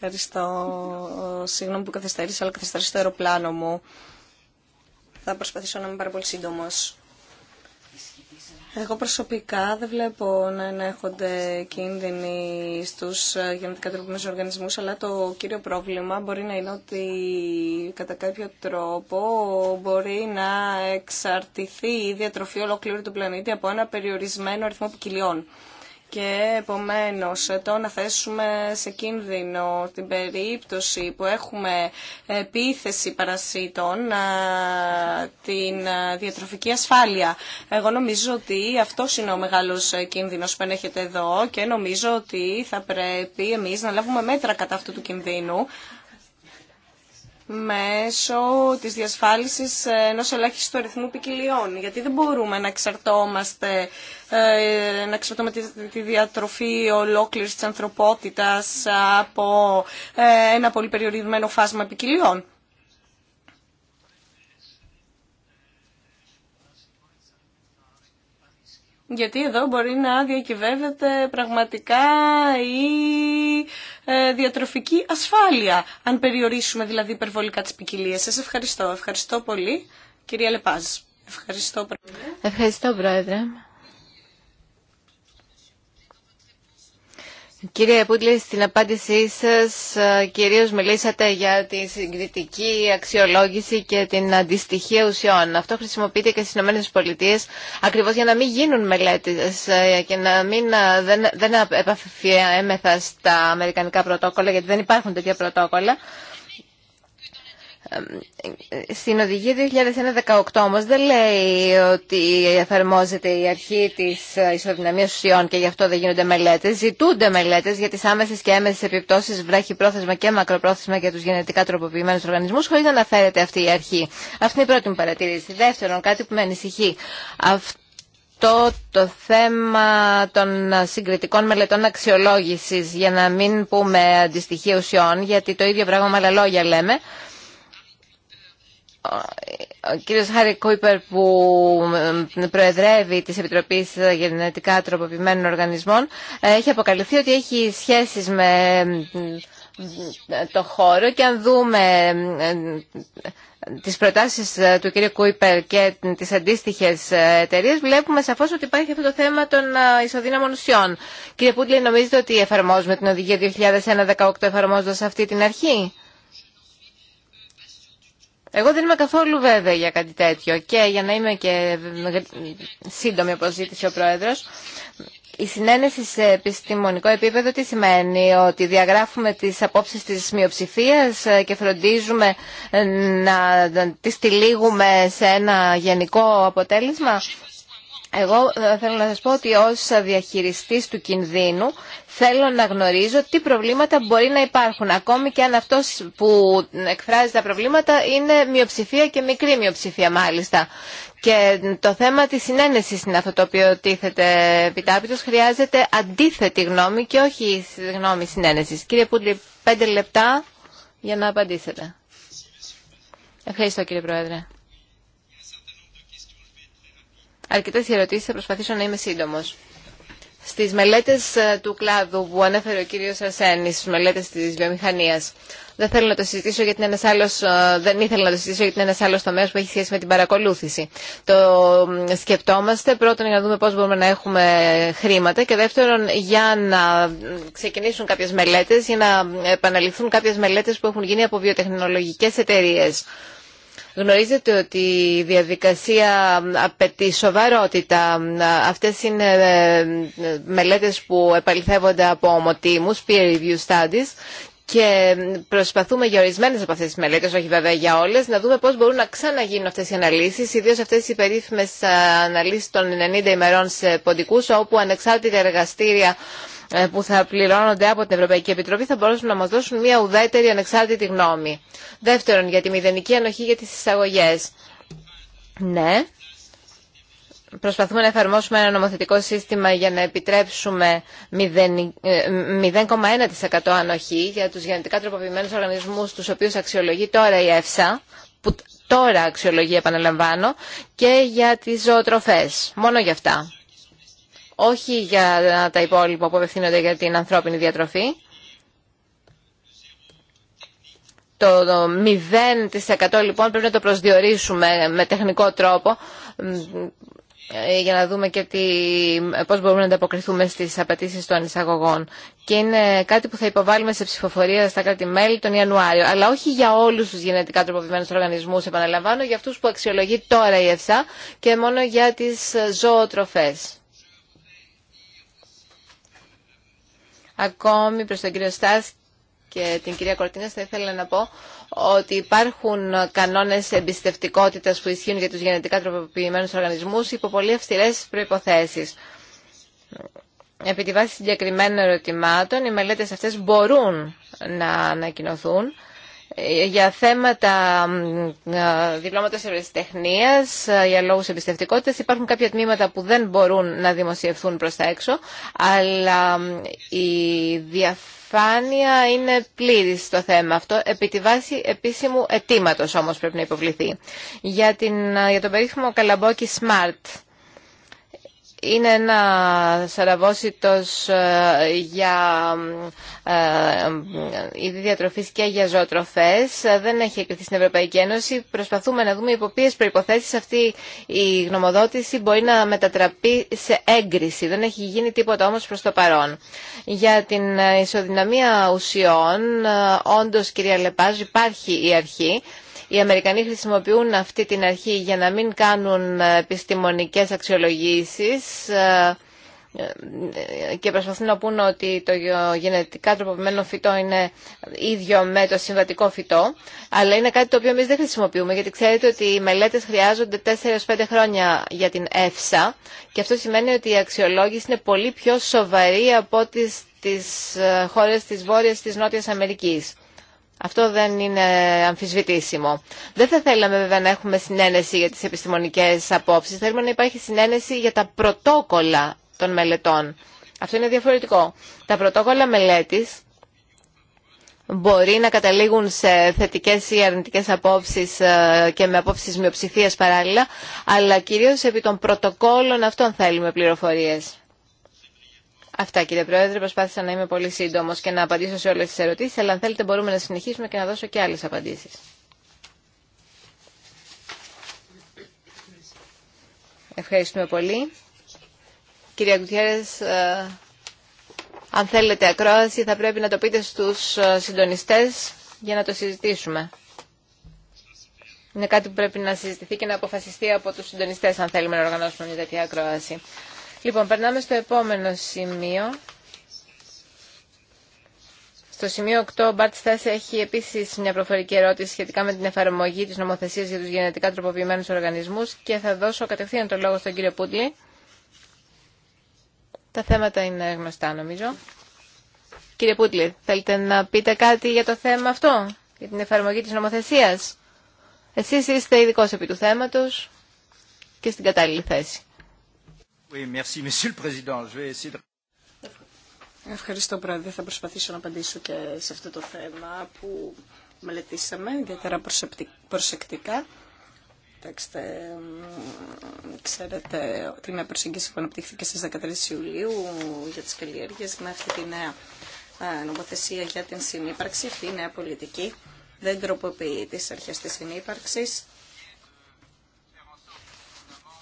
Ευχαριστώ. Συγγνώμη που καθυστέρησα, αλλά καθυστέρησα το αεροπλάνο μου. Θα προσπαθήσω να είμαι πάρα πολύ σύντομος. Εγώ προσωπικά δεν βλέπω να ενέχονται κίνδυνοι στους ε, γενετικά τροποποιημένους οργανισμούς, αλλά το κύριο πρόβλημα μπορεί να είναι ότι κατά κάποιο τρόπο μπορεί να εξαρτηθεί η διατροφή ολόκληρου του πλανήτη από ένα περιορισμένο αριθμό ποικιλιών και επομένως το να θέσουμε σε κίνδυνο την περίπτωση που έχουμε επίθεση παρασίτων την διατροφική ασφάλεια. Εγώ νομίζω ότι αυτό είναι ο μεγάλος κίνδυνος που ενέχεται εδώ και νομίζω ότι θα πρέπει εμείς να λάβουμε μέτρα κατά αυτού του κινδύνου μέσω της διασφάλισης ενός ελάχιστου αριθμού ποικιλιών. Γιατί δεν μπορούμε να εξαρτώμαστε, ε, να εξαρτώμε τη διατροφή ολόκληρης της ανθρωπότητας από ε, ένα πολύ περιορισμένο φάσμα ποικιλιών. γιατί εδώ μπορεί να διακυβεύεται πραγματικά η ε, διατροφική ασφάλεια, αν περιορίσουμε δηλαδή υπερβολικά τις ποικιλίε. Σας ευχαριστώ. Ευχαριστώ πολύ, κυρία Λεπάζ. Ευχαριστώ, Πρόεδρε. Ευχαριστώ, Πρόεδρε. Κύριε Πούτλη, στην απάντησή σας ε, κυρίως μιλήσατε για τη συγκριτική αξιολόγηση και την αντιστοιχία ουσιών. Αυτό χρησιμοποιείται και στις Ηνωμένες Πολιτείες ακριβώς για να μην γίνουν μελέτες ε, και να μην, ε, δεν, δεν επαφιέμεθα στα αμερικανικά πρωτόκολλα γιατί δεν υπάρχουν τέτοια πρωτόκολλα. Ε, στην οδηγία 2018 όμως δεν λέει ότι εφαρμόζεται η αρχή της ισοδυναμίας ουσιών και γι' αυτό δεν γίνονται μελέτες. Ζητούνται μελέτες για τις άμεσες και έμεσες επιπτώσεις βράχη πρόθεσμα και μακροπρόθεσμα για τους γενετικά τροποποιημένους οργανισμούς χωρίς να αναφέρεται αυτή η αρχή. Αυτή είναι η πρώτη μου παρατήρηση. Δεύτερον, κάτι που με ανησυχεί. Το, το θέμα των συγκριτικών μελετών αξιολόγησης για να μην πούμε αντιστοιχεία ουσιών γιατί το ίδιο πράγμα με άλλα λόγια λέμε ο κύριος Χάρη Κούιπερ που προεδρεύει της Επιτροπής Γενετικά Τροποποιημένων Οργανισμών ε, έχει αποκαλυφθεί ότι έχει σχέσεις με το χώρο και αν δούμε ε, τις προτάσεις ε, του κύριου Κούιπερ και τις αντίστοιχες εταιρείε, βλέπουμε σαφώς ότι υπάρχει αυτό το θέμα των ισοδύναμων ουσιών. Κύριε Πούντλη, νομίζετε ότι εφαρμόζουμε την οδηγία 2001-18 εφαρμόζοντας αυτή την αρχή. Εγώ δεν είμαι καθόλου βέβαια για κάτι τέτοιο και για να είμαι και σύντομη όπως ζήτησε ο Πρόεδρος, η συνένεση σε επιστημονικό επίπεδο τι σημαίνει, ότι διαγράφουμε τις απόψεις της μειοψηφία ε, και φροντίζουμε ε, να τις τυλίγουμε σε ένα γενικό αποτέλεσμα. Εγώ ε, θέλω να σας πω ότι ως διαχειριστής του κινδύνου θέλω να γνωρίζω τι προβλήματα μπορεί να υπάρχουν. Ακόμη και αν αυτός που εκφράζει τα προβλήματα είναι μειοψηφία και μικρή μειοψηφία μάλιστα. Και το θέμα της συνένεσης είναι αυτό το οποίο τίθεται επιτάπητος. Χρειάζεται αντίθετη γνώμη και όχι γνώμη συνένεσης. Κύριε Πούντλη, πέντε λεπτά για να απαντήσετε. Ευχαριστώ κύριε Πρόεδρε αρκετέ ερωτήσει, θα προσπαθήσω να είμαι σύντομο. Στι μελέτε ε, του κλάδου που ανέφερε ο κύριο Αρσένη, στι μελέτε τη βιομηχανία, δεν το συζητήσω γιατί είναι ένα ε, δεν ήθελα να το συζητήσω γιατί είναι ένα άλλο τομέα που έχει σχέση με την παρακολούθηση. Το σκεπτόμαστε πρώτον για να δούμε πώ μπορούμε να έχουμε χρήματα και δεύτερον για να ξεκινήσουν κάποιε μελέτε, για να ε, επαναληφθούν κάποιε μελέτε που έχουν γίνει από βιοτεχνολογικέ εταιρείε. Γνωρίζετε ότι η διαδικασία απαιτεί σοβαρότητα. Αυτές είναι ε, μελέτες που επαληθεύονται από ομοτήμους, peer review studies, και προσπαθούμε για ορισμένε από αυτέ τι μελέτε, όχι βέβαια για όλε, να δούμε πώ μπορούν να ξαναγίνουν αυτέ οι αναλύσει, ιδίω αυτέ οι περίφημε αναλύσει των 90 ημερών σε ποντικού, όπου ανεξάρτητα εργαστήρια ε, που θα πληρώνονται από την Ευρωπαϊκή Επιτροπή θα μπορούσαν να μας δώσουν μια ουδέτερη ανεξάρτητη γνώμη. Δεύτερον, για τη μηδενική ανοχή για τις εισαγωγές. Ναι, προσπαθούμε να εφαρμόσουμε ένα νομοθετικό σύστημα για να επιτρέψουμε 0,1% ε, ανοχή για τους γενετικά τροποποιημένους οργανισμούς τους οποίους αξιολογεί τώρα η ΕΦΣΑ, που τώρα αξιολογεί επαναλαμβάνω, και για τις ζωοτροφές. Μόνο για αυτά όχι για τα υπόλοιπα που απευθύνονται για την ανθρώπινη διατροφή. Το 0% λοιπόν πρέπει να το προσδιορίσουμε με τεχνικό τρόπο ε, για να δούμε και πώς μπορούμε να ανταποκριθούμε στις απαιτήσει των εισαγωγών. Και είναι κάτι που θα υποβάλουμε σε ψηφοφορία στα κράτη-μέλη τον Ιανουάριο. Αλλά όχι για όλους τους γενετικά τροποποιημένους οργανισμούς, επαναλαμβάνω, για αυτούς που αξιολογεί τώρα η ΕΦΣΑ και μόνο για τις ζωοτροφές. Ακόμη προς τον κύριο Στάς και την κυρία κορτίνα θα ήθελα να πω ότι υπάρχουν κανόνες εμπιστευτικότητας που ισχύουν για τους γενετικά τροποποιημένους οργανισμούς υπό πολύ αυστηρές προϋποθέσεις. Επί τη βάση συγκεκριμένων ερωτημάτων, οι μελέτες αυτές μπορούν να ανακοινωθούν για θέματα διπλώματος ευρεσιτεχνίας, για λόγους εμπιστευτικότητας, υπάρχουν κάποια τμήματα που δεν μπορούν να δημοσιευθούν προς τα έξω, αλλά η διαφάνεια είναι πλήρης στο θέμα αυτό, επί τη βάση επίσημου αιτήματο όμως πρέπει να υποβληθεί. Για, την, για τον περίφημο καλαμπόκι Smart, είναι ένα σαραβόσιτος ε, για ε, ε, είδη διατροφής και για ζωοτροφές. Δεν έχει εκριθεί στην Ευρωπαϊκή Ένωση. Προσπαθούμε να δούμε υπό ποιες προϋποθέσεις αυτή η γνωμοδότηση μπορεί να μετατραπεί σε έγκριση. Δεν έχει γίνει τίποτα όμως προς το παρόν. Για την ισοδυναμία ουσιών, όντως κυρία Λεπάζ υπάρχει η αρχή. Οι Αμερικανοί χρησιμοποιούν αυτή την αρχή για να μην κάνουν ε, επιστημονικές αξιολογήσεις ε, ε, και προσπαθούν να πούνε ότι το γενετικά τροποποιημένο φυτό είναι ίδιο με το συμβατικό φυτό, αλλά είναι κάτι το οποίο εμεί δεν χρησιμοποιούμε, γιατί ξέρετε ότι οι μελέτες χρειάζονται 4-5 χρόνια για την ΕΦΣΑ και αυτό σημαίνει ότι η αξιολόγηση είναι πολύ πιο σοβαρή από τις, τις χώρες της Βόρειας της Νότιας Αμερικής. Αυτό δεν είναι αμφισβητήσιμο. Δεν θα θέλαμε βέβαια να έχουμε συνένεση για τις επιστημονικές απόψεις. Θέλουμε να υπάρχει συνένεση για τα πρωτόκολλα των μελετών. Αυτό είναι διαφορετικό. Τα πρωτόκολλα μελέτης μπορεί να καταλήγουν σε θετικές ή αρνητικές απόψεις ε, και με απόψεις μειοψηφίας παράλληλα, αλλά κυρίως επί των πρωτοκόλων αυτών θέλουμε πληροφορίες. Αυτά κύριε Πρόεδρε, προσπάθησα να είμαι πολύ σύντομο και να απαντήσω σε όλε τι ερωτήσει, αλλά αν θέλετε μπορούμε να συνεχίσουμε και να δώσω και άλλε απαντήσει. Ευχαριστούμε πολύ. Κυρία Κουτιέρες, ε, αν θέλετε ακρόαση θα πρέπει να το πείτε στους ε, συντονιστές για να το συζητήσουμε. Είναι κάτι που πρέπει να συζητηθεί και να αποφασιστεί από τους συντονιστές αν θέλουμε να οργανώσουμε μια τέτοια ακρόαση. Λοιπόν, περνάμε στο επόμενο σημείο. Στο σημείο 8, ο Μπαρτ Στάση έχει επίση μια προφορική ερώτηση σχετικά με την εφαρμογή τη νομοθεσία για του γενετικά τροποποιημένου οργανισμού και θα δώσω κατευθείαν τον λόγο στον κύριο Πούτλη. Τα θέματα είναι γνωστά, νομίζω. Κύριε Πούτλη, θέλετε να πείτε κάτι για το θέμα αυτό, για την εφαρμογή τη νομοθεσία. Εσεί είστε ειδικό επί του θέματο και στην κατάλληλη θέση. Ευχαριστώ, Πρόεδρε. Θα προσπαθήσω να απαντήσω και σε αυτό το θέμα που μελετήσαμε ιδιαίτερα προσεκτικά. ξέρετε ότι μια προσέγγιση που αναπτύχθηκε στις 13 Ιουλίου για τις καλλιέργειες με αυτή τη νέα νομοθεσία για την συνύπαρξη, αυτή η νέα πολιτική δεν τροποποιεί τις αρχές της συνύπαρξης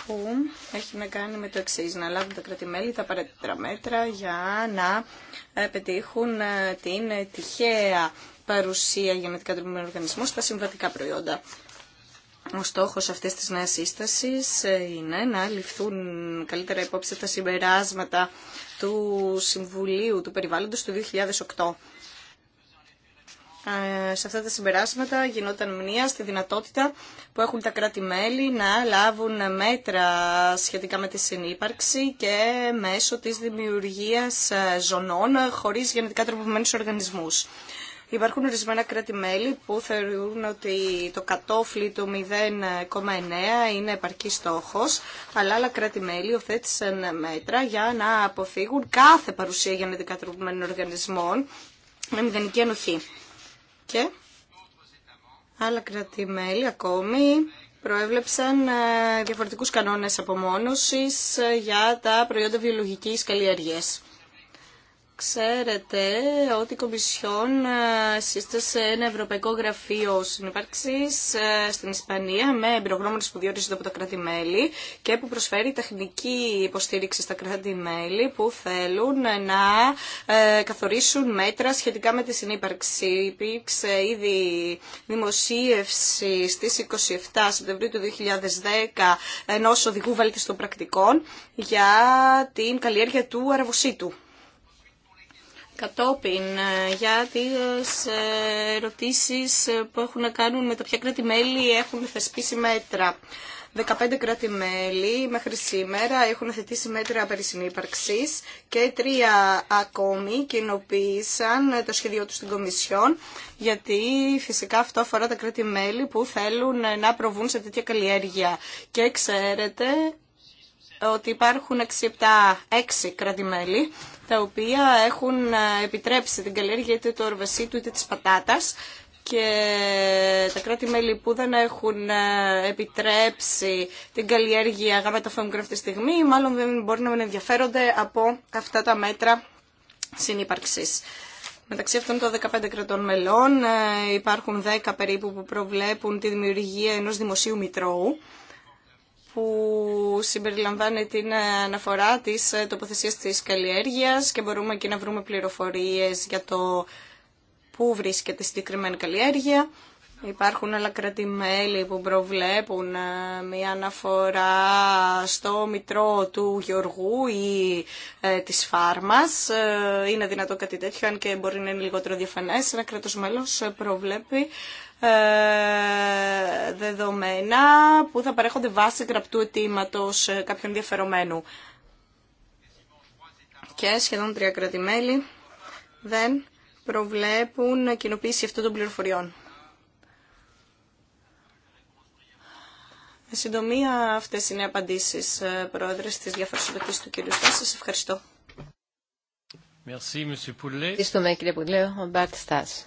που έχει να κάνει με το εξή, να λάβουν τα κρατημέλη τα απαραίτητα μέτρα για να ε, πετύχουν ε, την τυχαία παρουσία γενετικά τροπημένου οργανισμού στα συμβατικά προϊόντα. Ο στόχο αυτή τη νέα σύσταση ε, είναι να ληφθούν καλύτερα υπόψη τα συμπεράσματα του Συμβουλίου του Περιβάλλοντος του 2008 ε, σε αυτά τα συμπεράσματα γινόταν μνήα στη δυνατότητα που έχουν τα κράτη-μέλη να λάβουν μέτρα σχετικά με τη συνύπαρξη και μέσω της δημιουργίας ε, ζωνών χωρίς γενετικά τροποποιημένους οργανισμούς. Υπάρχουν ορισμένα κράτη-μέλη που θεωρούν ότι το κατόφλι του 0,9 είναι επαρκή στόχος, αλλά άλλα κράτη-μέλη οθέτησαν μέτρα για να αποφύγουν κάθε παρουσία γενετικά τροποποιημένων οργανισμών με μηδενική ενοχή. Και άλλα κρατημέλη ακόμη προέβλεψαν ε, διαφορετικούς κανόνες απομόνωσης ε, για τα προϊόντα βιολογικής καλλιέργειας. Ξέρετε ότι η Κομισιόν ε, σύστασε ένα ευρωπαϊκό γραφείο συνύπαρξη ε, στην Ισπανία με εμπειρογνώμονε που διορίζονται από τα κράτη-μέλη και που προσφέρει τεχνική υποστήριξη στα κράτη-μέλη που θέλουν να ε, καθορίσουν μέτρα σχετικά με τη συνύπαρξη. Υπήρξε ήδη δημοσίευση στι 27 Σεπτεμβρίου του 2010 ενό οδηγού των πρακτικών για την καλλιέργεια του αραβοσίτου κατόπιν ε, για τις ε, ερωτήσεις ε, που έχουν να κάνουν με τα ποια κράτη-μέλη έχουν θεσπίσει μέτρα. 15 κράτη-μέλη μέχρι σήμερα έχουν θετήσει μέτρα περί συνύπαρξης και τρία ακόμη κοινοποίησαν το σχέδιό τους στην Κομισιόν γιατί φυσικά αυτό αφορά τα κράτη-μέλη που θέλουν να προβούν σε τέτοια καλλιέργεια. Και ξέρετε υπαρχουν 6-7-6 κράτη-μέλη τα οποία έχουν ε, επιτρέψει την καλλιέργεια είτε του ορβασίτου είτε της πατάτας και τα κράτη-μέλη που δεν έχουν ε, επιτρέψει την καλλιέργεια γάμματα φαμικρά αυτή τη στιγμή, μάλλον δεν μπορεί να μην ενδιαφέρονται από αυτά τα μέτρα συνύπαρξης. Μεταξύ αυτών των 15 κρατών μελών ε, υπάρχουν 10 περίπου που προβλέπουν τη δημιουργία ενός δημοσίου μητρώου που συμπεριλαμβάνει την αναφορά της ε, τοποθεσίας της καλλιέργειας και μπορούμε εκεί να βρούμε πληροφορίες για το πού βρίσκεται η συγκεκριμένη καλλιέργεια. Υπάρχουν άλλα κρατημέλη που προβλέπουν ε, μια αναφορά στο μητρό του Γιωργού ή ε, της φάρμας. Ε, είναι δυνατό κάτι τέτοιο, αν και μπορεί να είναι λιγότερο διαφανές. Ένα κράτος προβλέπει δεδομένα που θα παρέχονται βάση γραπτού αιτήματο κάποιον ενδιαφερομένου. Και σχεδόν τρία κρατημέλη δεν προβλέπουν κοινοποίηση αυτών των πληροφοριών. συντομία αυτές είναι οι απαντήσεις, ε, Πρόεδρε, της διαφορετικής του κύριου Στάση. Σας ευχαριστώ. Ευχαριστούμε κύριε Πουλέο. Ο Μπάρτ Στάς.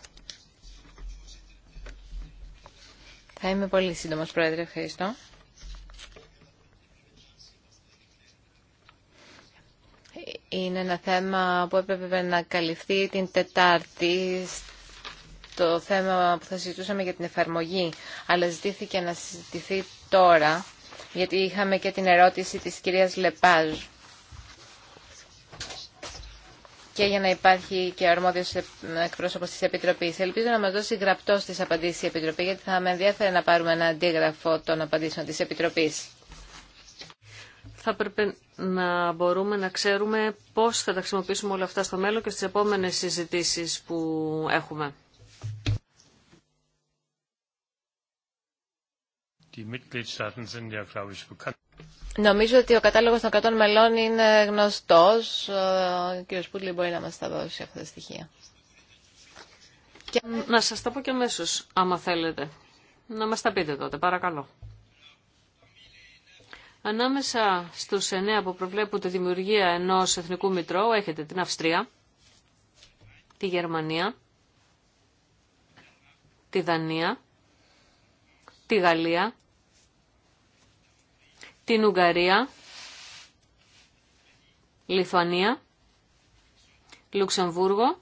Θα είμαι πολύ σύντομος, Πρόεδρε. Ευχαριστώ. Είναι ένα θέμα που έπρεπε να καλυφθεί την Τετάρτη το θέμα που θα συζητούσαμε για την εφαρμογή, αλλά ζητήθηκε να συζητηθεί τώρα, γιατί είχαμε και την ερώτηση της κυρίας Λεπάζ. Και για να υπάρχει και ο αρμόδιος εκπρόσωπος της Επιτροπής. Ελπίζω να μας δώσει γραπτό στις απαντήσεις η Επιτροπή, γιατί θα με ενδιαφέρει να πάρουμε ένα αντίγραφο των απαντήσεων της Επιτροπής. Θα πρέπει να μπορούμε να ξέρουμε πώς θα τα χρησιμοποιήσουμε όλα αυτά στο μέλλον και στις επόμενες συζητήσεις που έχουμε. Νομίζω ότι ο κατάλογος των 100 μελών είναι γνωστός. Ο κ. Πούλη μπορεί να μας τα δώσει αυτά τα στοιχεία. Και... Να σας τα πω και αμέσω, άμα θέλετε. Να μας τα πείτε τότε, παρακαλώ. Ανάμεσα στους εννέα που προβλέπουν τη δημιουργία ενός εθνικού μητρώου έχετε την Αυστρία, τη Γερμανία, τη Δανία, τη Γαλλία, την Ουγγαρία, Λιθουανία, Λουξεμβούργο,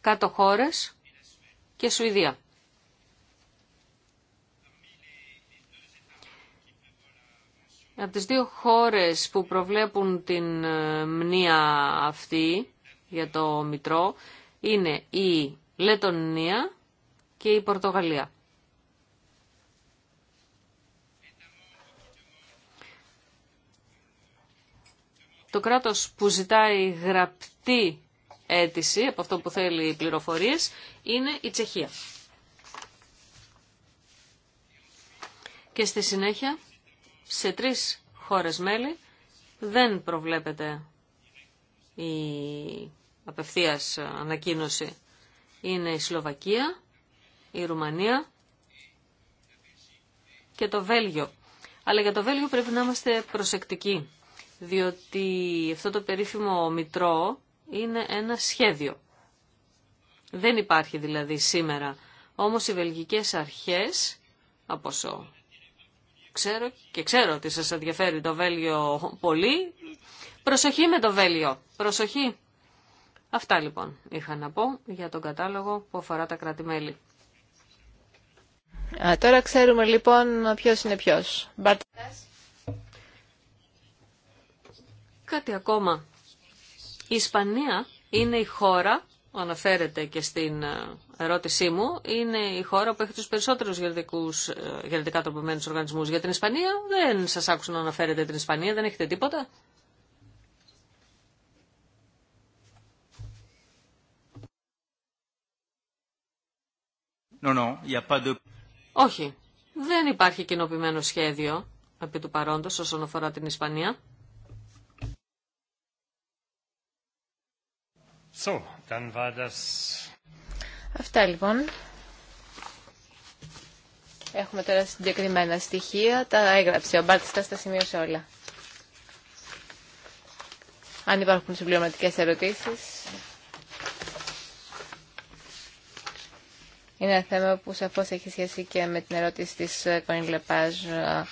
κάτω χώρες και Σουηδία. Από τις δύο χώρες που προβλέπουν την ε, μνήα αυτή για το Μητρό είναι η Λετωνία και η Πορτογαλία. Το κράτος που ζητάει γραπτή αίτηση από αυτό που θέλει οι πληροφορίες είναι η Τσεχία. Και στη συνέχεια σε τρεις χώρες μέλη δεν προβλέπεται η απευθείας ανακοίνωση. Είναι η Σλοβακία, η Ρουμανία και το Βέλγιο. Αλλά για το Βέλγιο πρέπει να είμαστε προσεκτικοί διότι αυτό το περίφημο μητρό είναι ένα σχέδιο. Δεν υπάρχει δηλαδή σήμερα. Όμως οι βελγικές αρχές, από όσο ξέρω και ξέρω ότι σας ενδιαφέρει το Βέλγιο πολύ, προσοχή με το Βέλγιο, προσοχή. Αυτά λοιπόν είχα να πω για τον κατάλογο που αφορά τα κράτη-μέλη. τώρα ξέρουμε λοιπόν ποιος είναι ποιος. Κάτι ακόμα. Η Ισπανία είναι η χώρα, αναφέρεται και στην ε, ερώτησή μου, είναι η χώρα που έχει τους περισσότερους γελτικούς, ε, γελτικά οργανισμούς. Για την Ισπανία δεν σας άκουσα να αναφέρετε την Ισπανία, δεν έχετε τίποτα. y de... Όχι, δεν υπάρχει κοινοποιημένο σχέδιο επί του παρόντος όσον αφορά την Ισπανία. Αυτά λοιπόν. Έχουμε τώρα συγκεκριμένα στοιχεία. Τα έγραψε ο Μπάρτιστας, τα σημείωσε όλα. Αν υπάρχουν συμπληρωματικέ ερωτήσεις. Είναι ένα θέμα που σαφώ έχει σχέση και με την ερώτηση της Κονίλ Λεπάζ ε,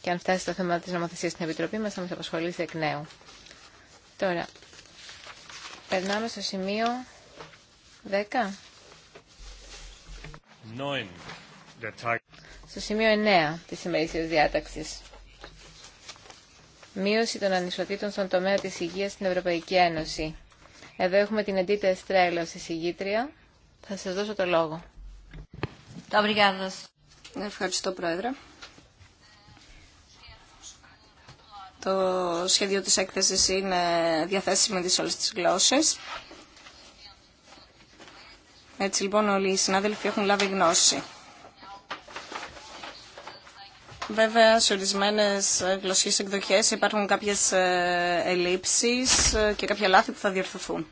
και αν φτάσει το θέμα της νομοθεσία στην Επιτροπή μας θα μα απασχολήσει εκ νέου. Τώρα, Περνάμε στο σημείο 10. 9. Στο σημείο 9 της ημερήσιας διάταξης. Μείωση των ανισοτήτων στον τομέα της υγείας στην Ευρωπαϊκή Ένωση. Εδώ έχουμε την Εντίτα Εστρέλο, η συγγήτρια. Θα σας δώσω το λόγο. Ευχαριστώ, Πρόεδρε. Το σχέδιο της έκθεσης είναι διαθέσιμο σε όλες τις γλώσσες. Έτσι λοιπόν όλοι οι συνάδελφοι έχουν λάβει γνώση. Βέβαια, σε ορισμένε γλωσσικέ εκδοχέ υπάρχουν κάποιε ελλείψει ε, και κάποια λάθη που θα διορθωθούν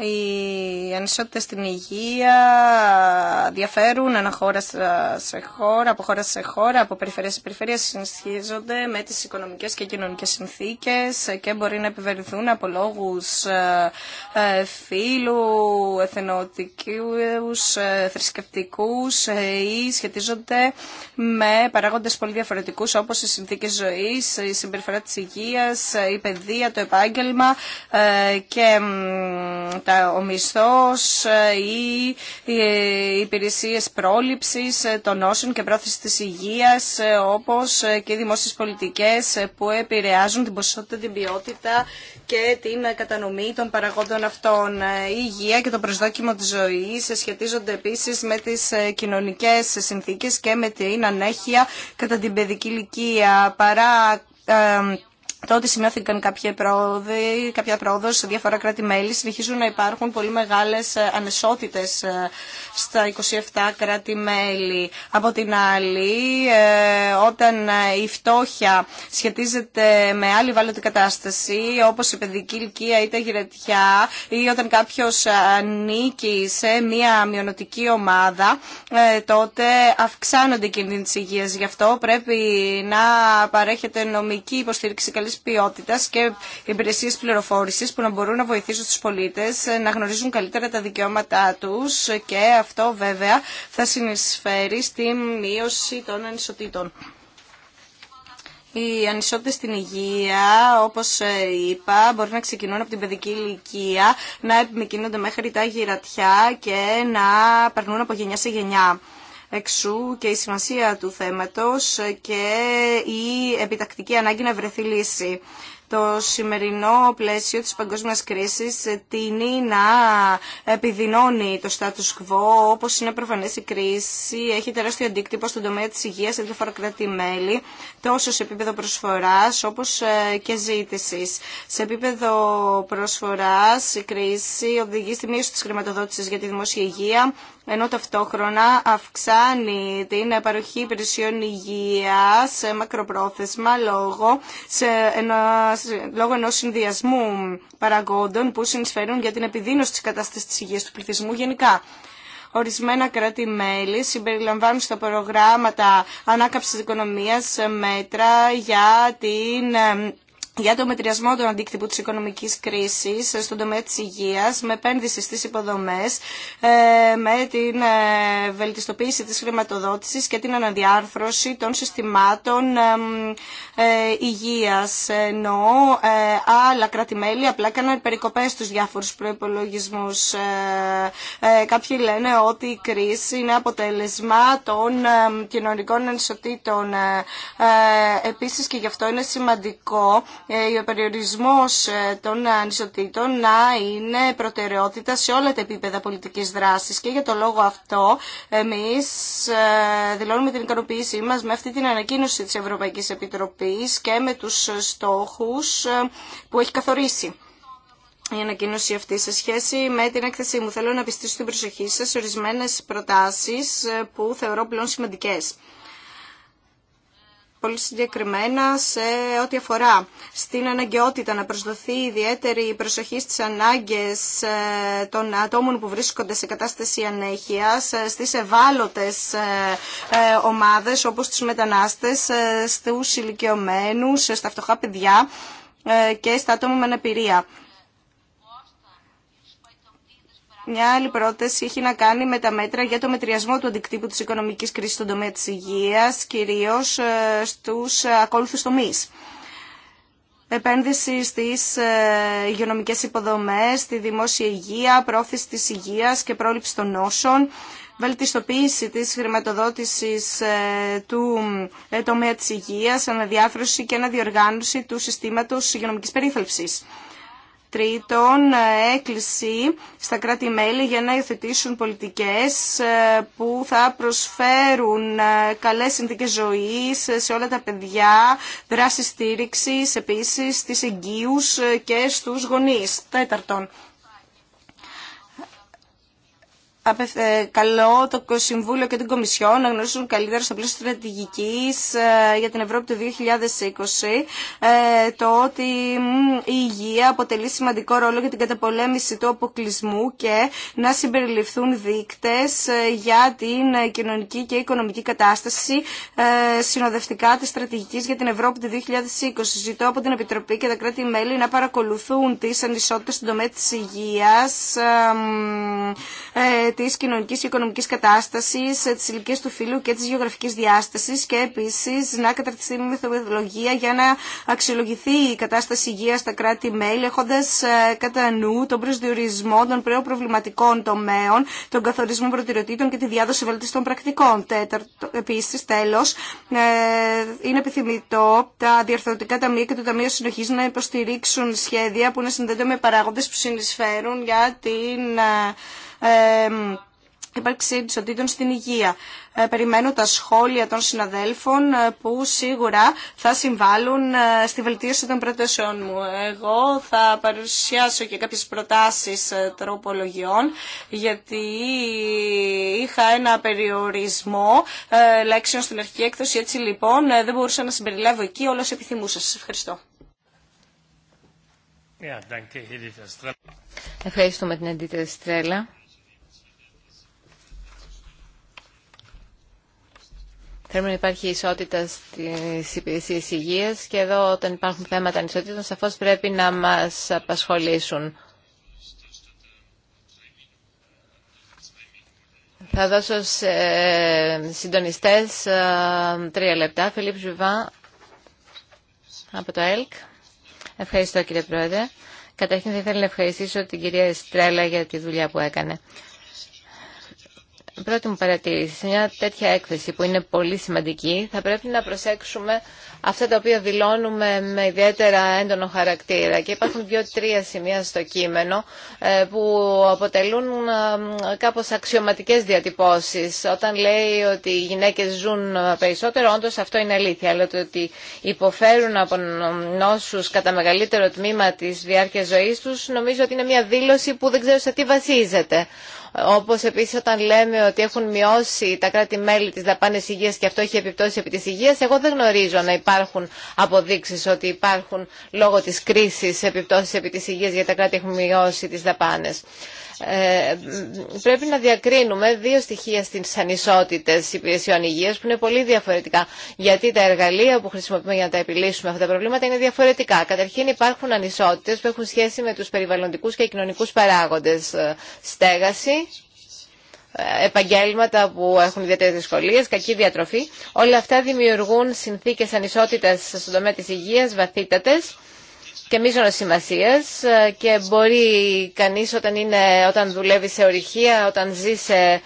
οι ανισότητες στην υγεία διαφέρουν ένα χώρα σε χώρα, από χώρα σε χώρα, από περιφέρεια σε περιφέρεια, συνεχίζονται με τις οικονομικές και κοινωνικές συνθήκες και μπορεί να επιβεβαιωθούν από λόγους ε, ε, φίλου, εθνοτικούς, ε, θρησκευτικούς ή σχετίζονται με παράγοντες πολύ διαφορετικούς όπως οι συνθήκες ζωής, η συμπεριφορά της υγείας, η παιδεία, το επάγγελμα και τα, ο μισθός ε, ή οι ε, υπηρεσίες πρόληψης ε, των νόσων και πρόθεση της υγείας όπως και οι δημόσιες πολιτικές που επηρεάζουν την ποσότητα, την ποιότητα και την κατανομή των παραγόντων αυτών. Η υγεία και το προσδόκιμο της ζωής σχετίζονται επίσης με τις κοινωνικές συνθήκες και με την ανέχεια κατά την παιδική ηλικία παρά Τότε σημειώθηκαν κάποια κάποια πρόοδο σε διάφορα κράτη-μέλη, συνεχίζουν να υπάρχουν πολύ μεγάλες ε, ανισότητε ε, στα 27 κράτη-μέλη. Από την άλλη, ε, όταν η φτώχεια σχετίζεται με άλλη βάλλοντη κατάσταση, όπως η παιδική ηλικία ή τα γυρετιά, ή όταν κάποιο ανήκει σε μια μειονοτική ομάδα, τότε αυξάνονται οι κινδύνοι τη υγεία. Γι' αυτό πρέπει να παρέχεται νομική υποστήριξη ποιότητα και υπηρεσίε πληροφόρηση που να μπορούν να βοηθήσουν του πολίτε ε, να γνωρίζουν καλύτερα τα δικαιώματά του και αυτό βέβαια θα συνεισφέρει στη μείωση των ανισοτήτων. Οι ανισότητες στην υγεία, όπως ε, είπα, μπορεί να ξεκινούν από την παιδική ηλικία, να επιμηκύνονται μέχρι τα γυρατιά και να περνούν από γενιά σε γενιά. Εξού και η σημασία του θέματος και η επιτακτική ανάγκη να βρεθεί λύση. Το σημερινό πλαίσιο της παγκόσμιας κρίσης τίνει να επιδεινώνει το status quo. Όπως είναι προφανές η κρίση έχει τεράστιο αντίκτυπο στον τομέα της υγείας σε διάφορα κράτη-μέλη, τόσο σε επίπεδο προσφοράς όπως ε, και ζήτησης. Σε επίπεδο προσφοράς η κρίση οδηγεί στη μείωση της χρηματοδότησης για τη δημόσια υγεία, ενώ ταυτόχρονα αυξάνει την παροχή υπηρεσιών υγεία σε μακροπρόθεσμα λόγω, σε ένα, λόγω ενός συνδυασμού παραγόντων που συνεισφέρουν για την επιδείνωση της κατάστασης της υγείας του πληθυσμού γενικά. Ορισμένα κράτη-μέλη συμπεριλαμβάνουν στα προγράμματα ανάκαψης οικονομίας μέτρα για την για το μετριασμό των αντίκτυπου της οικονομικής κρίσης στον τομέα της υγείας με επένδυση στις υποδομές, ε, με την ε, βελτιστοποίηση της χρηματοδότησης και την αναδιάρθρωση των συστημάτων ε, υγείας. Ενώ άλλα κρατημέλη απλά έκαναν περικοπές στους διάφορους προϋπολογισμούς. Κάποιοι λένε ότι η κρίση είναι αποτέλεσμα των κοινωνικών ενσωτήτων. Επίσης και γι' αυτό είναι σημαντικό ε, ο περιορισμός ε, των ανισοτήτων να είναι προτεραιότητα σε όλα τα επίπεδα πολιτικής δράσης και για το λόγο αυτό εμείς ε, δηλώνουμε την ικανοποίησή μας με αυτή την ανακοίνωση της Ευρωπαϊκής Επιτροπής και με τους στόχους που έχει καθορίσει η ανακοίνωση αυτή σε σχέση με την έκθεσή μου. Θέλω να πιστήσω την προσοχή σας σε ορισμένες προτάσεις που θεωρώ πλέον σημαντικές πολύ συγκεκριμένα σε ό,τι αφορά στην αναγκαιότητα να προσδοθεί ιδιαίτερη προσοχή στις ανάγκες ε, των ατόμων που βρίσκονται σε κατάσταση ανέχειας, ε, στις ευάλωτες ε, ομάδες όπως τους μετανάστες, στους ηλικιωμένους, στα φτωχά παιδιά και στα άτομα με αναπηρία. Μια άλλη πρόταση έχει να κάνει με τα μέτρα για το μετριασμό του αντικτύπου της οικονομικής κρίσης στον τομέα της υγείας, κυρίως ε, στους ε, ακόλουθους τομείς. Επένδυση στις ε, υγειονομικές υποδομές, στη δημόσια υγεία, πρόθεση της υγείας και πρόληψη των νόσων, βελτιστοποίηση της χρηματοδότησης του τομέα της υγείας, αναδιάφρωση και αναδιοργάνωση του συστήματος υγειονομικής περίθαλψης. Τρίτον, έκκληση στα κράτη-μέλη για να υιοθετήσουν πολιτικές ε, που θα προσφέρουν ε, καλές συνθήκες ζωής ε, σε όλα τα παιδιά, δράση στήριξης, επίσης στις εγγύους και στους γονείς. Τέταρτον, ε, καλό το Συμβούλιο και την Κομισιόν να γνωρίσουν καλύτερα στο πλαίσιο στρατηγική ε, για την Ευρώπη του 2020 ε, το ότι η υγεία αποτελεί σημαντικό ρόλο για την καταπολέμηση του αποκλεισμού και να συμπεριληφθούν δείκτε για την κοινωνική και οικονομική κατάσταση συνοδευτικά τη στρατηγική για την Ευρώπη του 2020. Ζητώ από την Επιτροπή και τα κράτη-μέλη να παρακολουθούν τι ανισότητε στον τομέα τη υγεία Τη κοινωνική και οικονομική κατάσταση, ε, τη ηλικία του φύλου και τη γεωγραφική Διάσταση. και επίση να καταρτιστεί με μεθοδολογία για να αξιολογηθεί η κατάσταση υγεία στα κράτη-μέλη έχοντα ε, κατά νου τον προσδιορισμό των προβληματικών τομέων, τον καθορισμό προτεραιοτήτων και τη διάδοση βελτιστών πρακτικών. Τέταρτο, επίσης, τέλος, ε, είναι επιθυμητό τα διαρθρωτικά ταμεία και το Ταμείο συνοχή να υποστηρίξουν σχέδια που να συνδέονται με παράγοντε που συνεισφέρουν για την ύπαρξη ισοτήτων στην υγεία. Ε, περιμένω τα σχόλια των συναδέλφων ε, που σίγουρα θα συμβάλλουν ε, στη βελτίωση των προτεσιών μου. Εγώ θα παρουσιάσω και κάποιες προτάσεις τροπολογιών γιατί είχα ένα περιορισμό λέξεων στην αρχική έκδοση έτσι λοιπόν δεν μπορούσα να συμπεριλάβω εκεί όλα όσα επιθυμούσα. Σας ευχαριστώ. Ευχαριστούμε την Αντίτα Στρέλα. Θέλουμε να υπάρχει ισότητα στις υπηρεσίες υγείας και εδώ όταν υπάρχουν θέματα ανισότητα, σαφώς πρέπει να μας απασχολήσουν. Θα δώσω σε συντονιστές ε, τρία λεπτά. Φιλίπ Ζουβά από το ΕΛΚ. Ευχαριστώ κύριε Πρόεδρε. Καταρχήν θα ήθελα να ευχαριστήσω την κυρία Στρέλα για τη δουλειά που έκανε πρώτη μου παρατήρηση, σε μια τέτοια έκθεση που είναι πολύ σημαντική, θα πρέπει να προσέξουμε αυτά τα οποία δηλώνουμε με ιδιαίτερα έντονο χαρακτήρα. Και υπάρχουν δύο-τρία σημεία στο κείμενο ε, που αποτελούν ε, κάπως αξιωματικές διατυπώσεις. Όταν λέει ότι οι γυναίκες ζουν ε, περισσότερο, όντω αυτό είναι αλήθεια. Αλλά το ότι υποφέρουν από νόσους κατά μεγαλύτερο τμήμα της διάρκειας ζωής τους, νομίζω ότι είναι μια δήλωση που δεν ξέρω σε τι βασίζεται. Όπως επίσης όταν λέμε ότι έχουν μειώσει τα κράτη-μέλη τις δαπάνες υγείας και αυτό έχει επιπτώσει επί της υγείας, εγώ δεν γνωρίζω να υπάρχουν αποδείξεις ότι υπάρχουν λόγω της κρίσης επιπτώσεις επί της υγείας γιατί τα κράτη έχουν μειώσει τις δαπάνες. Ε, πρέπει να διακρίνουμε δύο στοιχεία στις ανισότητες υπηρεσιών υγείας που είναι πολύ διαφορετικά. Γιατί τα εργαλεία που χρησιμοποιούμε για να τα επιλύσουμε αυτά τα προβλήματα είναι διαφορετικά. Καταρχήν υπάρχουν ανισότητες που έχουν σχέση με τους περιβαλλοντικούς και κοινωνικούς παράγοντες. Ε, στέγαση, ε, επαγγέλματα που έχουν ιδιαίτερε δυσκολίε, κακή διατροφή. Όλα αυτά δημιουργούν συνθήκε ανισότητα στον τομέα τη υγεία βαθύτατε και μείζωνα σημασία ε, και μπορεί κανείς όταν, είναι, όταν δουλεύει σε ορυχεία, όταν ζει σε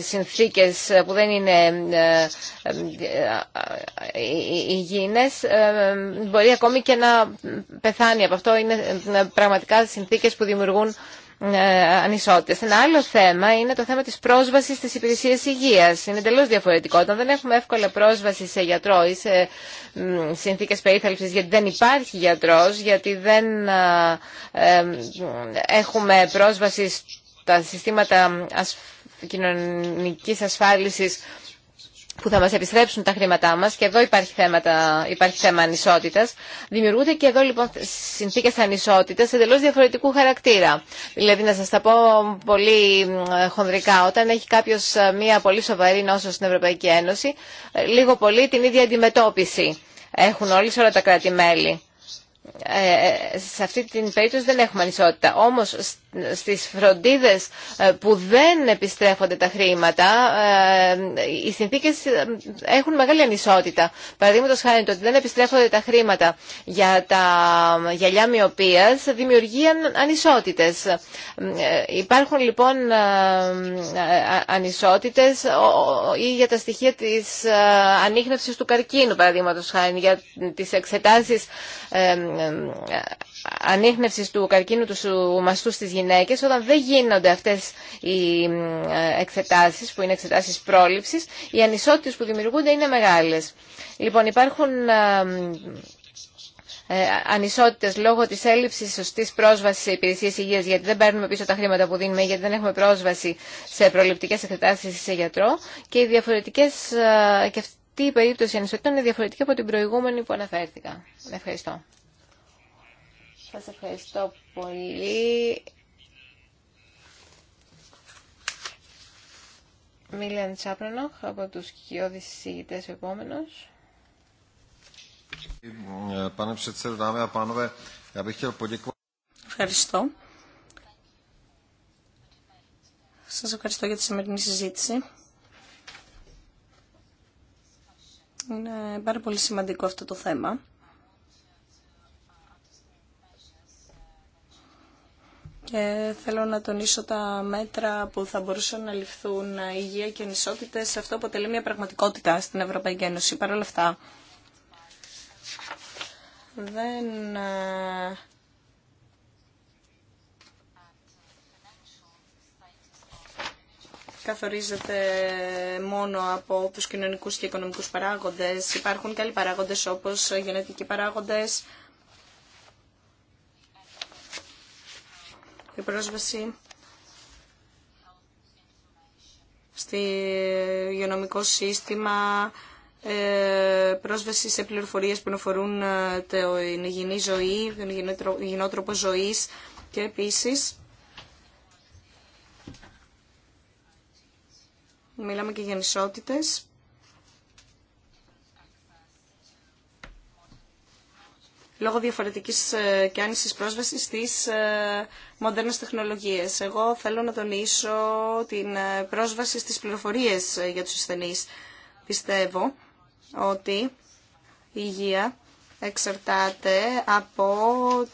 συνθήκες που δεν είναι ε, ε, υγιεινές, μπορεί ακόμη και να πεθάνει από αυτό. Είναι πραγματικά συνθήκες που δημιουργούν ε, ανισότητες. Ένα άλλο θέμα είναι το θέμα της πρόσβασης στις υπηρεσίες υγείας. Είναι εντελώ διαφορετικό. Όταν δεν έχουμε εύκολα πρόσβαση σε γιατρό ή σε συνθήκες περίθαλψης γιατί δεν υπάρχει γιατρός, γιατί δεν ε, ε, έχουμε πρόσβαση στα συστήματα κοινωνικής ασφάλισης που θα μας επιστρέψουν τα χρήματά μας και εδώ υπάρχει, θέματα, υπάρχει θέμα ανισότητας. Δημιουργούνται και εδώ λοιπόν συνθήκες ανισότητας εντελώς διαφορετικού χαρακτήρα. Δηλαδή να σας τα πω πολύ χονδρικά, όταν έχει κάποιος ε, μία πολύ σοβαρή νόσο στην Ευρωπαϊκή Ένωση, ε, λίγο πολύ την ίδια αντιμετώπιση έχουν όλοι σε όλα τα κράτη-μέλη. Ε, σε αυτή την περίπτωση δεν έχουμε ανισότητα. Όμως στις φροντίδες ε, που δεν επιστρέφονται τα χρήματα, ε, οι συνθήκες ε, έχουν μεγάλη ανισότητα. Παραδείγματο χάρη το ότι δεν επιστρέφονται τα χρήματα για τα γυαλιά μοιοπίας δημιουργεί ανισότητες. Υπάρχουν λοιπόν ανισότητες ή για τα στοιχεία της ανείχνευσης του καρκίνου, παραδείγματο χάρη, για τις εξετάσεις ανείχνευση του καρκίνου του μαστού στις γυναίκες όταν δεν γίνονται αυτές οι εξετάσεις που είναι εξετάσεις πρόληψης οι ανισότητες που δημιουργούνται είναι μεγάλες. Λοιπόν υπάρχουν ε, ανισότητες λόγω της έλλειψης σωστής πρόσβασης σε υπηρεσίες υγείας γιατί δεν παίρνουμε πίσω τα χρήματα που δίνουμε γιατί δεν έχουμε πρόσβαση σε προληπτικές εξετάσεις σε γιατρό και οι διαφορετικές και αυτή η περίπτωση ανισοτήτων είναι διαφορετική από την προηγούμενη που αναφέρθηκα. Ευχαριστώ. Σας ευχαριστώ πολύ. Μίλιαν Τσάπρανοχ από τους κοιόδη συζητητές ο επόμενος. Ευχαριστώ. Σας ευχαριστώ για τη σημερινή συζήτηση. Είναι πάρα πολύ σημαντικό αυτό το θέμα. και θέλω να τονίσω τα μέτρα που θα μπορούσαν να ληφθούν ε, υγεία και ανισότητε. Αυτό αποτελεί μια πραγματικότητα στην Ευρωπαϊκή Ένωση. Παρ' όλα αυτά, δεν ε, καθορίζεται μόνο από τους κοινωνικούς και οικονομικούς παράγοντες. Υπάρχουν και άλλοι παράγοντες όπως ε, γενετικοί παράγοντες, η πρόσβαση στη υγειονομικό σύστημα, ε, πρόσβαση σε πληροφορίες που αφορούν ε, την υγιεινή ζωή, τον υγιεινό τρόπο ζωής και επίσης μιλάμε και για νησότητες λόγω διαφορετικής ε, και άνησης πρόσβασης στις ε, μοντέρνες τεχνολογίες. Εγώ θέλω να τονίσω την ε, πρόσβαση στις πληροφορίες για τους ασθενείς. Πιστεύω ότι η υγεία εξαρτάται από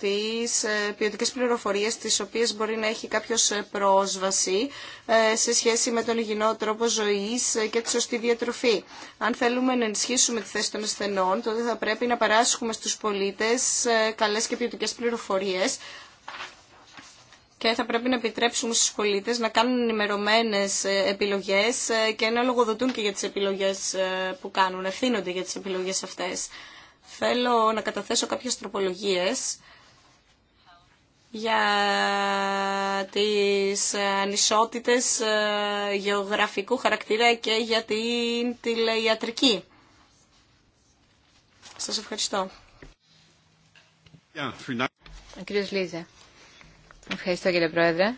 τις ε, ποιοτικές πληροφορίες τις οποίες μπορεί να έχει κάποιος ε, πρόσβαση ε, σε σχέση με τον υγιεινό τρόπο ζωής και τη σωστή διατροφή. Αν θέλουμε να ενισχύσουμε τη θέση των ασθενών, τότε θα πρέπει να παράσχουμε στους πολίτες καλές και ποιοτικές πληροφορίες και θα πρέπει να επιτρέψουμε στους πολίτες να κάνουν ενημερωμένε επιλογές και να λογοδοτούν και για τις επιλογές που κάνουν, ευθύνονται για τις επιλογές αυτές θέλω να καταθέσω κάποιες τροπολογίες για τις ανισότητες ε, γεωγραφικού χαρακτήρα και για την τηλεϊατρική. Σας ευχαριστώ. κύριος Λίζα. Ευχαριστώ κύριε Πρόεδρε.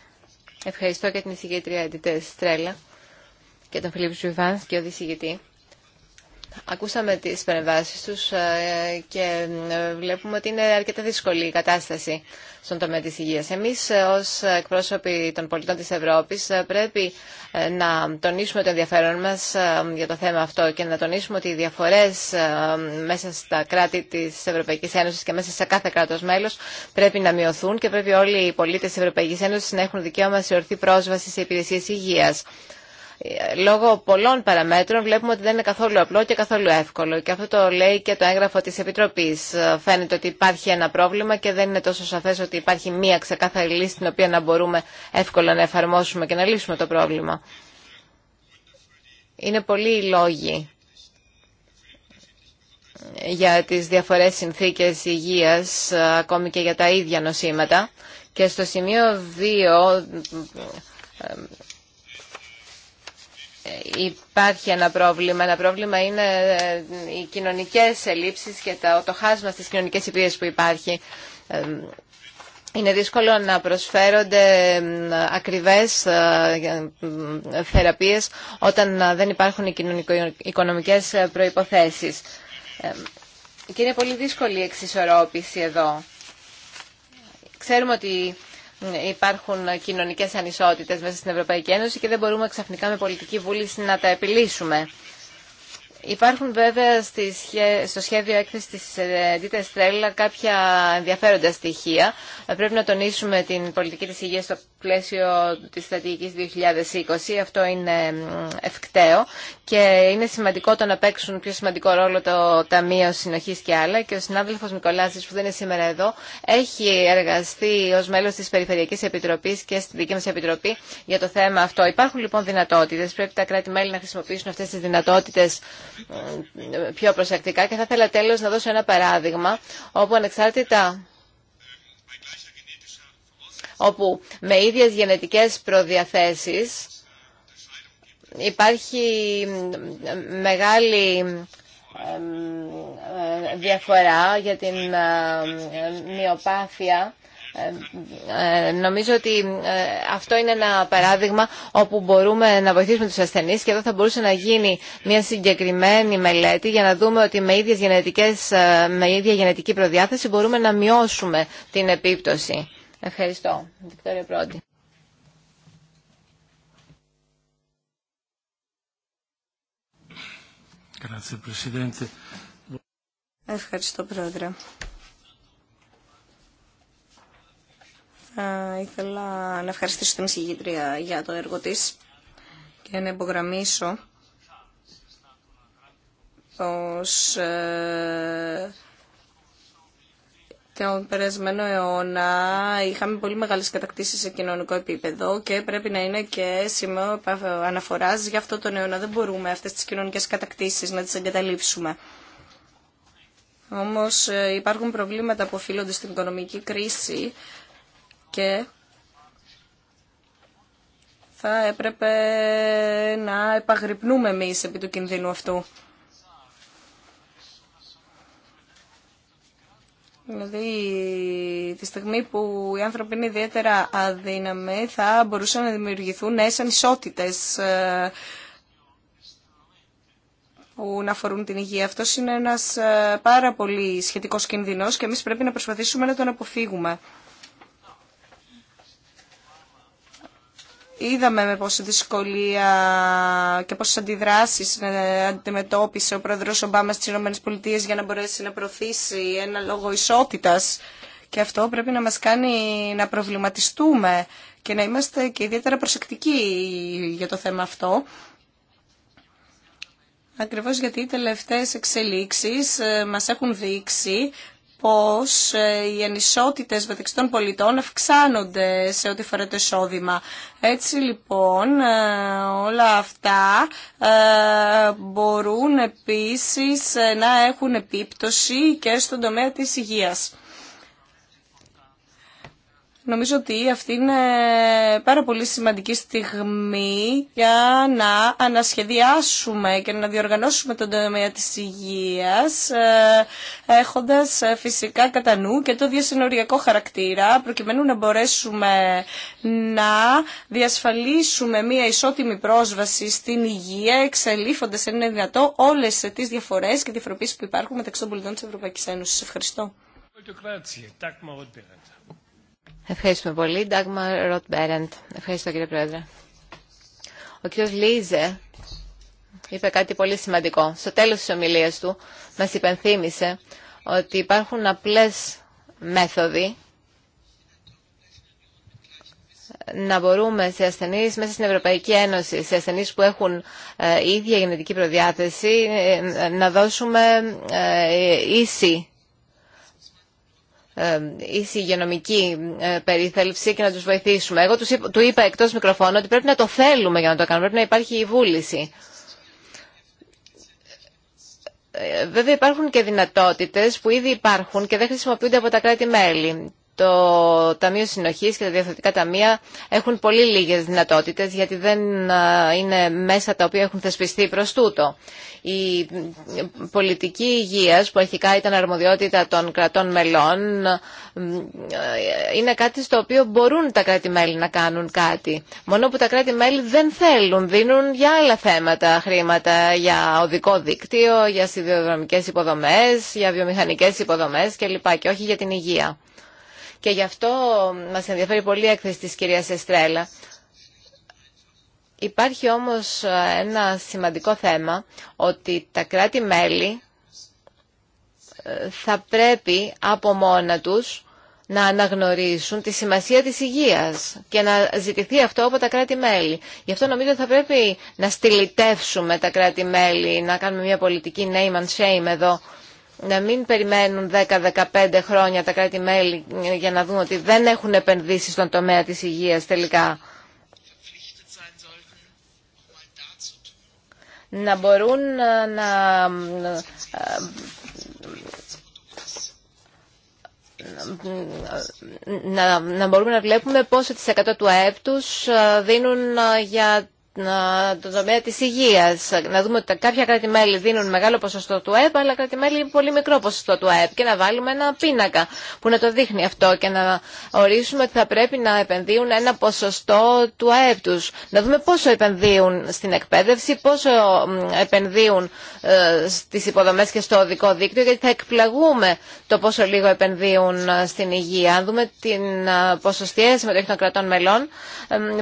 Ευχαριστώ και την εισηγήτρια Εντιτές Στρέλα και τον Φιλίπ Ζουβάνς και ο δισηγητή Ακούσαμε τις παρεμβάσεις τους ε, και ε, βλέπουμε ότι είναι αρκετά δύσκολη η κατάσταση στον τομέα της υγείας. Εμείς ε, ως εκπρόσωποι των πολιτών της Ευρώπης πρέπει να τονίσουμε το ενδιαφέρον μας για το θέμα αυτό και να τονίσουμε ότι οι διαφορές μέσα στα κράτη της Ευρωπαϊκής Ένωσης και μέσα σε κάθε κράτος μέλος πρέπει να μειωθούν και πρέπει όλοι οι πολίτες της Ευρωπαϊκής Ένωσης να έχουν δικαίωμα σε ορθή πρόσβαση σε υπηρεσίες υγείας λόγω πολλών παραμέτρων βλέπουμε ότι δεν είναι καθόλου απλό και καθόλου εύκολο. Και αυτό το λέει και το έγγραφο της Επιτροπής. Φαίνεται ότι υπάρχει ένα πρόβλημα και δεν είναι τόσο σαφές ότι υπάρχει μία ξεκάθαρη λύση την οποία να μπορούμε εύκολα να εφαρμόσουμε και να λύσουμε το πρόβλημα. Είναι πολλοί οι λόγοι για τις διαφορές συνθήκες υγείας, ακόμη και για τα ίδια νοσήματα. Και στο σημείο 2 υπάρχει ένα πρόβλημα. Ένα πρόβλημα είναι ε, οι κοινωνικές ελλείψεις και το χάσμα στις κοινωνικές υπηρεσίες που υπάρχει. Ε, είναι δύσκολο να προσφέρονται ακριβές ε, θεραπείες όταν δεν υπάρχουν οι κοινωνικο-οικονομικές προϋποθέσεις. Και είναι πολύ δύσκολη η εξισορρόπηση εδώ. Ξέρουμε ότι υπάρχουν κοινωνικές ανισότητες μέσα στην Ευρωπαϊκή Ένωση και δεν μπορούμε ξαφνικά με πολιτική βούληση να τα επιλύσουμε. Υπάρχουν βέβαια στο σχέδιο έκθεση της Δίτα ε, Στρέλλα κάποια ενδιαφέροντα στοιχεία. Πρέπει να τονίσουμε την πολιτική της υγείας στο πλαίσιο της στρατηγικής 2020. Αυτό είναι ευκταίο και είναι σημαντικό το να παίξουν πιο σημαντικό ρόλο το Ταμείο Συνοχής και άλλα. Και ο συνάδελφος Μικολάσης που δεν είναι σήμερα εδώ έχει εργαστεί ως μέλος της Περιφερειακής Επιτροπής και στη δική μας Επιτροπή για το θέμα αυτό. Υπάρχουν λοιπόν δυνατότητες. Πρέπει τα κράτη-μέλη να χρησιμοποιήσουν αυτές τις δυνατότητες πιο προσεκτικά και θα ήθελα τέλος να δώσω ένα παράδειγμα όπου ανεξάρτητα όπου με ίδιες γενετικές προδιαθέσεις υπάρχει μεγάλη ε, διαφορά για την ε, μειοπάθεια. Ε, ε, νομίζω ότι ε, αυτό είναι ένα παράδειγμα όπου μπορούμε να βοηθήσουμε τους ασθενείς και εδώ θα μπορούσε να γίνει μια συγκεκριμένη μελέτη για να δούμε ότι με, ίδιες γενετικές, με ίδια γενετική προδιάθεση μπορούμε να μειώσουμε την επίπτωση. Ευχαριστώ. Πρόντι. Ευχαριστώ, Πρόεδρε. Ε, ήθελα να ευχαριστήσω την συγκήτρια για το έργο της και να υπογραμμίσω πως ε, τον περασμένο αιώνα είχαμε πολύ μεγάλες κατακτήσεις σε κοινωνικό επίπεδο και πρέπει να είναι και σημείο αναφοράς για αυτό τον αιώνα. Δεν μπορούμε αυτές τις κοινωνικές κατακτήσεις να τις εγκαταλείψουμε. Όμως ε, υπάρχουν προβλήματα που οφείλονται στην οικονομική κρίση και θα έπρεπε να επαγρυπνούμε εμείς επί του κινδύνου αυτού. Δηλαδή, τη στιγμή που οι άνθρωποι είναι ιδιαίτερα αδύναμοι, θα μπορούσαν να δημιουργηθούν νέες ανισότητες ε, που να αφορούν την υγεία. Αυτό είναι ένας ε, πάρα πολύ σχετικός κινδυνός και εμείς πρέπει να προσπαθήσουμε να τον αποφύγουμε. Είδαμε με πόση δυσκολία και πόσε αντιδράσεις ε, αντιμετώπισε ο πρόεδρος Ομπάμα στις ΗΠΑ για να μπορέσει να προωθήσει ένα λόγο ισότητας. Και αυτό πρέπει να μας κάνει να προβληματιστούμε και να είμαστε και ιδιαίτερα προσεκτικοί για το θέμα αυτό. Ακριβώς γιατί οι τελευταίες εξελίξεις ε, μας έχουν δείξει πως ε, οι ανισότητες μεταξύ των πολιτών αυξάνονται σε ό,τι φορά το εισόδημα. Έτσι λοιπόν ε, όλα αυτά ε, μπορούν επίσης να έχουν επίπτωση και στον τομέα της υγείας. Νομίζω ότι αυτή είναι πάρα πολύ σημαντική στιγμή για να ανασχεδιάσουμε και να διοργανώσουμε τον τομέα της υγείας ε, έχοντας ε, φυσικά κατά νου και το διασυνοριακό χαρακτήρα προκειμένου να μπορέσουμε να διασφαλίσουμε μια ισότιμη πρόσβαση στην υγεία εξελίφοντας αν είναι δυνατό όλες τις διαφορές και διαφοροποίησεις που υπάρχουν μεταξύ των πολιτών της Ευρωπαϊκής Ένωσης. Ευχαριστώ. Ευχαριστούμε πολύ. Ντάγμα Ροτ Μπέρεντ. Ευχαριστώ κύριε Πρόεδρε. Ο κύριος Λίζε είπε κάτι πολύ σημαντικό. Στο τέλος της ομιλίας του μας υπενθύμησε ότι υπάρχουν απλές μέθοδοι να μπορούμε σε ασθενείς μέσα στην Ευρωπαϊκή Ένωση, σε ασθενείς που έχουν ε, ίδια γενετική προδιάθεση, ε, να δώσουμε ε, ίση ίση υγειονομική ε, περίθαλψη και να τους βοηθήσουμε. Εγώ τους του είπα εκτός μικροφώνου ότι πρέπει να το θέλουμε για να το κάνουμε, πρέπει να υπάρχει η βούληση. Ε, βέβαια υπάρχουν και δυνατότητες που ήδη υπάρχουν και δεν χρησιμοποιούνται από τα κράτη-μέλη το Ταμείο Συνοχής και τα Διαθετικά Ταμεία έχουν πολύ λίγες δυνατότητες γιατί δεν είναι μέσα τα οποία έχουν θεσπιστεί προς τούτο. Η πολιτική υγείας που αρχικά ήταν αρμοδιότητα των κρατών μελών είναι κάτι στο οποίο μπορούν τα κράτη-μέλη να κάνουν κάτι. Μόνο που τα κράτη-μέλη δεν θέλουν, δίνουν για άλλα θέματα χρήματα, για οδικό δίκτυο, για σιδηροδρομικές υποδομές, για βιομηχανικές υποδομές κλπ. και όχι για την υγεία. Και γι' αυτό μας ενδιαφέρει πολύ η έκθεση της κυρίας Εστρέλα. Υπάρχει όμως ένα σημαντικό θέμα ότι τα κράτη-μέλη ε, θα πρέπει από μόνα τους να αναγνωρίσουν τη σημασία της υγείας και να ζητηθεί αυτό από τα κράτη-μέλη. Γι' αυτό νομίζω ότι θα πρέπει να στυλιτεύσουμε τα κράτη-μέλη, να κάνουμε μια πολιτική name and shame εδώ να μην περιμένουν 10-15 χρόνια τα κράτη-μέλη για να δουν ότι δεν έχουν επενδύσει στον τομέα της υγείας τελικά. Να μπορούν ε, να ε, να, να μπορούμε να βλέπουμε πόσο της 100% του ΑΕΠ τους ε, δίνουν για το τομέα της υγείας. Να δούμε ότι κάποια κράτη-μέλη δίνουν μεγάλο ποσοστό του ΑΕΠ, αλλά κράτη-μέλη πολύ μικρό ποσοστό του ΑΕΠ και να βάλουμε ένα πίνακα που να το δείχνει αυτό και να ορίσουμε ότι θα πρέπει να επενδύουν ένα ποσοστό του ΑΕΠ τους. Να δούμε πόσο επενδύουν στην εκπαίδευση, πόσο επενδύουν ε, στις υποδομές και στο οδικό δίκτυο, γιατί θα εκπλαγούμε το πόσο λίγο επενδύουν ε, στην υγεία. Αν δούμε την ε, ποσοστιαία συμμετοχή των κρατών μελών,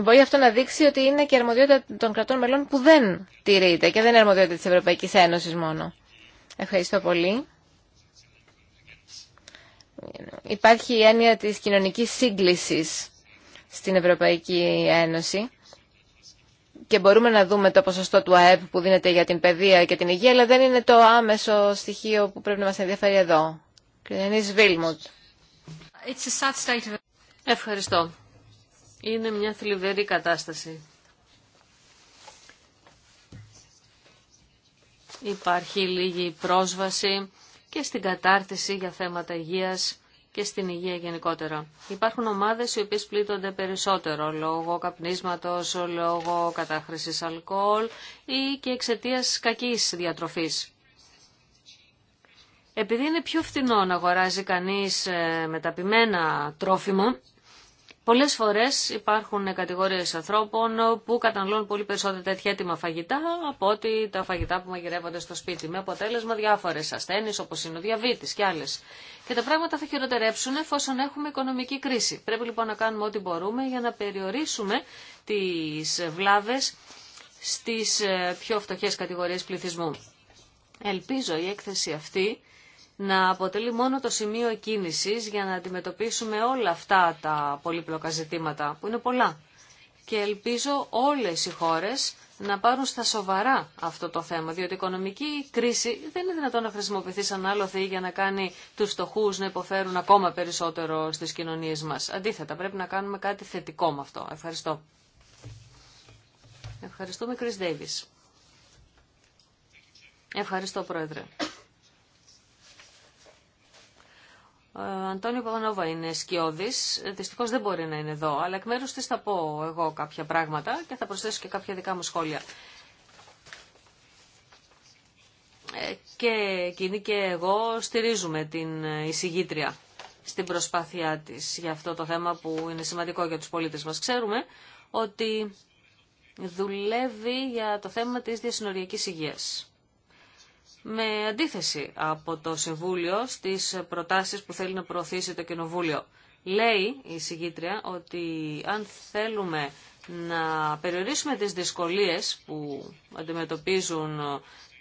μπορεί αυτό να δείξει ότι είναι και αρμοδιότητα των κρατών μελών που δεν τηρείται και δεν είναι αρμοδιότητα της Ευρωπαϊκής Ένωσης μόνο. Ευχαριστώ πολύ. Υπάρχει η έννοια της κοινωνικής σύγκλησης στην Ευρωπαϊκή Ένωση και μπορούμε να δούμε το ποσοστό του ΑΕΠ που δίνεται για την παιδεία και την υγεία, αλλά δεν είναι το άμεσο στοιχείο που πρέπει να μας ενδιαφέρει εδώ. Ευχαριστώ. Είναι μια θλιβερή κατάσταση. υπάρχει λίγη πρόσβαση και στην κατάρτιση για θέματα υγείας και στην υγεία γενικότερα. Υπάρχουν ομάδες οι οποίες πλήττονται περισσότερο λόγω καπνίσματος, λόγω κατάχρησης αλκοόλ ή και εξαιτία κακής διατροφής. Επειδή είναι πιο φθηνό να αγοράζει κανείς ε, μεταπημένα τρόφιμα, Πολλέ φορές υπάρχουν κατηγορίε ανθρώπων που καταναλώνουν πολύ περισσότερα τέτοια έτοιμα φαγητά από ότι τα φαγητά που μαγειρεύονται στο σπίτι, με αποτέλεσμα διάφορες ασθένειες όπως είναι ο διαβήτη και άλλες. Και τα πράγματα θα χειροτερέψουν εφόσον έχουμε οικονομική κρίση. Πρέπει λοιπόν να κάνουμε ό,τι μπορούμε για να περιορίσουμε τι βλάβε στι πιο φτωχέ κατηγορίε πληθυσμού. Ελπίζω η έκθεση αυτή να αποτελεί μόνο το σημείο κίνησης για να αντιμετωπίσουμε όλα αυτά τα πολύπλοκα ζητήματα που είναι πολλά. Και ελπίζω όλες οι χώρες να πάρουν στα σοβαρά αυτό το θέμα, διότι η οικονομική κρίση δεν είναι δυνατόν να χρησιμοποιηθεί σαν άλοθη για να κάνει τους φτωχού να υποφέρουν ακόμα περισσότερο στις κοινωνίες μας. Αντίθετα, πρέπει να κάνουμε κάτι θετικό με αυτό. Ευχαριστώ. Ευχαριστούμε, Κρυς Ντέιβις. Ευχαριστώ, Πρόεδρε. Αντώνιο Παγανόβα είναι σκιώδη. δυστυχώς δεν μπορεί να είναι εδώ, αλλά εκ μέρου της θα πω εγώ κάποια πράγματα και θα προσθέσω και κάποια δικά μου σχόλια. Ε, και εκείνη και εγώ στηρίζουμε την ε, εισηγήτρια στην προσπάθειά της για αυτό το θέμα που είναι σημαντικό για τους πολίτες μας. Ξέρουμε ότι δουλεύει για το θέμα της διασυνοριακής υγείας με αντίθεση από το Συμβούλιο στις προτάσεις που θέλει να προωθήσει το Κοινοβούλιο. Λέει η συγγήτρια ότι αν θέλουμε να περιορίσουμε τις δυσκολίες που αντιμετωπίζουν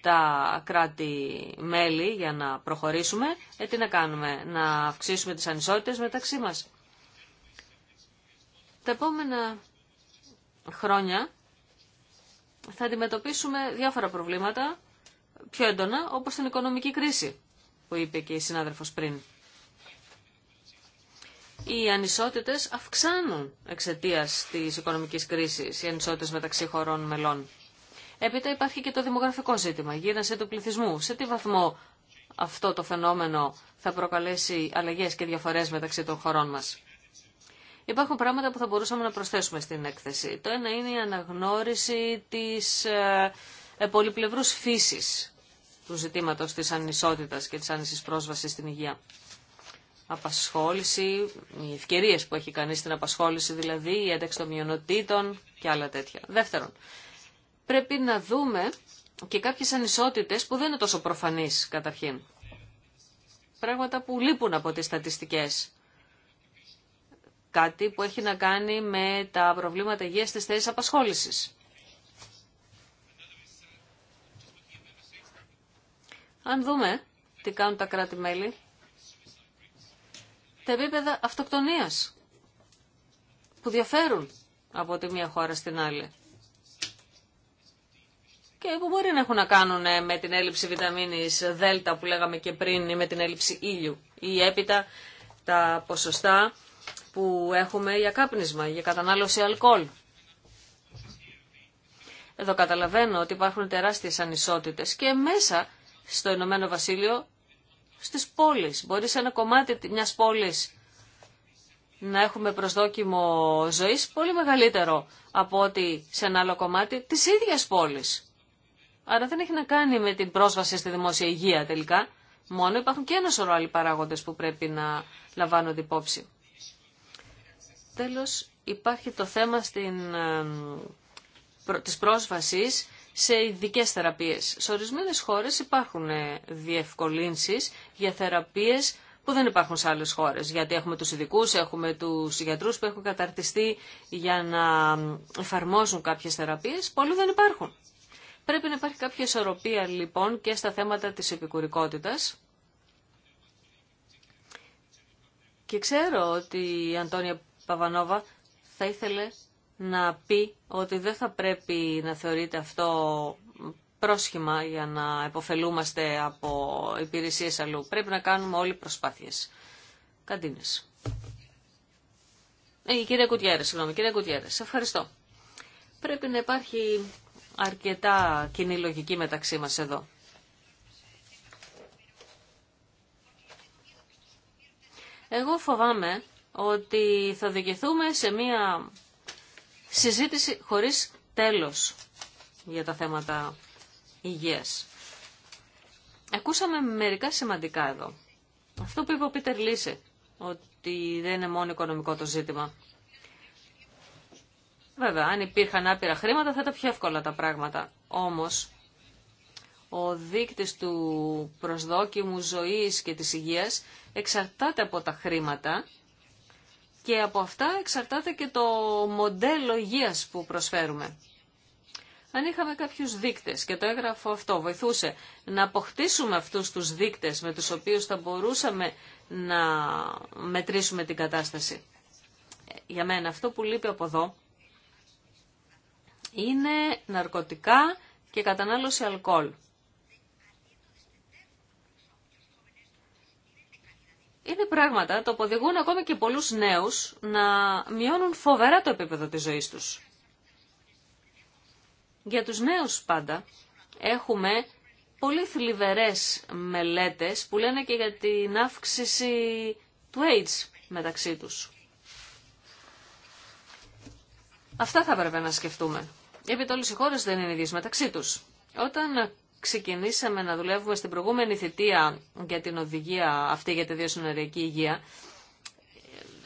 τα κράτη-μέλη για να προχωρήσουμε, ε, τι να κάνουμε, να αυξήσουμε τις ανισότητες μεταξύ μας. Τα επόμενα χρόνια θα αντιμετωπίσουμε διάφορα προβλήματα πιο έντονα, όπως την οικονομική κρίση, που είπε και η συνάδελφος πριν. Οι ανισότητες αυξάνουν εξαιτίας της οικονομικής κρίσης, οι ανισότητες μεταξύ χωρών μελών. Έπειτα υπάρχει και το δημογραφικό ζήτημα, γύρανση του πληθυσμού. Σε τι βαθμό αυτό το φαινόμενο θα προκαλέσει αλλαγές και διαφορές μεταξύ των χωρών μας. Υπάρχουν πράγματα που θα μπορούσαμε να προσθέσουμε στην έκθεση. Το ένα είναι η αναγνώριση της ε, ε, πολυπλευρούς φύσης του ζητήματος της ανισότητας και της άνησης πρόσβασης στην υγεία. Απασχόληση, οι ευκαιρίες που έχει κανείς στην απασχόληση δηλαδή, η ένταξη των μειονοτήτων και άλλα τέτοια. Δεύτερον, πρέπει να δούμε και κάποιες ανισότητες που δεν είναι τόσο προφανείς καταρχήν. Πράγματα που λείπουν από τις στατιστικές. Κάτι που έχει να κάνει με τα προβλήματα υγείας της απασχόλησης. Αν δούμε τι κάνουν τα κράτη-μέλη, τα επίπεδα αυτοκτονίας που διαφέρουν από τη μία χώρα στην άλλη και που μπορεί να έχουν να κάνουν ε, με την έλλειψη βιταμίνης δέλτα που λέγαμε και πριν ή με την έλλειψη ήλιου ή έπειτα τα ποσοστά που έχουμε για κάπνισμα, για κατανάλωση αλκοόλ. Εδώ καταλαβαίνω ότι υπάρχουν τεράστιες ανισότητες και μέσα στο Ηνωμένο Βασίλειο στις πόλεις. Μπορεί σε ένα κομμάτι μιας πόλης να έχουμε προσδόκιμο ζωής πολύ μεγαλύτερο από ότι σε ένα άλλο κομμάτι της ίδιας πόλης. Άρα δεν έχει να κάνει με την πρόσβαση στη δημόσια υγεία τελικά. Μόνο υπάρχουν και ένα σωρό άλλοι παράγοντες που πρέπει να λαμβάνονται υπόψη. Τέλος, υπάρχει το θέμα στην, προ, της πρόσβασης σε ειδικέ θεραπείες. Σε ορισμένες χώρες υπάρχουν ε, διευκολύνσεις για θεραπείες που δεν υπάρχουν σε άλλες χώρες, γιατί έχουμε τους ειδικού, έχουμε τους γιατρούς που έχουν καταρτιστεί για να εφαρμόζουν κάποιες θεραπείες, πολλοί δεν υπάρχουν. Πρέπει να υπάρχει κάποια ισορροπία λοιπόν και στα θέματα της επικουρικότητας. Και ξέρω ότι η Αντώνια Παβανόβα θα ήθελε να πει ότι δεν θα πρέπει να θεωρείται αυτό πρόσχημα για να επωφελούμαστε από υπηρεσίες αλλού. Πρέπει να κάνουμε όλοι προσπάθειες. Καντίνες. Ε, κύριε Κουτιέρε, συγγνώμη, κύριε κουτιέρε, ευχαριστώ. Πρέπει να υπάρχει αρκετά κοινή λογική μεταξύ μας εδώ. Εγώ φοβάμαι ότι θα οδηγηθούμε σε μία συζήτηση χωρίς τέλος για τα θέματα υγείας. Ακούσαμε μερικά σημαντικά εδώ. Αυτό που είπε ο Πίτερ Λύση, ότι δεν είναι μόνο οικονομικό το ζήτημα. Βέβαια, αν υπήρχαν άπειρα χρήματα θα ήταν πιο εύκολα τα πράγματα. Όμως, ο δείκτης του προσδόκιμου ζωής και της υγείας εξαρτάται από τα χρήματα και από αυτά εξαρτάται και το μοντέλο υγείας που προσφέρουμε. Αν είχαμε κάποιους δείκτες και το έγραφο αυτό βοηθούσε να αποκτήσουμε αυτούς τους δείκτες με τους οποίους θα μπορούσαμε να μετρήσουμε την κατάσταση. Για μένα αυτό που λείπει από εδώ είναι ναρκωτικά και κατανάλωση αλκοόλ. είναι πράγματα το που οδηγούν ακόμη και πολλούς νέους να μειώνουν φοβερά το επίπεδο της ζωής τους. Για τους νέους πάντα έχουμε πολύ θλιβερές μελέτες που λένε και για την αύξηση του AIDS μεταξύ τους. Αυτά θα έπρεπε να σκεφτούμε. Επειδή όλες οι χώρες δεν είναι ίδιες μεταξύ τους. Όταν ξεκινήσαμε να δουλεύουμε στην προηγούμενη θητεία για την οδηγία αυτή για τη διασυνοριακή υγεία,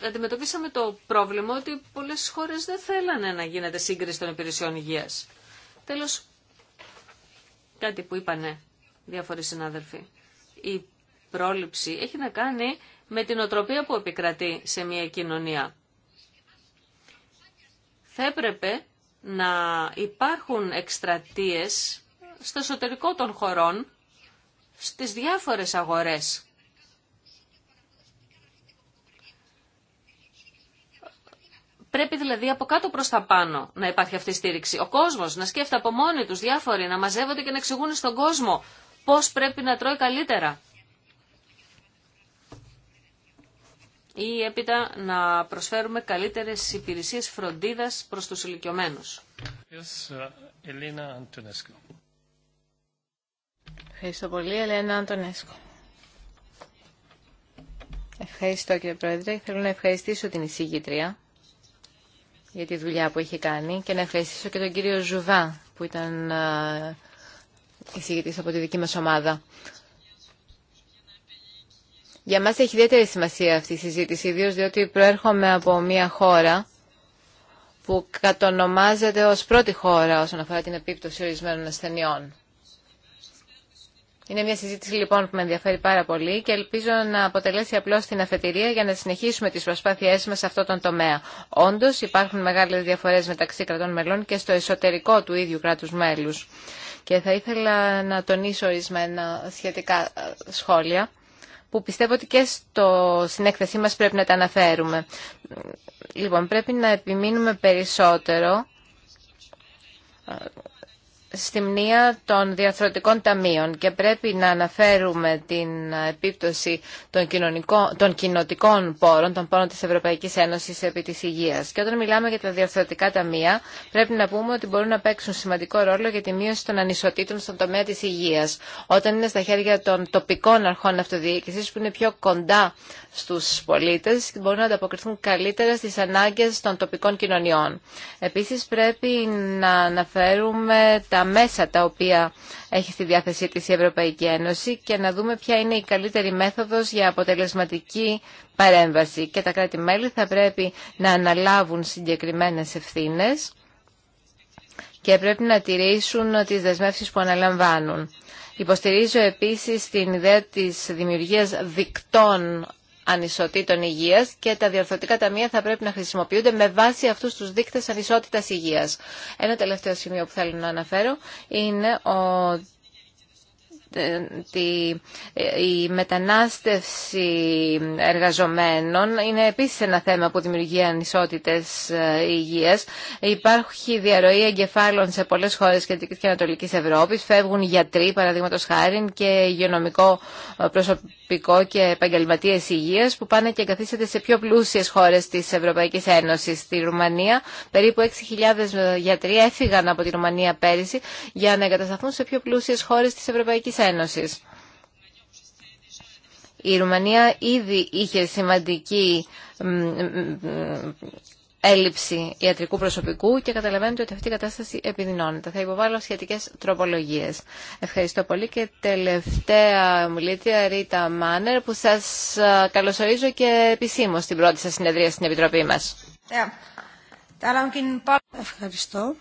αντιμετωπίσαμε το πρόβλημα ότι πολλές χώρες δεν θέλανε να γίνεται σύγκριση των υπηρεσιών υγείας. Τέλος, κάτι που είπανε διάφοροι συνάδελφοι. Η πρόληψη έχει να κάνει με την οτροπία που επικρατεί σε μια κοινωνία. Θα έπρεπε να υπάρχουν εκστρατείες στο εσωτερικό των χωρών, στις διάφορες αγορές. Πρέπει δηλαδή από κάτω προς τα πάνω να υπάρχει αυτή η στήριξη. Ο κόσμος να σκέφτεται από μόνοι τους διάφοροι, να μαζεύονται και να εξηγούν στον κόσμο πώς πρέπει να τρώει καλύτερα. Ή έπειτα να προσφέρουμε καλύτερες υπηρεσίες φροντίδας προς τους ηλικιωμένους. Ελίνα uh, Ευχαριστώ πολύ, Ελένα Αντωνέσκο. Ευχαριστώ κύριε Πρόεδρε. Θέλω να ευχαριστήσω την εισηγήτρια για τη δουλειά που έχει κάνει και να ευχαριστήσω και τον κύριο Ζουβά που ήταν εισηγητής από τη δική μας ομάδα. Για μας έχει ιδιαίτερη σημασία αυτή η συζήτηση, ιδίως διότι προέρχομαι από μια χώρα που κατονομάζεται ως πρώτη χώρα όσον αφορά την επίπτωση ορισμένων ασθενειών. Είναι μια συζήτηση λοιπόν που με ενδιαφέρει πάρα πολύ και ελπίζω να αποτελέσει απλώς την αφετηρία για να συνεχίσουμε τις προσπάθειές μας σε αυτό τον τομέα. Όντως υπάρχουν μεγάλες διαφορές μεταξύ κρατών μελών και στο εσωτερικό του ίδιου κράτους μέλους. Και θα ήθελα να τονίσω ορισμένα σχετικά ε, σχόλια που πιστεύω ότι και στο, στην έκθεσή μας πρέπει να τα αναφέρουμε. Λοιπόν, πρέπει να επιμείνουμε περισσότερο ε, μνήμα των διαθροτικών ταμείων και πρέπει να αναφέρουμε την επίπτωση των, των κοινοτικών πόρων, των πόρων της Ευρωπαϊκής Ένωσης επί της υγείας. Και όταν μιλάμε για τα διαθροτικά ταμεία, πρέπει να πούμε ότι μπορούν να παίξουν σημαντικό ρόλο για τη μείωση των ανισοτήτων στον τομέα της υγείας. Όταν είναι στα χέρια των τοπικών αρχών αυτοδιοίκησης που είναι πιο κοντά στους πολίτες και μπορούν να ανταποκριθούν καλύτερα στις ανάγκες των τοπικών κοινωνιών. Επίσης πρέπει να αναφέρουμε τα μέσα τα οποία έχει στη διάθεσή της η Ευρωπαϊκή Ένωση και να δούμε ποια είναι η καλύτερη μέθοδος για αποτελεσματική παρέμβαση. Και τα κράτη-μέλη θα πρέπει να αναλάβουν συγκεκριμένες ευθύνες και πρέπει να τηρήσουν τις δεσμεύσεις που αναλαμβάνουν. Υποστηρίζω επίσης την ιδέα της δημιουργίας δικτών ανισοτήτων υγείας και τα διορθωτικά ταμεία θα πρέπει να χρησιμοποιούνται με βάση αυτούς τους δείκτες ανισότητα υγεία. Ένα τελευταίο σημείο που θέλω να αναφέρω είναι ότι ε, η μετανάστευση εργαζομένων είναι επίσης ένα θέμα που δημιουργεί ανισότητες ε, υγείας. Υπάρχει διαρροή εγκεφάλων σε πολλές χώρες Κεντρικής και Ανατολικής Ευρώπης. Φεύγουν γιατροί, παραδείγματος χάρη, και υγειονομικό ε, προσωπικό και επαγγελματίε υγείας που πάνε και εγκαθίσεται σε πιο πλούσιες χώρες της Ευρωπαϊκής Ένωσης. Στη Ρουμανία περίπου 6.000 γιατροί έφυγαν από τη Ρουμανία πέρυσι για να εγκατασταθούν σε πιο πλούσιες χώρες της Ευρωπαϊκής η Ρουμανία ήδη είχε σημαντική έλλειψη ιατρικού προσωπικού και καταλαβαίνετε ότι αυτή η κατάσταση επιδεινώνεται. Θα υποβάλω σχετικές τροπολογίες. Ευχαριστώ πολύ και τελευταία ομιλήτρια Ρίτα Μάνερ που σας καλωσορίζω και επισήμως στην πρώτη σας συνεδρία στην Επιτροπή μας. Ευχαριστώ.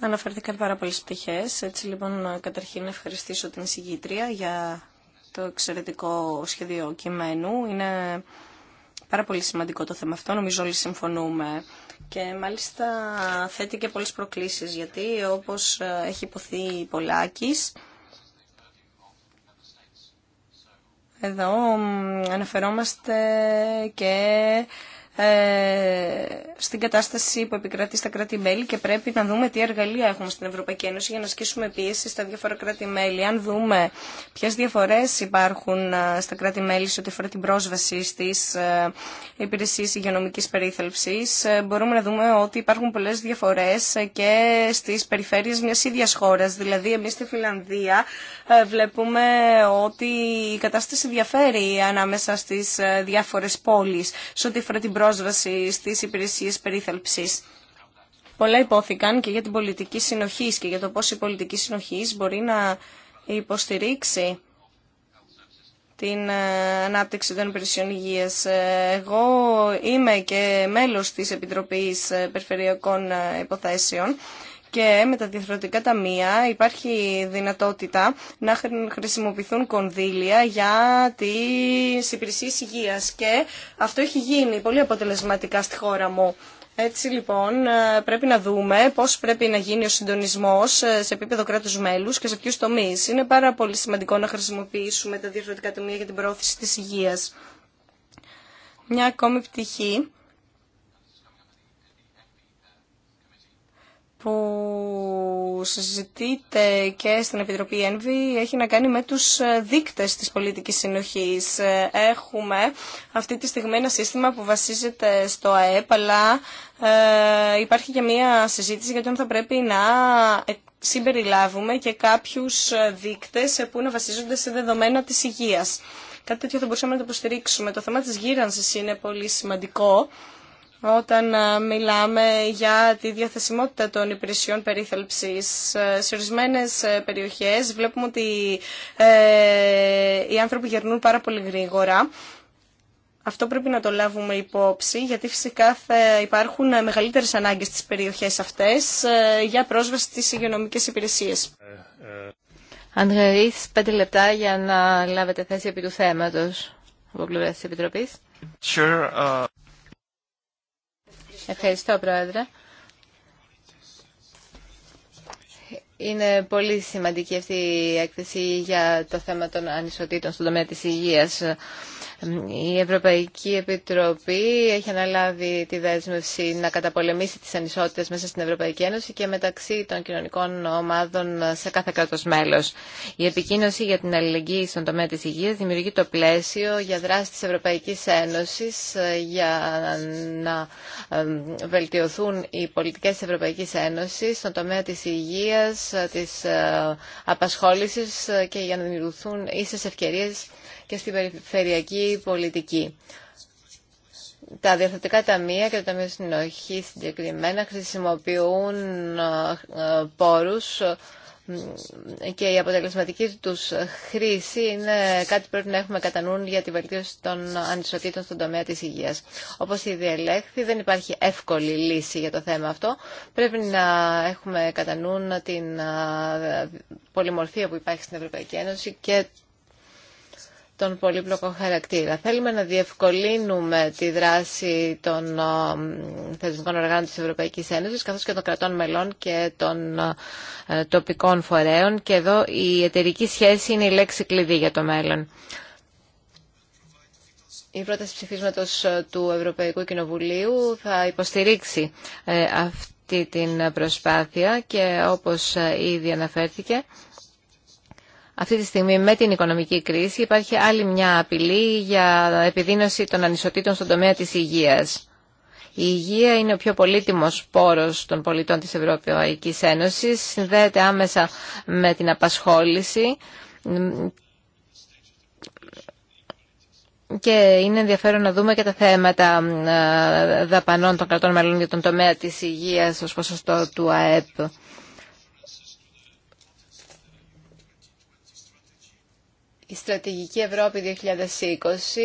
Αναφερθήκαν πάρα πολλές πτυχές. Έτσι λοιπόν καταρχήν να ευχαριστήσω την εισηγήτρια για το εξαιρετικό σχεδίο κειμένου. Είναι πάρα πολύ σημαντικό το θέμα αυτό, νομίζω όλοι συμφωνούμε. Και μάλιστα θέτει και πολλές προκλήσεις, γιατί όπως ε, έχει υποθεί η εδώ αναφερόμαστε και ε, στην κατάσταση που επικρατεί στα κράτη-μέλη και πρέπει να δούμε τι εργαλεία έχουμε στην Ευρωπαϊκή Ένωση για να ασκήσουμε πίεση στα διάφορα κράτη-μέλη. Αν δούμε ποιες διαφορές υπάρχουν ε, στα κράτη-μέλη σε ό,τι αφορά την πρόσβαση στις ε, υπηρεσίες υγειονομικής περίθαλψης, μπορούμε να δούμε ότι υπάρχουν πολλές διαφορές και στις περιφέρειες μιας ίδιας χώρας. Δηλαδή, εμείς στη Φιλανδία βλέπουμε ότι η κατάσταση διαφέρει ανάμεσα στις διάφορες πόλεις σε ό,τι αφορά την πρόσβαση πρόσβαση στις υπηρεσίες περίθαλψης. Πολλά υπόθηκαν και για την πολιτική συνοχή και για το πώς η πολιτική συνοχή μπορεί να υποστηρίξει την ε, ανάπτυξη των υπηρεσιών υγείας. Ε, εγώ είμαι και μέλος της Επιτροπής ε, Περιφερειακών Υποθέσεων και με τα διαφορετικά ταμεία υπάρχει δυνατότητα να χρησιμοποιηθούν κονδύλια για τις υπηρεσίες υγείας και αυτό έχει γίνει πολύ αποτελεσματικά στη χώρα μου. Έτσι λοιπόν πρέπει να δούμε πώς πρέπει να γίνει ο συντονισμός σε επίπεδο κράτους μέλους και σε ποιους τομείς. Είναι πάρα πολύ σημαντικό να χρησιμοποιήσουμε τα διαφορετικά τομεία για την πρόθεση της υγείας. Μια ακόμη πτυχή που συζητείται και στην Επιτροπή ΕΝΒΗ έχει να κάνει με τους ε, δείκτες της πολιτικής συνοχής. Ε, έχουμε αυτή τη στιγμή ένα σύστημα που βασίζεται στο ΑΕΠ, αλλά ε, υπάρχει και μία συζήτηση για το αν θα πρέπει να συμπεριλάβουμε και κάποιους δείκτες που να βασίζονται σε δεδομένα της υγείας. Κάτι τέτοιο θα μπορούσαμε να το υποστηρίξουμε. Το θέμα της γύρανσης είναι πολύ σημαντικό όταν ε, μιλάμε για τη διαθεσιμότητα των υπηρεσιών περίθαλψης. Ε, σε ορισμένε ε, περιοχές βλέπουμε ότι οι άνθρωποι γερνούν πάρα πολύ γρήγορα. Αυτό πρέπει να το λάβουμε υπόψη, γιατί φυσικά θα υπάρχουν μεγαλύτερες ανάγκες στις περιοχές αυτές για πρόσβαση στις υγειονομικές υπηρεσίες. Αντρερίς, πέντε λεπτά για να λάβετε θέση επί του θέματος από πλευρά της Επιτροπής. Uh, Ευχαριστώ, Πρόεδρε. Είναι πολύ σημαντική αυτή η έκθεση για το θέμα των ανισοτήτων στον τομέα της υγείας. Η Ευρωπαϊκή Επιτροπή έχει αναλάβει τη δέσμευση να καταπολεμήσει τις ανισότητες μέσα στην Ευρωπαϊκή Ένωση και μεταξύ των κοινωνικών ομάδων σε κάθε κράτος μέλος. Η επικοίνωση για την αλληλεγγύη στον τομέα της υγείας δημιουργεί το πλαίσιο για δράση της Ευρωπαϊκής Ένωσης ε, για να ε, βελτιωθούν οι πολιτικές της Ευρωπαϊκής Ένωσης στον τομέα της υγείας, ε, της απασχόλησης και για να δημιουργηθούν ίσες ευκαιρίες και στην περιφερειακή πολιτική. Τα διορθωτικά ταμεία και το Ταμείο Συνοχή συγκεκριμένα χρησιμοποιούν ε, ε, πόρους ε, και η αποτελεσματική τους χρήση είναι κάτι που πρέπει να έχουμε κατά νου για τη βελτίωση των ανισοτήτων στον τομέα της υγείας. Όπως ήδη ελέγχθη, δεν υπάρχει εύκολη λύση για το θέμα αυτό. Πρέπει να έχουμε κατά νου την πολυμορφία που υπάρχει στην Ευρωπαϊκή Ένωση τον πολύπλοκο χαρακτήρα. Θέλουμε να διευκολύνουμε τη δράση των ε, θεσμικών οργάνων της Ευρωπαϊκής Ένωσης καθώς και των κρατών μελών και των ε, τοπικών φορέων και εδώ η εταιρική σχέση είναι η λέξη κλειδί για το μέλλον. Η πρόταση ψηφίσματος ε, του Ευρωπαϊκού Κοινοβουλίου θα υποστηρίξει αυτή την προσπάθεια και όπως ήδη αναφέρθηκε αυτή τη στιγμή με την οικονομική κρίση υπάρχει άλλη μια απειλή για επιδείνωση των ανισοτήτων στον τομέα της υγείας. Η υγεία είναι ο πιο πολύτιμος πόρος των πολιτών της Ευρωπαϊκής Ένωσης, συνδέεται άμεσα με την απασχόληση και είναι ενδιαφέρον να δούμε και τα θέματα ε, δαπανών των κρατών μελών για τον τομέα της υγείας ως ποσοστό του ΑΕΠ. Η στρατηγική Ευρώπη 2020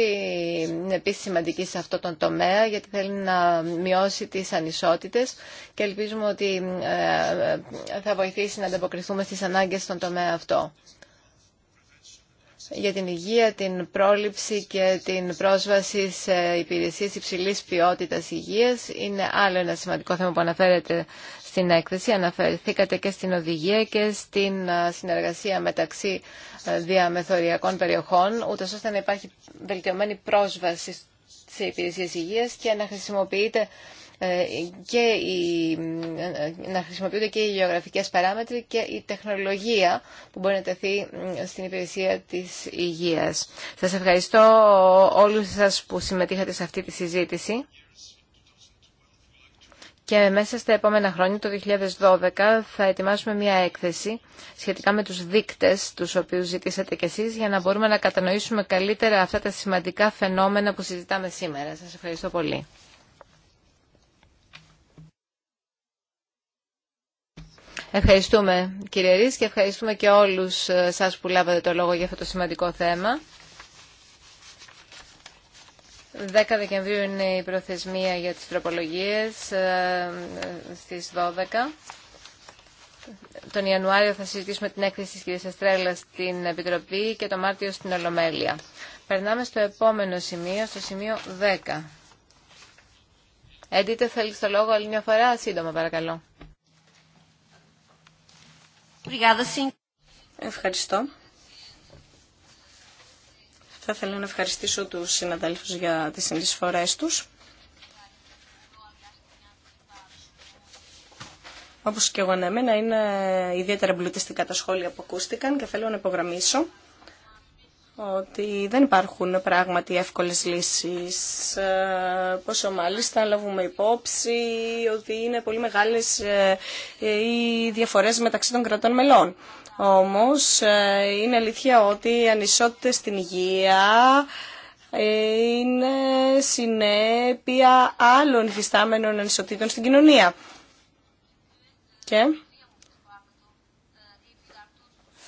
είναι επίσης σημαντική σε αυτό τον τομέα γιατί θέλει να μειώσει τις ανισότητες και ελπίζουμε ότι ε, θα βοηθήσει να ανταποκριθούμε στις ανάγκες στον τομέα αυτό. Για την υγεία, την πρόληψη και την πρόσβαση σε υπηρεσίες υψηλής ποιότητας υγείας είναι άλλο ένα σημαντικό θέμα που αναφέρεται στην έκθεση. Αναφερθήκατε και στην οδηγία και στην συνεργασία μεταξύ διαμεθοριακών περιοχών, ούτως ώστε να υπάρχει βελτιωμένη πρόσβαση σε υπηρεσίε υγεία και να χρησιμοποιείται ε, και οι, ε, χρησιμοποιούνται και οι γεωγραφικές παράμετροι και η τεχνολογία που μπορεί να τεθεί στην υπηρεσία της υγείας. Σας ευχαριστώ όλους σας που συμμετείχατε σε αυτή τη συζήτηση. Και μέσα στα επόμενα χρόνια, το 2012, θα ετοιμάσουμε μια έκθεση σχετικά με τους δείκτες τους οποίους ζητήσατε κι εσείς για να μπορούμε να κατανοήσουμε καλύτερα αυτά τα σημαντικά φαινόμενα που συζητάμε σήμερα. Σας ευχαριστώ πολύ. Ευχαριστούμε κύριε Ρης και ευχαριστούμε και όλους ε, σας που λάβατε το λόγο για αυτό το σημαντικό θέμα. 10 Δεκεμβρίου είναι η προθεσμία για τις τροπολογίες ε, στις 12. Τον Ιανουάριο θα συζητήσουμε την έκθεση της κυρίας Αστρέλα στην Επιτροπή και το Μάρτιο στην Ολομέλεια. Περνάμε στο επόμενο σημείο, στο σημείο 10. Έντιτε, θέλει το λόγο άλλη μια φορά, σύντομα παρακαλώ. Ευχαριστώ. Θα ήθελα να ευχαριστήσω τους συναδέλφους για τις συνεισφορές τους. Όπως και εγώ εμένα είναι ιδιαίτερα εμπλουτιστικά τα σχόλια που ακούστηκαν και θέλω να υπογραμμίσω ότι δεν υπάρχουν πράγματι εύκολες λύσεις. Ε, πόσο μάλιστα λάβουμε υπόψη ότι είναι πολύ μεγάλες ε, οι διαφορές μεταξύ των κρατών μελών. Όμως ε, είναι αλήθεια ότι οι ανισότητες στην υγεία ε, είναι συνέπεια άλλων υφιστάμενων ανισοτήτων στην κοινωνία. Και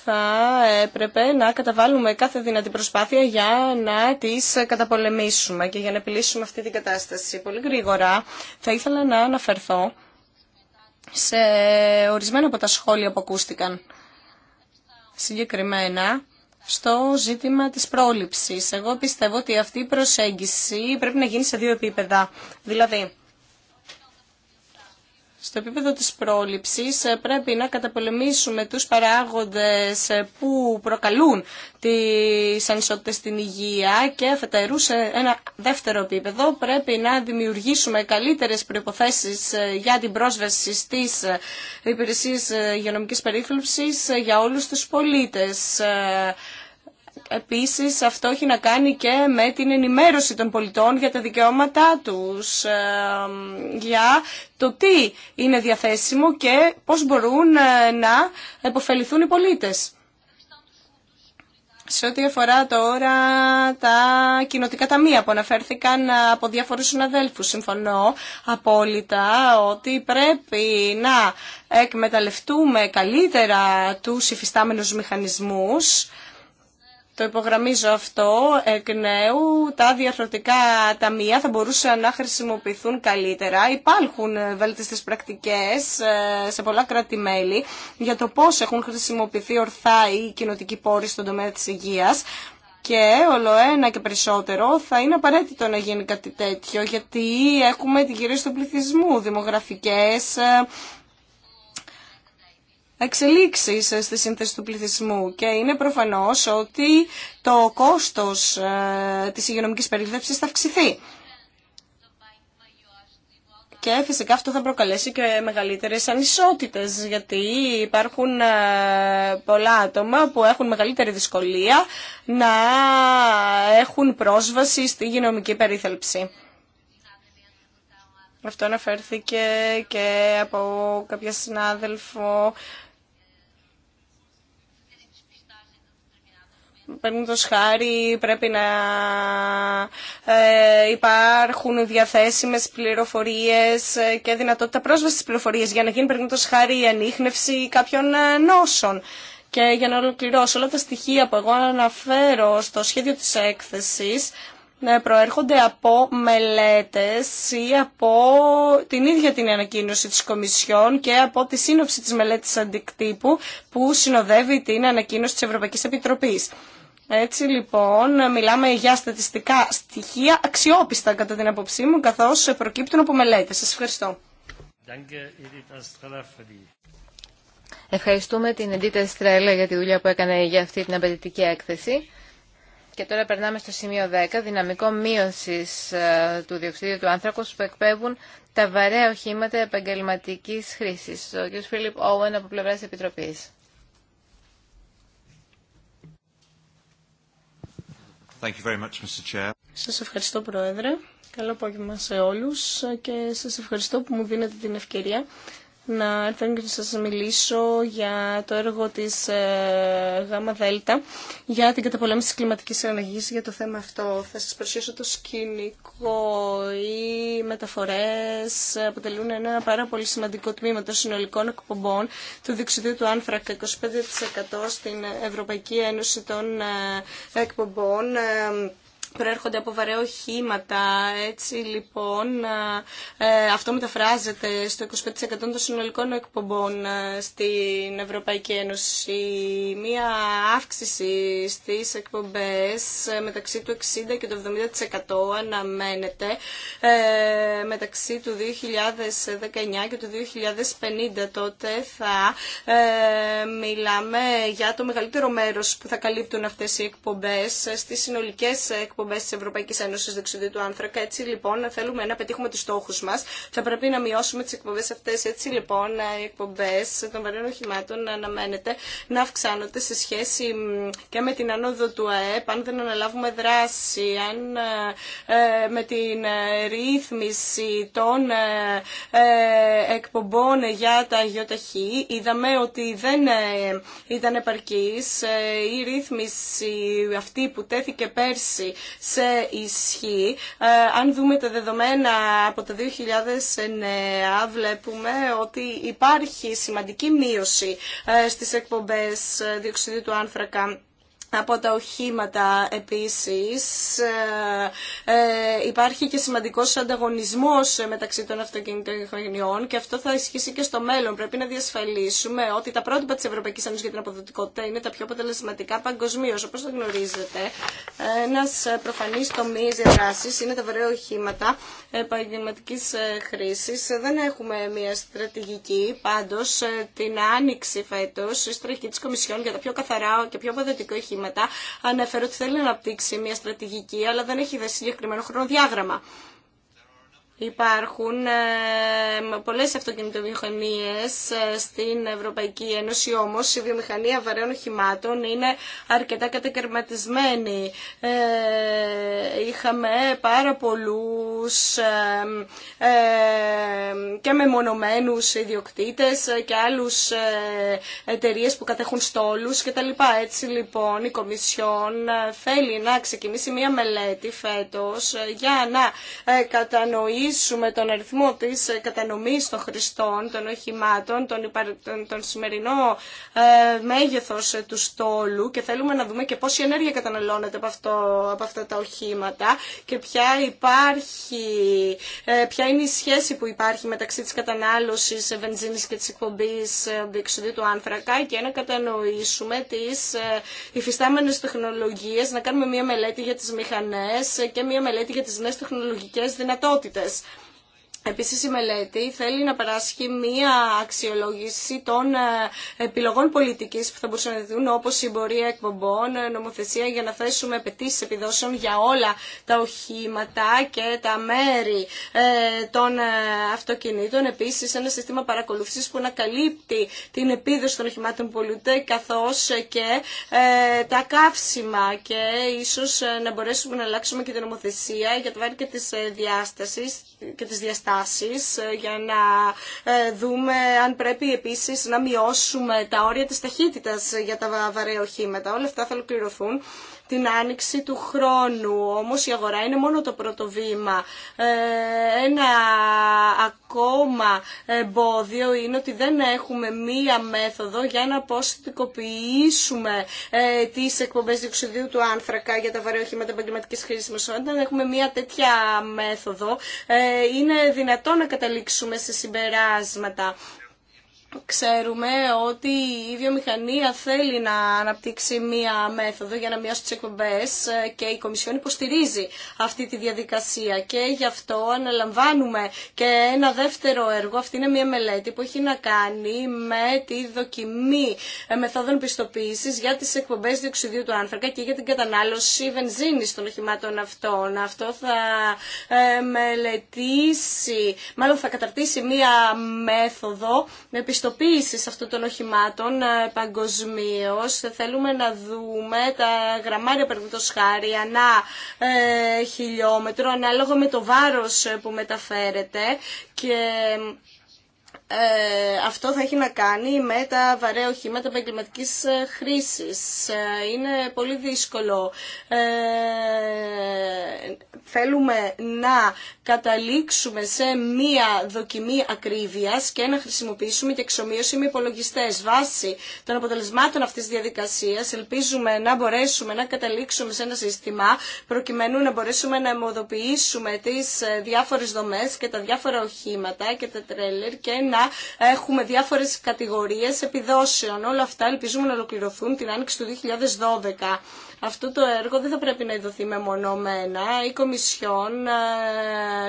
θα έπρεπε να καταβάλουμε κάθε δυνατή προσπάθεια για να τις καταπολεμήσουμε και για να επιλύσουμε αυτή την κατάσταση. Πολύ γρήγορα θα ήθελα να αναφερθώ σε ορισμένα από τα σχόλια που ακούστηκαν συγκεκριμένα στο ζήτημα της πρόληψης. Εγώ πιστεύω ότι αυτή η προσέγγιση πρέπει να γίνει σε δύο επίπεδα. Δηλαδή, στο επίπεδο της πρόληψης ε, πρέπει να καταπολεμήσουμε τους παράγοντες ε, που προκαλούν τις ανισότητες στην υγεία και αφετέρου σε ένα δεύτερο επίπεδο πρέπει να δημιουργήσουμε καλύτερες προϋποθέσεις ε, για την πρόσβαση στις υπηρεσίες υγειονομικής περίθαλψης για όλους τους πολίτες. Επίσης αυτό έχει να κάνει και με την ενημέρωση των πολιτών για τα δικαιώματά τους, ε, για το τι είναι διαθέσιμο και πώς μπορούν ε, να επωφεληθούν οι πολίτες. Σε ό,τι αφορά τώρα τα κοινοτικά ταμεία που αναφέρθηκαν από διάφορους συναδέλφους, συμφωνώ απόλυτα ότι πρέπει να εκμεταλλευτούμε καλύτερα τους υφιστάμενους μηχανισμούς το υπογραμμίζω αυτό εκ νέου. Τα διαρθρωτικά ταμεία θα μπορούσαν να χρησιμοποιηθούν καλύτερα. Υπάρχουν βέλτιστες πρακτικές ε, σε πολλά κράτη-μέλη για το πώς έχουν χρησιμοποιηθεί ορθά οι κοινοτικοί πόροι στον τομέα της υγείας. Και όλο ένα και περισσότερο θα είναι απαραίτητο να γίνει κάτι τέτοιο, γιατί έχουμε τη γύρω του πληθυσμού, δημογραφικές ε, εξελίξεις στη σύνθεση του πληθυσμού και είναι προφανώς ότι το κόστος ε, της υγειονομικής περίθαλψης θα αυξηθεί. Και φυσικά αυτό θα προκαλέσει και μεγαλύτερες ανισότητες, γιατί υπάρχουν ε, πολλά άτομα που έχουν μεγαλύτερη δυσκολία να έχουν πρόσβαση στη υγειονομική περίθαλψη. Αυτό αναφέρθηκε και από κάποια συνάδελφο Παίρνοντα χάρη πρέπει να ε, υπάρχουν διαθέσιμες πληροφορίες και δυνατότητα πρόσβασης στις πληροφορίες για να γίνει παίρνοντα χάρη η ανείχνευση κάποιων ε, νόσων. Και για να ολοκληρώσω όλα τα στοιχεία που εγώ αναφέρω στο σχέδιο της έκθεσης ναι, προέρχονται από μελέτες ή από την ίδια την ανακοίνωση της Κομισιόν και από τη σύνοψη της μελέτης αντικτύπου που συνοδεύει την ανακοίνωση της Ευρωπαϊκής Επιτροπής. Έτσι λοιπόν μιλάμε για στατιστικά στοιχεία αξιόπιστα κατά την απόψή μου καθώς προκύπτουν από μελέτες. Σας ευχαριστώ. Ευχαριστούμε την Εντίτα Στρέλα για τη δουλειά που έκανε για αυτή την απαιτητική έκθεση. Και τώρα περνάμε στο σημείο 10, δυναμικό μείωση ε, του διοξιδίου του άνθρακος που εκπέμπουν τα βαρέα οχήματα επαγγελματική χρήση. Ο κ. Φίλιπ Όουεν από πλευρά τη Επιτροπή. Σας ευχαριστώ Πρόεδρε. Καλό απόγευμα σε όλους και σας ευχαριστώ που μου δίνετε την ευκαιρία να έρθω και να σας μιλήσω για το έργο της ε, ΓΑΜΑ ΔΕΛΤΑ για την καταπολέμηση της κλιματικής αλλαγής για το θέμα αυτό. Θα σας προσθέσω το σκηνικό. Οι μεταφορές αποτελούν ένα πάρα πολύ σημαντικό τμήμα των συνολικών εκπομπών του διοξιδίου του άνθρακα 25% στην Ευρωπαϊκή Ένωση των ε, εκπομπών ε, προέρχονται από βαρέα οχήματα. Έτσι λοιπόν ε, αυτό μεταφράζεται στο 25% των συνολικών εκπομπών ε, στην Ευρωπαϊκή Ένωση. Μία αύξηση στις εκπομπές ε, μεταξύ του 60% και του 70% αναμένεται μεταξύ του 2019 και του 2050. Τότε θα μιλάμε για το μεγαλύτερο μέρος που θα καλύπτουν αυτές οι εκπομπές στις συνολικές εκπομπές εκπομπέ τη Ευρωπαϊκή Ένωση Δεξιδίου του Άνθρακα. Έτσι λοιπόν, θέλουμε να πετύχουμε του στόχου μα, θα πρέπει να μειώσουμε τι εκπομπέ αυτέ. Έτσι λοιπόν, οι εκπομπέ των βαρύνων οχημάτων αναμένεται να αυξάνονται σε σχέση και με την ανόδο του ΑΕΠ, αν δεν αναλάβουμε δράση, αν ε, με την ε, ρύθμιση των ε, εκπομπών για τα αγιοταχή. Είδαμε ότι δεν ήταν επαρκής η ρύθμιση αυτή που τέθηκε πέρσι σε ισχύ. Ε, αν δούμε τα δεδομένα από το 2009, βλέπουμε ότι υπάρχει σημαντική μείωση ε, στις εκπομπές ε, διοξιδίου του άνθρακα από τα οχήματα επίσης. Ε, ε, υπάρχει και σημαντικός ανταγωνισμός μεταξύ των αυτοκινητών και αυτό θα ισχύσει και στο μέλλον. Πρέπει να διασφαλίσουμε ότι τα πρότυπα της Ευρωπαϊκής Ένωσης για την αποδοτικότητα είναι τα πιο αποτελεσματικά παγκοσμίω. Όπως το γνωρίζετε, ένας προφανής τομής δράσης είναι τα βαρέα οχήματα επαγγελματική ε, χρήση. Δεν έχουμε μια στρατηγική, πάντως την άνοιξη φέτος, η στρατηγική της Κομισιόν για τα πιο καθαρά και πιο αποδοτικό οχήματα μετά ανέφερε ότι θέλει να αναπτύξει μια στρατηγική, αλλά δεν έχει δέσει συγκεκριμένο χρονοδιάγραμμα. Υπάρχουν ε, πολλές αυτοκινητοβιομηχανίες ε, στην Ευρωπαϊκή Ένωση, όμως η βιομηχανία βαρέων οχημάτων είναι αρκετά κατακαιρματισμένη. Ε, είχαμε πάρα πολλούς και μεμονωμένους ιδιοκτήτες και άλλους εταιρείες που κατέχουν στόλους λοιπά. Έτσι λοιπόν η Κομισιόν θέλει να ξεκινήσει μία μελέτη φέτος για να κατανοεί αναλύσουμε τον αριθμό της ε, κατανομής των χρηστών, των οχημάτων, τον, τον, σημερινό ε, μέγεθος ε, του στόλου και θέλουμε να δούμε και πόση ενέργεια καταναλώνεται από, αυτό, αυτά τα οχήματα και ποια, υπάρχει, ε, ποια είναι η σχέση που υπάρχει μεταξύ της κατανάλωσης ε, βενζίνης και της εκπομπής διεξουδίτου του άνθρακα και να κατανοήσουμε τις υφιστάμενες τεχνολογίες, να κάνουμε μια μελέτη για τις μηχανές και μια μελέτη για τις νέες τεχνολογικές δυνατότητες. Είναι Επίσης η μελέτη θέλει να περάσχει μία αξιολόγηση των ε, επιλογών πολιτικής που θα μπορούσαν να δουν όπως η εμπορία εκπομπών, ε, νομοθεσία για να θέσουμε απαιτήσει επιδόσεων για όλα τα οχήματα και τα μέρη ε, των αυτοκινήτων. Επίσης ένα σύστημα παρακολούθησης που ανακαλύπτει την επίδοση των οχημάτων που πολλούνται καθώς και τα καύσιμα και ίσως να μπορέσουμε να αλλάξουμε και την νομοθεσία για το βάρη και τις διάστασεις και της διαστάσης ε, για να ε, δούμε αν πρέπει επίσης να μειώσουμε τα όρια της ταχύτητας για τα βαρέα οχήματα. Όλα αυτά θα ολοκληρωθούν την άνοιξη του χρόνου. Όμως η αγορά είναι μόνο το πρώτο βήμα. Ε, ένα ακόμα εμπόδιο είναι ότι δεν έχουμε μία μέθοδο για να αποστικοποιήσουμε ε, τις εκπομπές διοξιδίου του άνθρακα για τα βαρεοχήματα επαγγελματικής χρήσης. Όταν έχουμε μία τέτοια μέθοδο ε, είναι δυνατό να καταλήξουμε σε συμπεράσματα. Ξέρουμε ότι η βιομηχανία θέλει να αναπτύξει μία μέθοδο για να μειώσει τις εκπομπές ε, και η Κομισιόν υποστηρίζει αυτή τη διαδικασία και γι' αυτό αναλαμβάνουμε και ένα δεύτερο έργο, αυτή είναι μία μελέτη που έχει να κάνει με τη δοκιμή ε, μεθόδων πιστοποίησης για τις εκπομπές διοξιδίου του άνθρακα και για την κατανάλωση βενζίνης των οχημάτων αυτών. Αυτό θα ε, μελετήσει, μάλλον θα καταρτήσει μία μέθοδο με πιστοποίηση σε αυτών των οχημάτων ε, παγκοσμίω. Θέλουμε να δούμε τα γραμμάρια το χάρη ανά ε, χιλιόμετρο ανάλογα με το βάρος που μεταφέρεται και ε, αυτό θα έχει να κάνει με τα βαρέα οχήματα επαγγελματική ε, χρήση. Ε, είναι πολύ δύσκολο. Ε, θέλουμε να καταλήξουμε σε μία δοκιμή ακρίβεια και να χρησιμοποιήσουμε και εξομοίωση με υπολογιστέ. Βάσει των αποτελεσμάτων αυτή τη διαδικασία, ελπίζουμε να μπορέσουμε να καταλήξουμε σε ένα σύστημα προκειμένου να μπορέσουμε να αιμοδοποιήσουμε τι διάφορε δομέ και τα διάφορα οχήματα και τα τρέλερ και να να έχουμε διάφορες κατηγορίες επιδόσεων. Όλα αυτά ελπίζουμε να ολοκληρωθούν την άνοιξη του 2012 αυτό το έργο δεν θα πρέπει να ειδωθεί μεμονωμένα. Η Κομισιόν ε,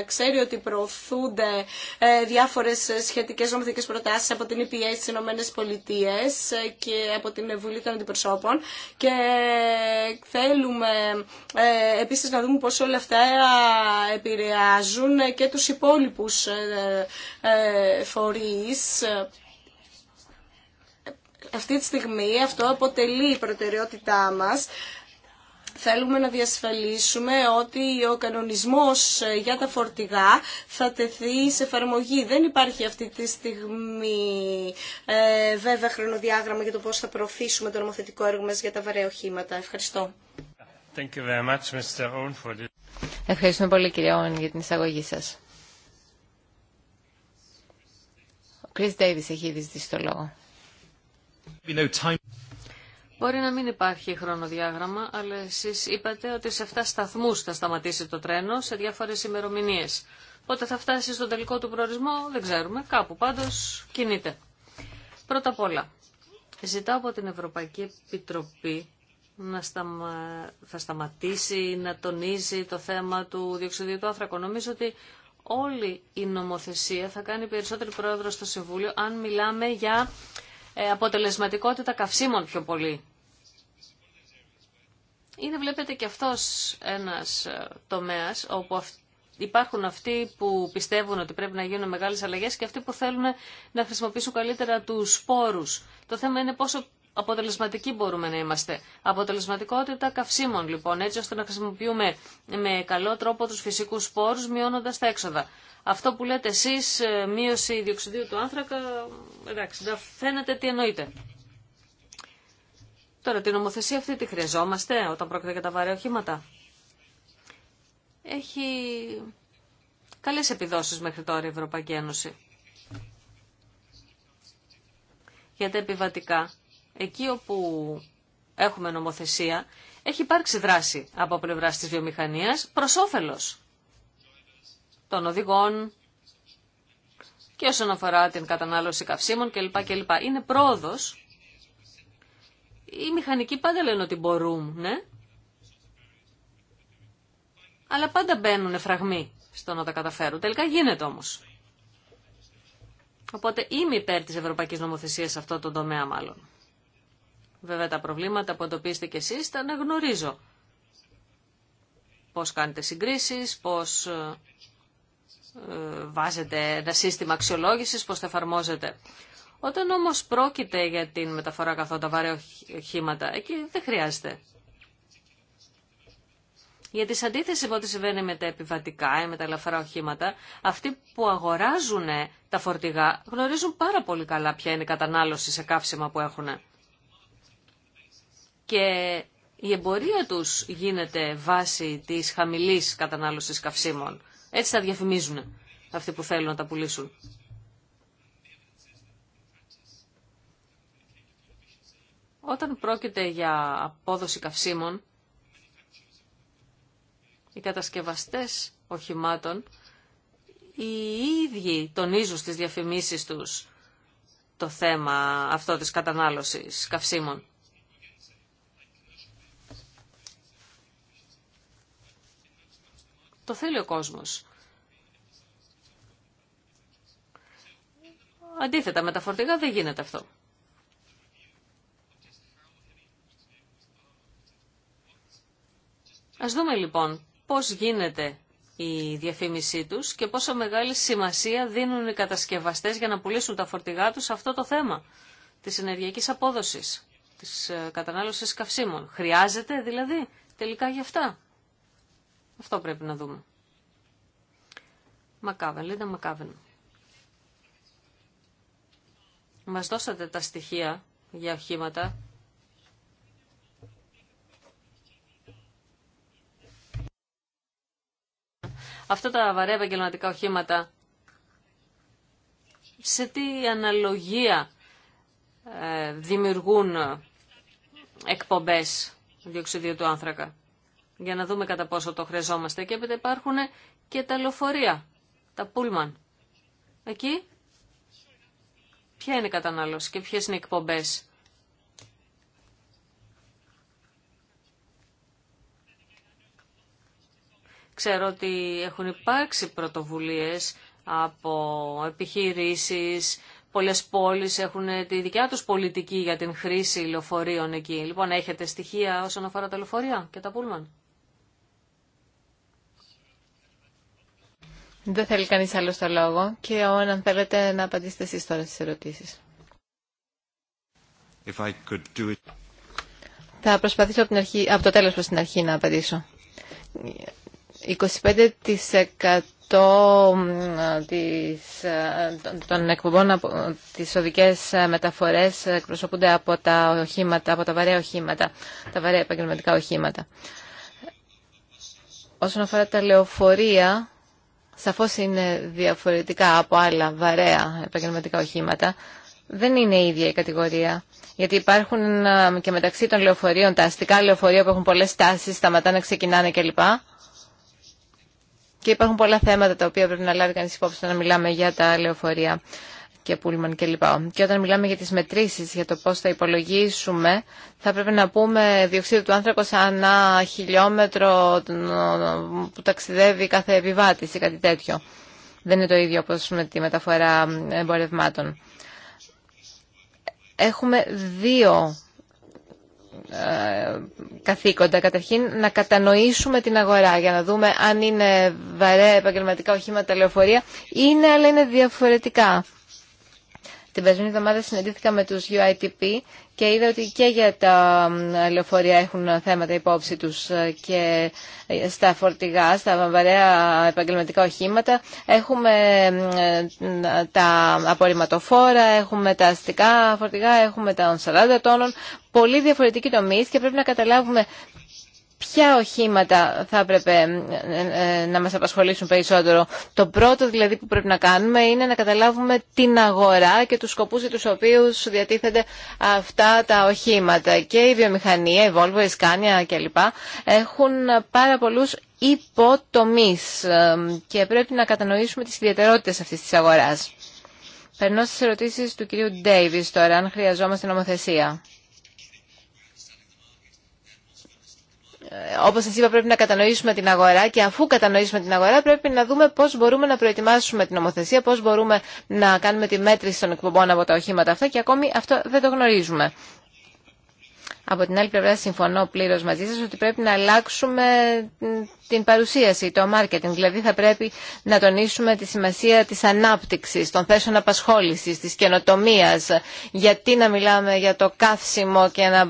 ξέρει ότι προωθούνται ε, διάφορες σχετικές νομοθετικές προτάσεις από την EPA στις Ηνωμένες Πολιτείες ε, και από την Βουλή των Αντιπροσώπων και θέλουμε επίσης να δούμε πώς όλα αυτά επηρεάζουν και τους υπόλοιπους φορείς αυτή τη στιγμή αυτό αποτελεί η προτεραιότητά μας Θέλουμε να διασφαλίσουμε ότι ο κανονισμός ε, για τα φορτηγά θα τεθεί σε εφαρμογή. Δεν υπάρχει αυτή τη στιγμή ε, βέβαια χρονοδιάγραμμα για το πώς θα προωθήσουμε το νομοθετικό έργο μας για τα βαρέα οχήματα. Ευχαριστώ. Ευχαριστούμε πολύ κύριε Όν για την εισαγωγή σας. Ο Chris Davis έχει ήδη ζητήσει το λόγο. Μπορεί να μην υπάρχει χρονοδιάγραμμα, αλλά εσείς είπατε ότι σε 7 σταθμούς θα σταματήσει το τρένο σε διάφορες ημερομηνίες. Πότε θα φτάσει στον τελικό του προορισμό δεν ξέρουμε, κάπου πάντως κινείται. Πρώτα απ' όλα, ζητάω από την Ευρωπαϊκή Επιτροπή να σταμα... θα σταματήσει να τονίζει το θέμα του διοξιδίου του άνθρακα. Νομίζω ότι όλη η νομοθεσία θα κάνει περισσότερο πρόεδρο στο Συμβούλιο αν μιλάμε για ε, αποτελεσματικότητα καυσίμων πιο πολύ. Είναι βλέπετε και αυτός ένας ε, τομέας όπου υπάρχουν αυτοί που πιστεύουν ότι πρέπει να γίνουν μεγάλες αλλαγές και αυτοί που θέλουν να χρησιμοποιήσουν καλύτερα τους σπόρους. Το θέμα είναι πόσο αποτελεσματικοί μπορούμε να είμαστε. Αποτελεσματικότητα καυσίμων λοιπόν, έτσι ώστε να χρησιμοποιούμε με καλό τρόπο τους φυσικούς σπόρους μειώνοντας τα έξοδα. Αυτό που λέτε εσείς, ε, μείωση διοξιδίου του άνθρακα, εντάξει, δεν φαίνεται τι εννοείτε. Τώρα, την νομοθεσία αυτή τη χρειαζόμαστε όταν πρόκειται για τα βαρέα οχήματα. Έχει καλές επιδόσεις μέχρι τώρα η Ευρωπαϊκή Ένωση. Για τα επιβατικά, εκεί όπου έχουμε νομοθεσία, έχει υπάρξει δράση από πλευρά της βιομηχανία προ όφελο των οδηγών και όσον αφορά την κατανάλωση καυσίμων κλπ. κλπ. Είναι πρόοδο. Οι μηχανικοί πάντα λένε ότι μπορούν, ναι. Αλλά πάντα μπαίνουν φραγμοί στο να τα καταφέρουν. Τελικά γίνεται όμως. Οπότε είμαι υπέρ της Ευρωπαϊκής Νομοθεσίας σε αυτό το τομέα μάλλον. Βέβαια τα προβλήματα που εντοπίσετε κι εσείς τα αναγνωρίζω. Πώς κάνετε συγκρίσεις, πώς ε, βάζετε ένα σύστημα αξιολόγησης, πώς τα εφαρμόζετε. Όταν όμως πρόκειται για την μεταφορά τα βαρέα οχήματα, εκεί δεν χρειάζεται. Γιατί σε αντίθεση με ό,τι συμβαίνει με τα επιβατικά ή με τα ελαφρά οχήματα, αυτοί που αγοράζουν τα φορτηγά γνωρίζουν πάρα πολύ καλά ποια είναι η κατανάλωση σε καύσιμα που έχουν και η εμπορία τους γίνεται βάση της χαμηλής κατανάλωσης καυσίμων. Έτσι τα διαφημίζουν αυτοί που θέλουν να τα πουλήσουν. Όταν πρόκειται για απόδοση καυσίμων, οι κατασκευαστές οχημάτων, οι ίδιοι τονίζουν στις διαφημίσεις τους το θέμα αυτό της κατανάλωσης καυσίμων. Το θέλει ο κόσμος. Αντίθετα, με τα φορτηγά δεν γίνεται αυτό. Ας δούμε λοιπόν πώς γίνεται η διαφήμισή τους και πόσο μεγάλη σημασία δίνουν οι κατασκευαστές για να πουλήσουν τα φορτηγά τους σε αυτό το θέμα της ενεργειακής απόδοσης, της ε, κατανάλωσης καυσίμων. Χρειάζεται δηλαδή τελικά γι' αυτά. Αυτό πρέπει να δούμε. Μακάβεν, Λίντα Μακάβεν. Μας δώσατε τα στοιχεία για οχήματα. Αυτά τα βαρέα επαγγελματικά οχήματα, σε τι αναλογία ε, δημιουργούν εκπομπές διοξιδίου του άνθρακα για να δούμε κατά πόσο το χρειαζόμαστε. Και έπειτα υπάρχουν και τα λεωφορεία, τα πούλμαν. Εκεί ποια είναι η κατανάλωση και ποιες είναι οι εκπομπές. Ξέρω ότι έχουν υπάρξει πρωτοβουλίες από επιχειρήσεις, πολλές πόλεις έχουν τη δικιά τους πολιτική για την χρήση λεωφορείων εκεί. Λοιπόν, έχετε στοιχεία όσον αφορά τα λεωφορεία και τα πούλμαν. Δεν θέλει κανείς άλλο το λόγο και ο αν θέλετε να απαντήσετε εσείς τώρα στις ερωτήσεις. Θα προσπαθήσω από, την αρχή, το τέλος προς την αρχή να απαντήσω. 25% της, ε, των εκπομπών τις οδικές ε, μεταφορές εκπροσωπούνται από τα, οχήματα, από τα βαρέα οχήματα, τα βαρέα επαγγελματικά οχήματα. Όσον αφορά τα λεωφορεία, σαφώς είναι διαφορετικά από άλλα βαρέα επαγγελματικά οχήματα. Δεν είναι η ίδια η κατηγορία. Γιατί υπάρχουν και μεταξύ των λεωφορείων τα αστικά λεωφορεία που έχουν πολλές τάσεις, σταματάνε, ξεκινάνε κλπ. Και υπάρχουν πολλά θέματα τα οποία πρέπει να λάβει κανείς υπόψη να μιλάμε για τα λεωφορεία και πούλμαν όταν μιλάμε για τις μετρήσεις, για το πώς θα υπολογίσουμε, θα πρέπει να πούμε διοξείδιο του άνθρακος ανά χιλιόμετρο που ταξιδεύει κάθε επιβάτης ή κάτι τέτοιο. Δεν είναι το ίδιο όπως με τη μεταφορά εμπορευμάτων. Έχουμε δύο ε, καθήκοντα. Καταρχήν να κατανοήσουμε την αγορά για να δούμε αν είναι βαρέα επαγγελματικά οχήματα λεωφορεία. Είναι αλλά είναι διαφορετικά. Την περσμένη εβδομάδα συναντήθηκα με τους UITP και είδα ότι και για τα λεωφορεία έχουν θέματα υπόψη τους ε, και ε, στα φορτηγά, στα βαρέα επαγγελματικά οχήματα. Έχουμε ε, τα απορριμματοφόρα, έχουμε τα αστικά φορτηγά, έχουμε τα 40 τόνων. Πολύ διαφορετική τομή και πρέπει να καταλάβουμε ποια οχήματα θα έπρεπε ε, ε, ε, να μας απασχολήσουν περισσότερο. Το πρώτο δηλαδή που πρέπει να κάνουμε είναι να καταλάβουμε την αγορά και τους σκοπούς για τους οποίους διατίθενται αυτά τα οχήματα. Και η βιομηχανία, η Volvo, η Scania κλπ. έχουν πάρα πολλούς υποτομείς και πρέπει να κατανοήσουμε τις ιδιαιτερότητες αυτής της αγοράς. Περνώ στις ερωτήσεις του κυρίου Ντέιβις τώρα, αν χρειαζόμαστε νομοθεσία. Ε, όπως σας είπα πρέπει να κατανοήσουμε την αγορά και αφού κατανοήσουμε την αγορά πρέπει να δούμε πώς μπορούμε να προετοιμάσουμε την νομοθεσία, πώς μπορούμε να κάνουμε τη μέτρηση των εκπομπών από τα οχήματα αυτά και ακόμη αυτό δεν το γνωρίζουμε. Από την άλλη πλευρά συμφωνώ πλήρως μαζί σας ότι πρέπει να αλλάξουμε την παρουσίαση, το marketing. Δηλαδή θα πρέπει να τονίσουμε τη σημασία της ανάπτυξης, των θέσεων απασχόλησης, της καινοτομίας. Γιατί να μιλάμε για το καύσιμο και να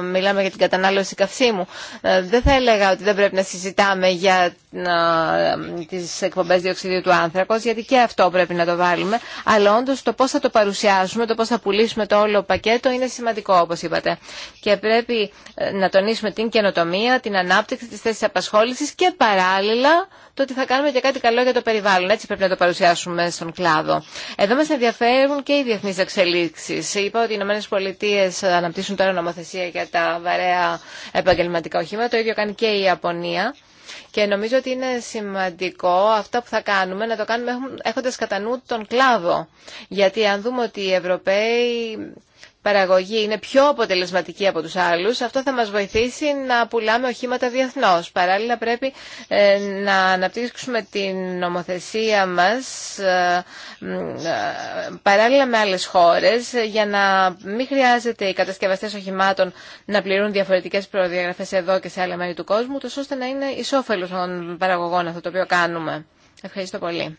μιλάμε για την κατανάλωση καυσίμου. Ε, δεν θα έλεγα ότι δεν πρέπει να συζητάμε για τις εκπομπές διοξιδίου του άνθρακος, γιατί και αυτό πρέπει να το βάλουμε. Αλλά όντως το πώς θα το παρουσιάσουμε, το πώς θα πουλήσουμε το όλο πακέτο είναι σημαντικό όπως είπατε. Και πρέπει ε, να τονίσουμε την καινοτομία, την ανάπτυξη της θέσης απασχόλησης και παράλληλα το ότι θα κάνουμε και κάτι καλό για το περιβάλλον. Έτσι πρέπει να το παρουσιάσουμε στον κλάδο. Εδώ μα ενδιαφέρουν και οι διεθνεί εξελίξει. Είπα ότι οι ΗΠΑ αναπτύσσουν τώρα νομοθεσία για τα βαρέα επαγγελματικά οχήματα. Το ίδιο κάνει και η Ιαπωνία. Και νομίζω ότι είναι σημαντικό αυτά που θα κάνουμε να το κάνουμε έχοντα κατά νου τον κλάδο. Γιατί αν δούμε ότι οι Ευρωπαίοι παραγωγή είναι πιο αποτελεσματική από τους άλλους, αυτό θα μας βοηθήσει να πουλάμε οχήματα διεθνώς. Παράλληλα πρέπει ε, να αναπτύξουμε την νομοθεσία μας ε, ε, παράλληλα με άλλες χώρες για να μην χρειάζεται οι κατασκευαστές οχημάτων να πληρούν διαφορετικές προδιαγραφές εδώ και σε άλλα μέρη του κόσμου, τόσο ώστε να είναι ισόφελος των παραγωγών αυτό το οποίο κάνουμε. Ευχαριστώ πολύ.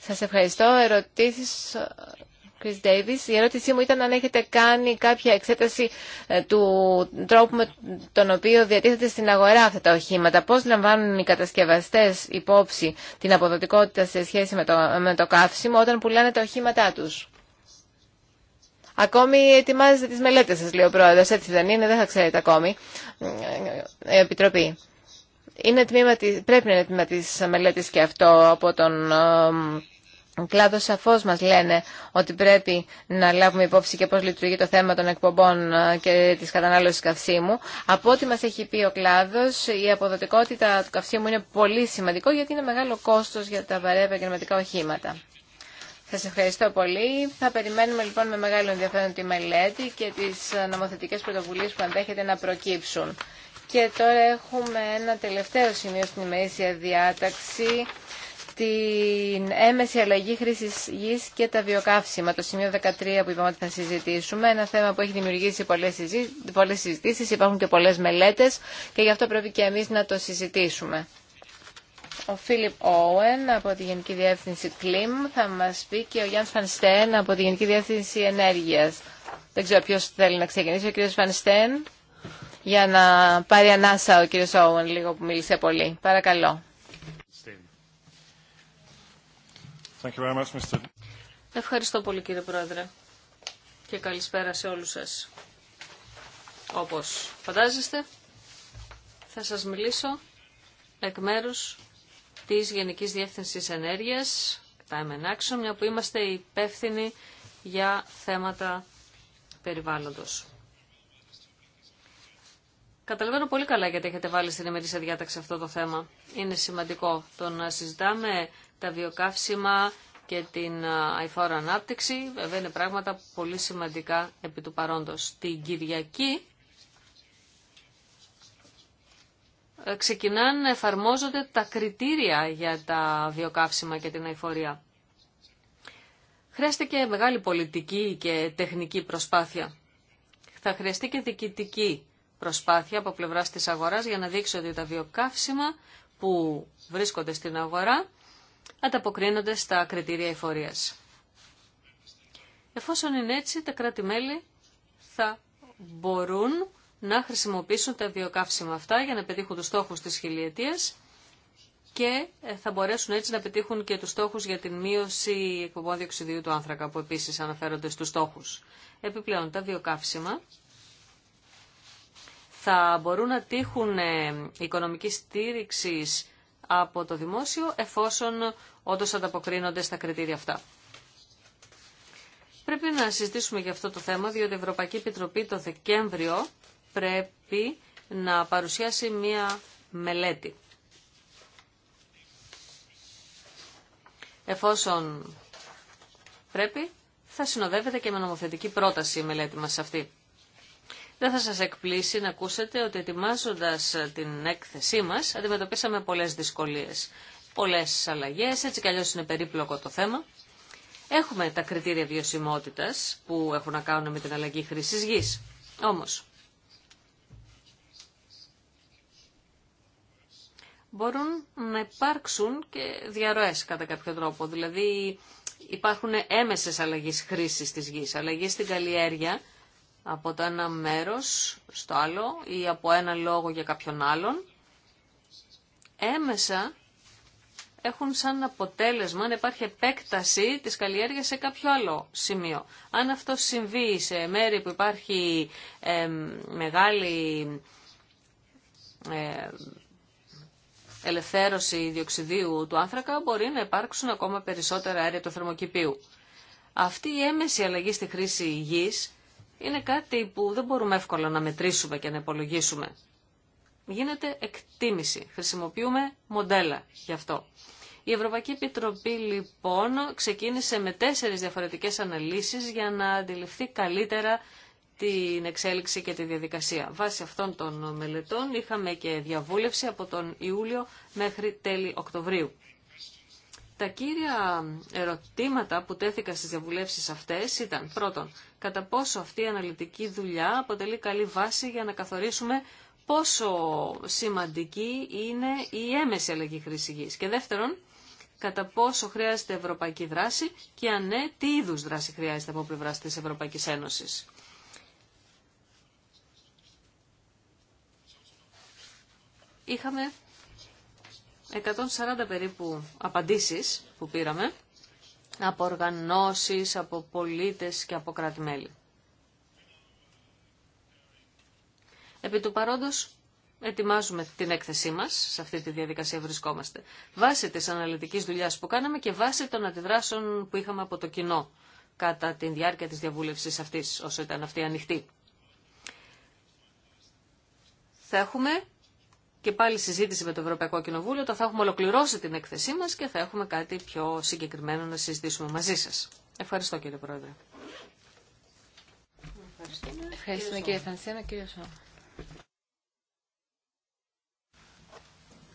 Σας ευχαριστώ. Ερωτήσεις Chris Davis. Η ερώτησή μου ήταν αν έχετε κάνει κάποια εξέταση ε, του τρόπου με τον οποίο διατίθεται στην αγορά αυτά τα οχήματα. Πώς λαμβάνουν οι κατασκευαστές υπόψη την αποδοτικότητα σε σχέση με το, με καύσιμο όταν πουλάνε τα οχήματά τους. Ακόμη ετοιμάζετε τις μελέτες σας, λέει ο Έτσι δεν είναι, δεν θα ξέρετε ακόμη. Ε, Επιτροπή. πρέπει να είναι τμήμα τη μελέτης και αυτό από τον ε, ο κλάδο σαφώ μα λένε ότι πρέπει να λάβουμε υπόψη και πώ λειτουργεί το θέμα των εκπομπών ε, και τη κατανάλωση καυσίμου. Από ό,τι μα έχει πει ο κλάδο, η αποδοτικότητα του καυσίμου είναι πολύ σημαντικό γιατί είναι μεγάλο κόστο για τα βαρέα επαγγελματικά οχήματα. Σα ευχαριστώ πολύ. Θα περιμένουμε λοιπόν με μεγάλο ενδιαφέρον τη μελέτη και τι ε, νομοθετικέ πρωτοβουλίε που ενδέχεται να προκύψουν. Και τώρα έχουμε ένα τελευταίο σημείο στην ημερήσια διάταξη την έμεση αλλαγή χρήση γη και τα βιοκαύσιμα. Το σημείο 13 που είπαμε ότι θα συζητήσουμε. Ένα θέμα που έχει δημιουργήσει πολλέ συζητήσει, υπάρχουν και πολλέ μελέτε και γι' αυτό πρέπει και εμεί να το συζητήσουμε. Ο Φίλιπ Όουεν από τη Γενική Διεύθυνση Κλίμ θα μα πει και ο Γιάννη Φανστέν από τη Γενική Διεύθυνση Ενέργεια. Δεν ξέρω ποιο θέλει να ξεκινήσει, ο κ. Φανστέν, για να πάρει ανάσα ο κ. Όουεν λίγο που μίλησε πολύ. Παρακαλώ. Ευχαριστώ πολύ κύριε Πρόεδρε και καλησπέρα σε όλους σας. Όπως φαντάζεστε, θα σας μιλήσω εκ μέρους της Γενικής Διεύθυνσης Ενέργειας, τα and Action, μια που είμαστε υπεύθυνοι για θέματα περιβάλλοντος. Καταλαβαίνω πολύ καλά γιατί έχετε βάλει στην ημερήσια διάταξη αυτό το θέμα. Είναι σημαντικό το να συζητάμε τα βιοκαύσιμα και την αηφόρα ανάπτυξη. Βέβαια είναι πράγματα πολύ σημαντικά επί του παρόντος. Την Κυριακή ε, ξεκινάνε να εφαρμόζονται τα κριτήρια για τα βιοκαύσιμα και την αηφορία. Χρειάστηκε μεγάλη πολιτική και τεχνική προσπάθεια. Θα χρειαστεί και διοικητική προσπάθεια από πλευράς της αγοράς για να δείξει ότι τα βιοκαύσιμα που βρίσκονται στην αγορά ανταποκρίνονται στα κριτήρια εφορίας. Εφόσον είναι έτσι, τα κράτη-μέλη θα μπορούν να χρησιμοποιήσουν τα βιοκαύσιμα αυτά για να πετύχουν τους στόχους της χιλιετίας και ε, θα μπορέσουν έτσι να πετύχουν και τους στόχους για την μείωση εκπομπών διοξιδίου του άνθρακα που επίσης αναφέρονται στους στόχους. Επιπλέον τα βιοκαύσιμα θα μπορούν να τύχουν ε, οικονομική στήριξης από το δημόσιο εφόσον όντω ανταποκρίνονται στα κριτήρια αυτά. Πρέπει να συζητήσουμε για αυτό το θέμα, διότι η Ευρωπαϊκή Επιτροπή το Δεκέμβριο πρέπει να παρουσιάσει μία μελέτη. Εφόσον πρέπει, θα συνοδεύεται και με νομοθετική πρόταση η μελέτη μας αυτή. Δεν θα σας εκπλήσει να ακούσετε ότι ετοιμάζοντας την έκθεσή μας αντιμετωπίσαμε πολλές δυσκολίες, πολλές αλλαγές, έτσι κι αλλιώς είναι περίπλοκο το θέμα. Έχουμε τα κριτήρια βιωσιμότητας που έχουν να κάνουν με την αλλαγή χρήσης γης. Όμως, μπορούν να υπάρξουν και διαρροές κατά κάποιο τρόπο. Δηλαδή υπάρχουν έμεσες αλλαγές χρήσης της γης, αλλαγές στην καλλιέργεια από το ένα μέρος στο άλλο ή από ένα λόγο για κάποιον άλλον, έμεσα έχουν σαν αποτέλεσμα να υπάρχει επέκταση της καλλιέργειας σε κάποιο άλλο σημείο. Αν αυτό συμβεί σε μέρη που υπάρχει ε, μεγάλη ε, ελευθέρωση διοξιδίου του άνθρακα, μπορεί να υπάρξουν ακόμα περισσότερα αέρια του θερμοκηπίου. Αυτή η έμεση μερη που υπαρχει μεγαλη ε ελευθερωση διοξιδιου του ανθρακα μπορει να υπαρξουν ακομα περισσοτερα αερια του θερμοκηπιου αυτη η εμεση αλλαγη στη χρήση γης είναι κάτι που δεν μπορούμε εύκολα να μετρήσουμε και να υπολογίσουμε. Γίνεται εκτίμηση. Χρησιμοποιούμε μοντέλα γι' αυτό. Η Ευρωπαϊκή Επιτροπή λοιπόν ξεκίνησε με τέσσερις διαφορετικές αναλύσεις για να αντιληφθεί καλύτερα την εξέλιξη και τη διαδικασία. Βάσει αυτών των μελετών είχαμε και διαβούλευση από τον Ιούλιο μέχρι τέλη Οκτωβρίου. Τα κύρια ερωτήματα που τέθηκαν στις διαβουλεύσεις αυτές ήταν πρώτον, κατά πόσο αυτή η αναλυτική δουλειά αποτελεί καλή βάση για να καθορίσουμε πόσο σημαντική είναι η έμεση αλλαγή χρήση γης. Και δεύτερον, κατά πόσο χρειάζεται ευρωπαϊκή δράση και αν ναι, τι είδους δράση χρειάζεται από πλευρά της Ευρωπαϊκής Ένωσης. Είχαμε 140 περίπου απαντήσεις που πήραμε από οργανώσεις, από πολίτες και από κράτη-μέλη. Επί του παρόντος ετοιμάζουμε την έκθεσή μας, σε αυτή τη διαδικασία βρισκόμαστε, βάσει της αναλυτικής δουλειάς που κάναμε και βάσει των αντιδράσεων που είχαμε από το κοινό κατά τη διάρκεια της διαβούλευσης αυτής, όσο ήταν αυτή ανοιχτή. Θα έχουμε και πάλι συζήτηση με το Ευρωπαϊκό Κοινοβούλιο, όταν θα έχουμε ολοκληρώσει την έκθεσή μας και θα έχουμε κάτι πιο συγκεκριμένο να συζητήσουμε μαζί σας. Ευχαριστώ κύριε Πρόεδρε. Ευχαριστούμε, κύριε Φανσένα, κύριε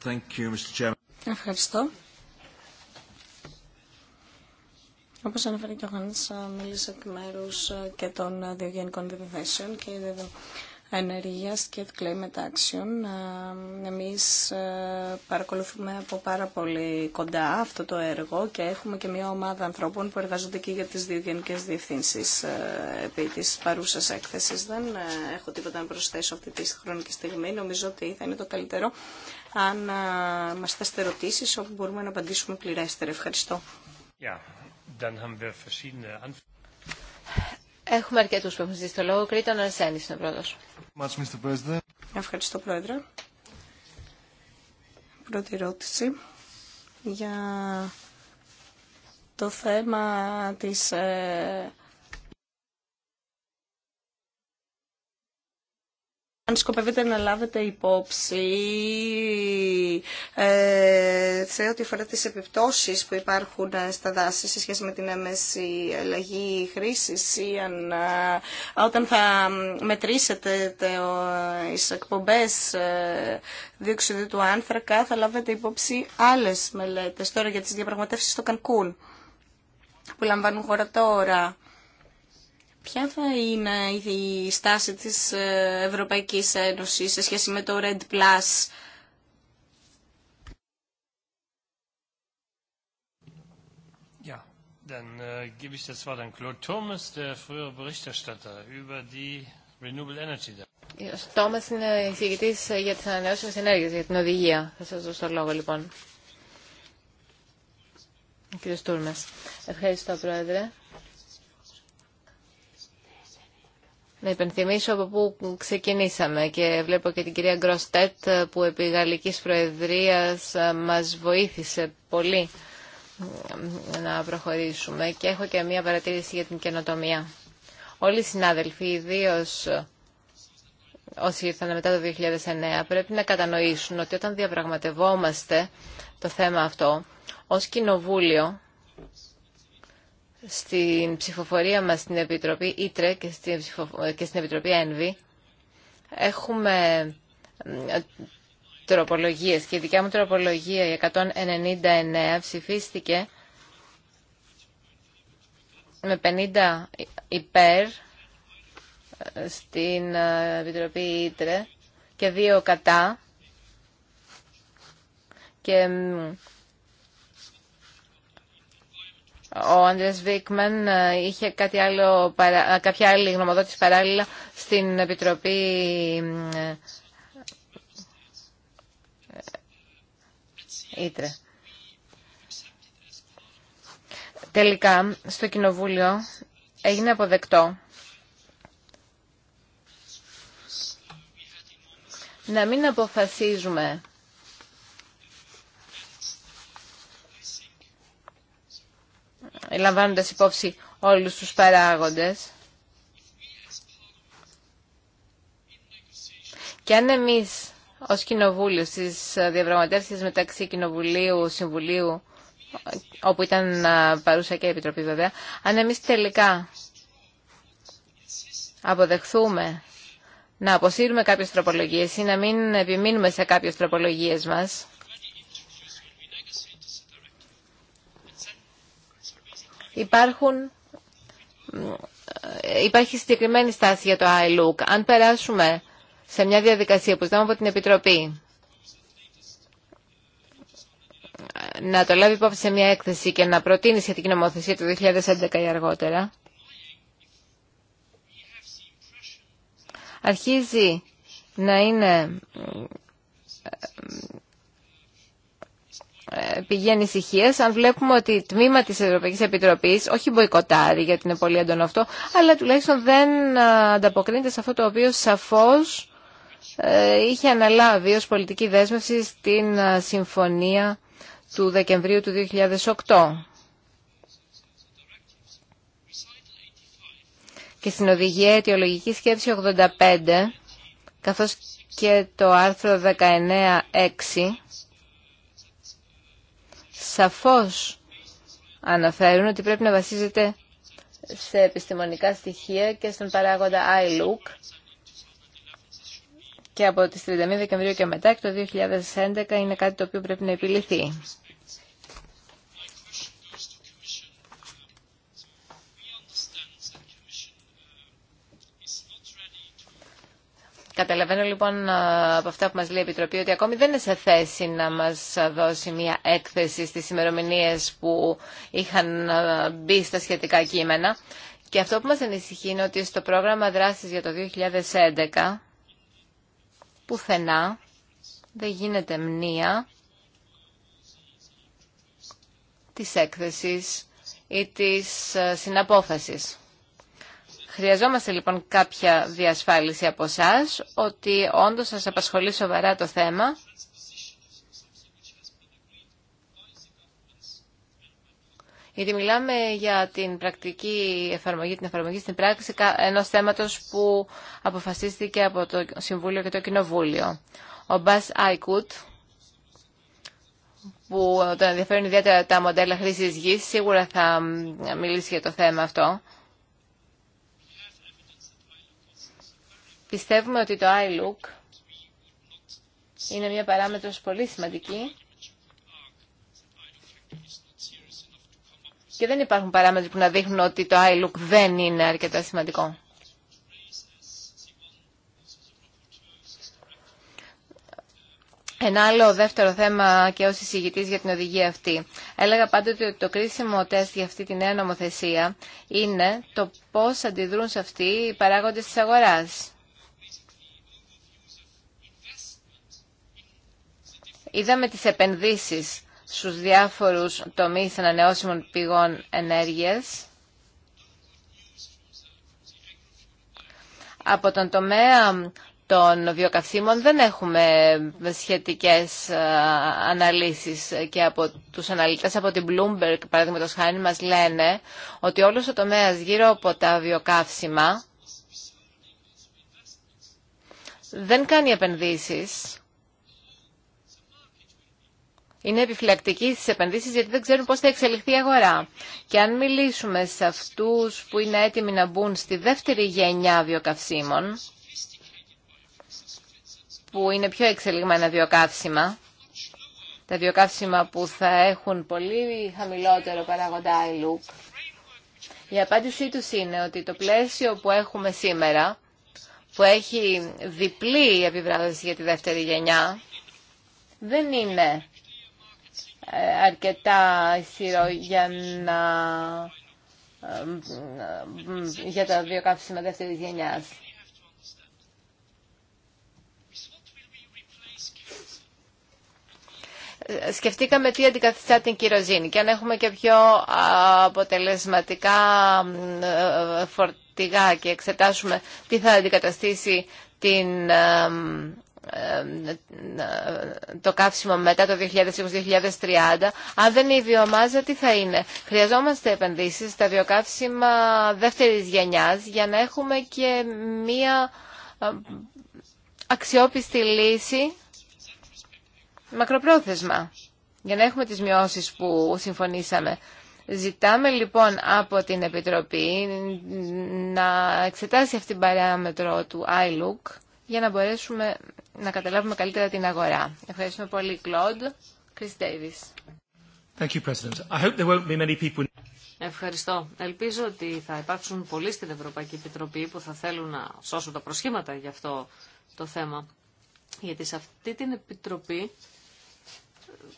Thank you, Mr. Chairman. Ευχαριστώ. Όπως αναφέρει και ο Χάνης, μίλησε εκ μέρους και των δύο γενικών και εδώ ενέργειας και climate action. Ε, εμείς ε, παρακολουθούμε από πάρα πολύ κοντά αυτό το έργο και έχουμε και μια ομάδα ανθρώπων που εργαζονται και για τις δύο γενικές διευθύνσεις ε, επί της παρούσας έκθεσης. Δεν έχω τίποτα να προσθέσω αυτή τη χρονική στιγμή. Νομίζω ότι θα είναι το καλύτερο αν μας θέσετε ερωτήσεις όπου μπορούμε να απαντήσουμε πληρέστερα. Ευχαριστώ. Yeah. Έχουμε αρκετούς που έχουν ζητήσει το λόγο. Κρήτον Αρσένης είναι πρώτο. Ευχαριστώ, Πρόεδρε. Πρώτη ερώτηση για το θέμα της ε, αν σκοπεύετε να λάβετε υπόψη ε, σε ό,τι αφορά τις επιπτώσεις που υπάρχουν ε, στα δάση σε σχέση με την έμεση αλλαγή χρήσης ή αν, ε, όταν θα μετρήσετε ε, τις εκπομπές ε, διοξιδίου του άνθρακα θα λάβετε υπόψη άλλες μελέτες τώρα για τις διαπραγματεύσεις στο Κανκούν που λαμβάνουν χώρα τώρα. Ποια θα είναι η στάση της ε, Ευρωπαϊκής Ένωσης σε σχέση με το Red Plus. Ja, dann äh, gebe ich das Wort an Claude Thomas, der frühere Berichterstatter über die Renewable Energy. Thomas είναι εισηγητής ε, για τις ανανεώσιμες ενέργειες, για την οδηγία. Θα σας δώσω το λόγο λοιπόν. Κύριε τούρμες, Ευχαριστώ Πρόεδρε. Να υπενθυμίσω από πού ξεκινήσαμε και βλέπω και την κυρία Γκροστέτ που επί Γαλλικής Προεδρίας μας βοήθησε πολύ να προχωρήσουμε και έχω και μία παρατήρηση για την καινοτομία. Όλοι οι συνάδελφοι, ιδίω όσοι ήρθαν μετά το 2009, πρέπει να κατανοήσουν ότι όταν διαπραγματευόμαστε το θέμα αυτό, ως κοινοβούλιο στην ψηφοφορία μας στην Επιτροπή Ήτρε και στην, και στην Επιτροπή ΕΝΒΗ έχουμε ε, τροπολογίες και η δικιά μου τροπολογία η 199 ψηφίστηκε με 50 υπέρ ε, στην ε, Επιτροπή Ήτρε και δύο κατά και ο Άντρες Βίκμαν ε, είχε κάτι άλλο, ε, κάποια άλλη γνωμοδότηση παράλληλα στην Επιτροπή ε, Ήτρε. Τελικά, στο Κοινοβούλιο έγινε αποδεκτό να μην αποφασίζουμε λαμβάνοντας υπόψη όλους τους παράγοντες. Και αν εμείς ως Κοινοβούλιο στις διαπραγματεύσεις μεταξύ Κοινοβουλίου, Συμβουλίου, όπου ήταν παρούσα και η Επιτροπή βέβαια, αν εμείς τελικά αποδεχθούμε να αποσύρουμε κάποιες τροπολογίες ή να μην επιμείνουμε σε κάποιες τροπολογίες μας, Υπάρχουν ε, υπάρχει συγκεκριμένη στάση για το iLook. Αν περάσουμε σε μια διαδικασία που ζητάμε από την Επιτροπή να το λάβει υπόψη σε μια έκθεση και να προτείνει σχετική νομοθεσία το 2011 ή αργότερα, αρχίζει να είναι ε, πηγαίνει ανησυχία αν βλέπουμε ότι τμήμα της Ευρωπαϊκής Επιτροπής όχι μποϊκοτάρει γιατί είναι πολύ έντονο αυτό αλλά τουλάχιστον δεν ε, ανταποκρίνεται σε αυτό το οποίο σαφώς ε, είχε αναλάβει ως πολιτική δέσμευση στην συμφωνία του Δεκεμβρίου του 2008. Και στην οδηγία αιτιολογική σκέψη 85, καθώς και το άρθρο 19.6, σαφώς αναφέρουν ότι πρέπει να βασίζεται σε επιστημονικά στοιχεία και στον παράγοντα iLook και από τις 31 Δεκεμβρίου και μετά και το 2011 είναι κάτι το οποίο πρέπει να επιληθεί. Καταλαβαίνω λοιπόν από αυτά που μας λέει η Επιτροπή ότι ακόμη δεν είναι σε θέση να μας δώσει μια έκθεση στις ημερομηνίε που είχαν ε, μπει στα σχετικά κείμενα. Και αυτό που μας ανησυχεί είναι ότι στο πρόγραμμα δράσης για το 2011 πουθενά δεν γίνεται μνήα της έκθεσης ή της ε, συναπόφασης. Χρειαζόμαστε λοιπόν κάποια διασφάλιση από εσά ότι όντως σας απασχολεί σοβαρά το θέμα Γιατί μιλάμε για την πρακτική εφαρμογή, την εφαρμογή στην πράξη ενό θέματο που αποφασίστηκε από το Συμβούλιο και το Κοινοβούλιο. Ο Μπάς Άικουτ, που τον ενδιαφέρουν ιδιαίτερα τα μοντέλα χρήση γη, σίγουρα θα μιλήσει για το θέμα αυτό. Πιστεύουμε ότι το iLook είναι μια παράμετρος πολύ σημαντική και δεν υπάρχουν παράμετροι που να δείχνουν ότι το iLook δεν είναι αρκετά σημαντικό. Ένα άλλο δεύτερο θέμα και ως εισηγητής για την οδηγία αυτή. Έλεγα πάντοτε ότι το κρίσιμο τεστ για αυτή τη νέα νομοθεσία είναι το πώς αντιδρούν σε αυτή οι παράγοντες της αγοράς. Είδαμε τις επενδύσεις στους διάφορους τομείς ανανεώσιμων πηγών ενέργειας. Από τον τομέα των βιοκαυσίμων δεν έχουμε σχετικές ε, αναλύσεις και από τους αναλυτές από την Bloomberg παραδείγματος χάρη μας λένε ότι όλος ο τομέας γύρω από τα βιοκαύσιμα δεν κάνει επενδύσεις είναι επιφυλακτικοί στις επενδύσεις γιατί δεν ξέρουν πώς θα εξελιχθεί η αγορά. Και αν μιλήσουμε σε αυτούς που είναι έτοιμοι να μπουν στη δεύτερη γενιά βιοκαυσίμων, που είναι πιο εξελιγμένα βιοκαύσιμα, τα βιοκαύσιμα που θα έχουν πολύ χαμηλότερο παράγοντα iLook, η απάντησή τους είναι ότι το πλαίσιο που έχουμε σήμερα, που έχει διπλή επιβράβευση για τη δεύτερη γενιά, δεν είναι αρκετά ισχυρό για να ε, για τα βιοκαύσιμα δεύτερης γενιάς. σκεφτήκαμε τι αντικαθιστά την κυροζήνη και αν έχουμε και πιο αποτελεσματικά ε, φορτηγά και εξετάσουμε τι θα αντικαταστήσει την ε, ε, το καύσιμο μετά το 2020-2030, αν δεν είναι η βιομάζα, τι θα είναι. Χρειαζόμαστε επενδύσεις στα βιοκαύσιμα δεύτερης γενιάς για να έχουμε και μία ε, αξιόπιστη λύση μακροπρόθεσμα για να έχουμε τις μειώσεις που συμφωνήσαμε. Ζητάμε λοιπόν από την Επιτροπή να εξετάσει αυτήν την παράμετρο του iLook για να μπορέσουμε να καταλάβουμε καλύτερα την αγορά. Ευχαριστούμε πολύ, Κλοντ. Κρις Τέιβις. Ευχαριστώ. Ελπίζω ότι θα υπάρξουν πολλοί στην Ευρωπαϊκή Επιτροπή που θα θέλουν να σώσουν τα προσχήματα για αυτό το θέμα. Γιατί σε αυτή την Επιτροπή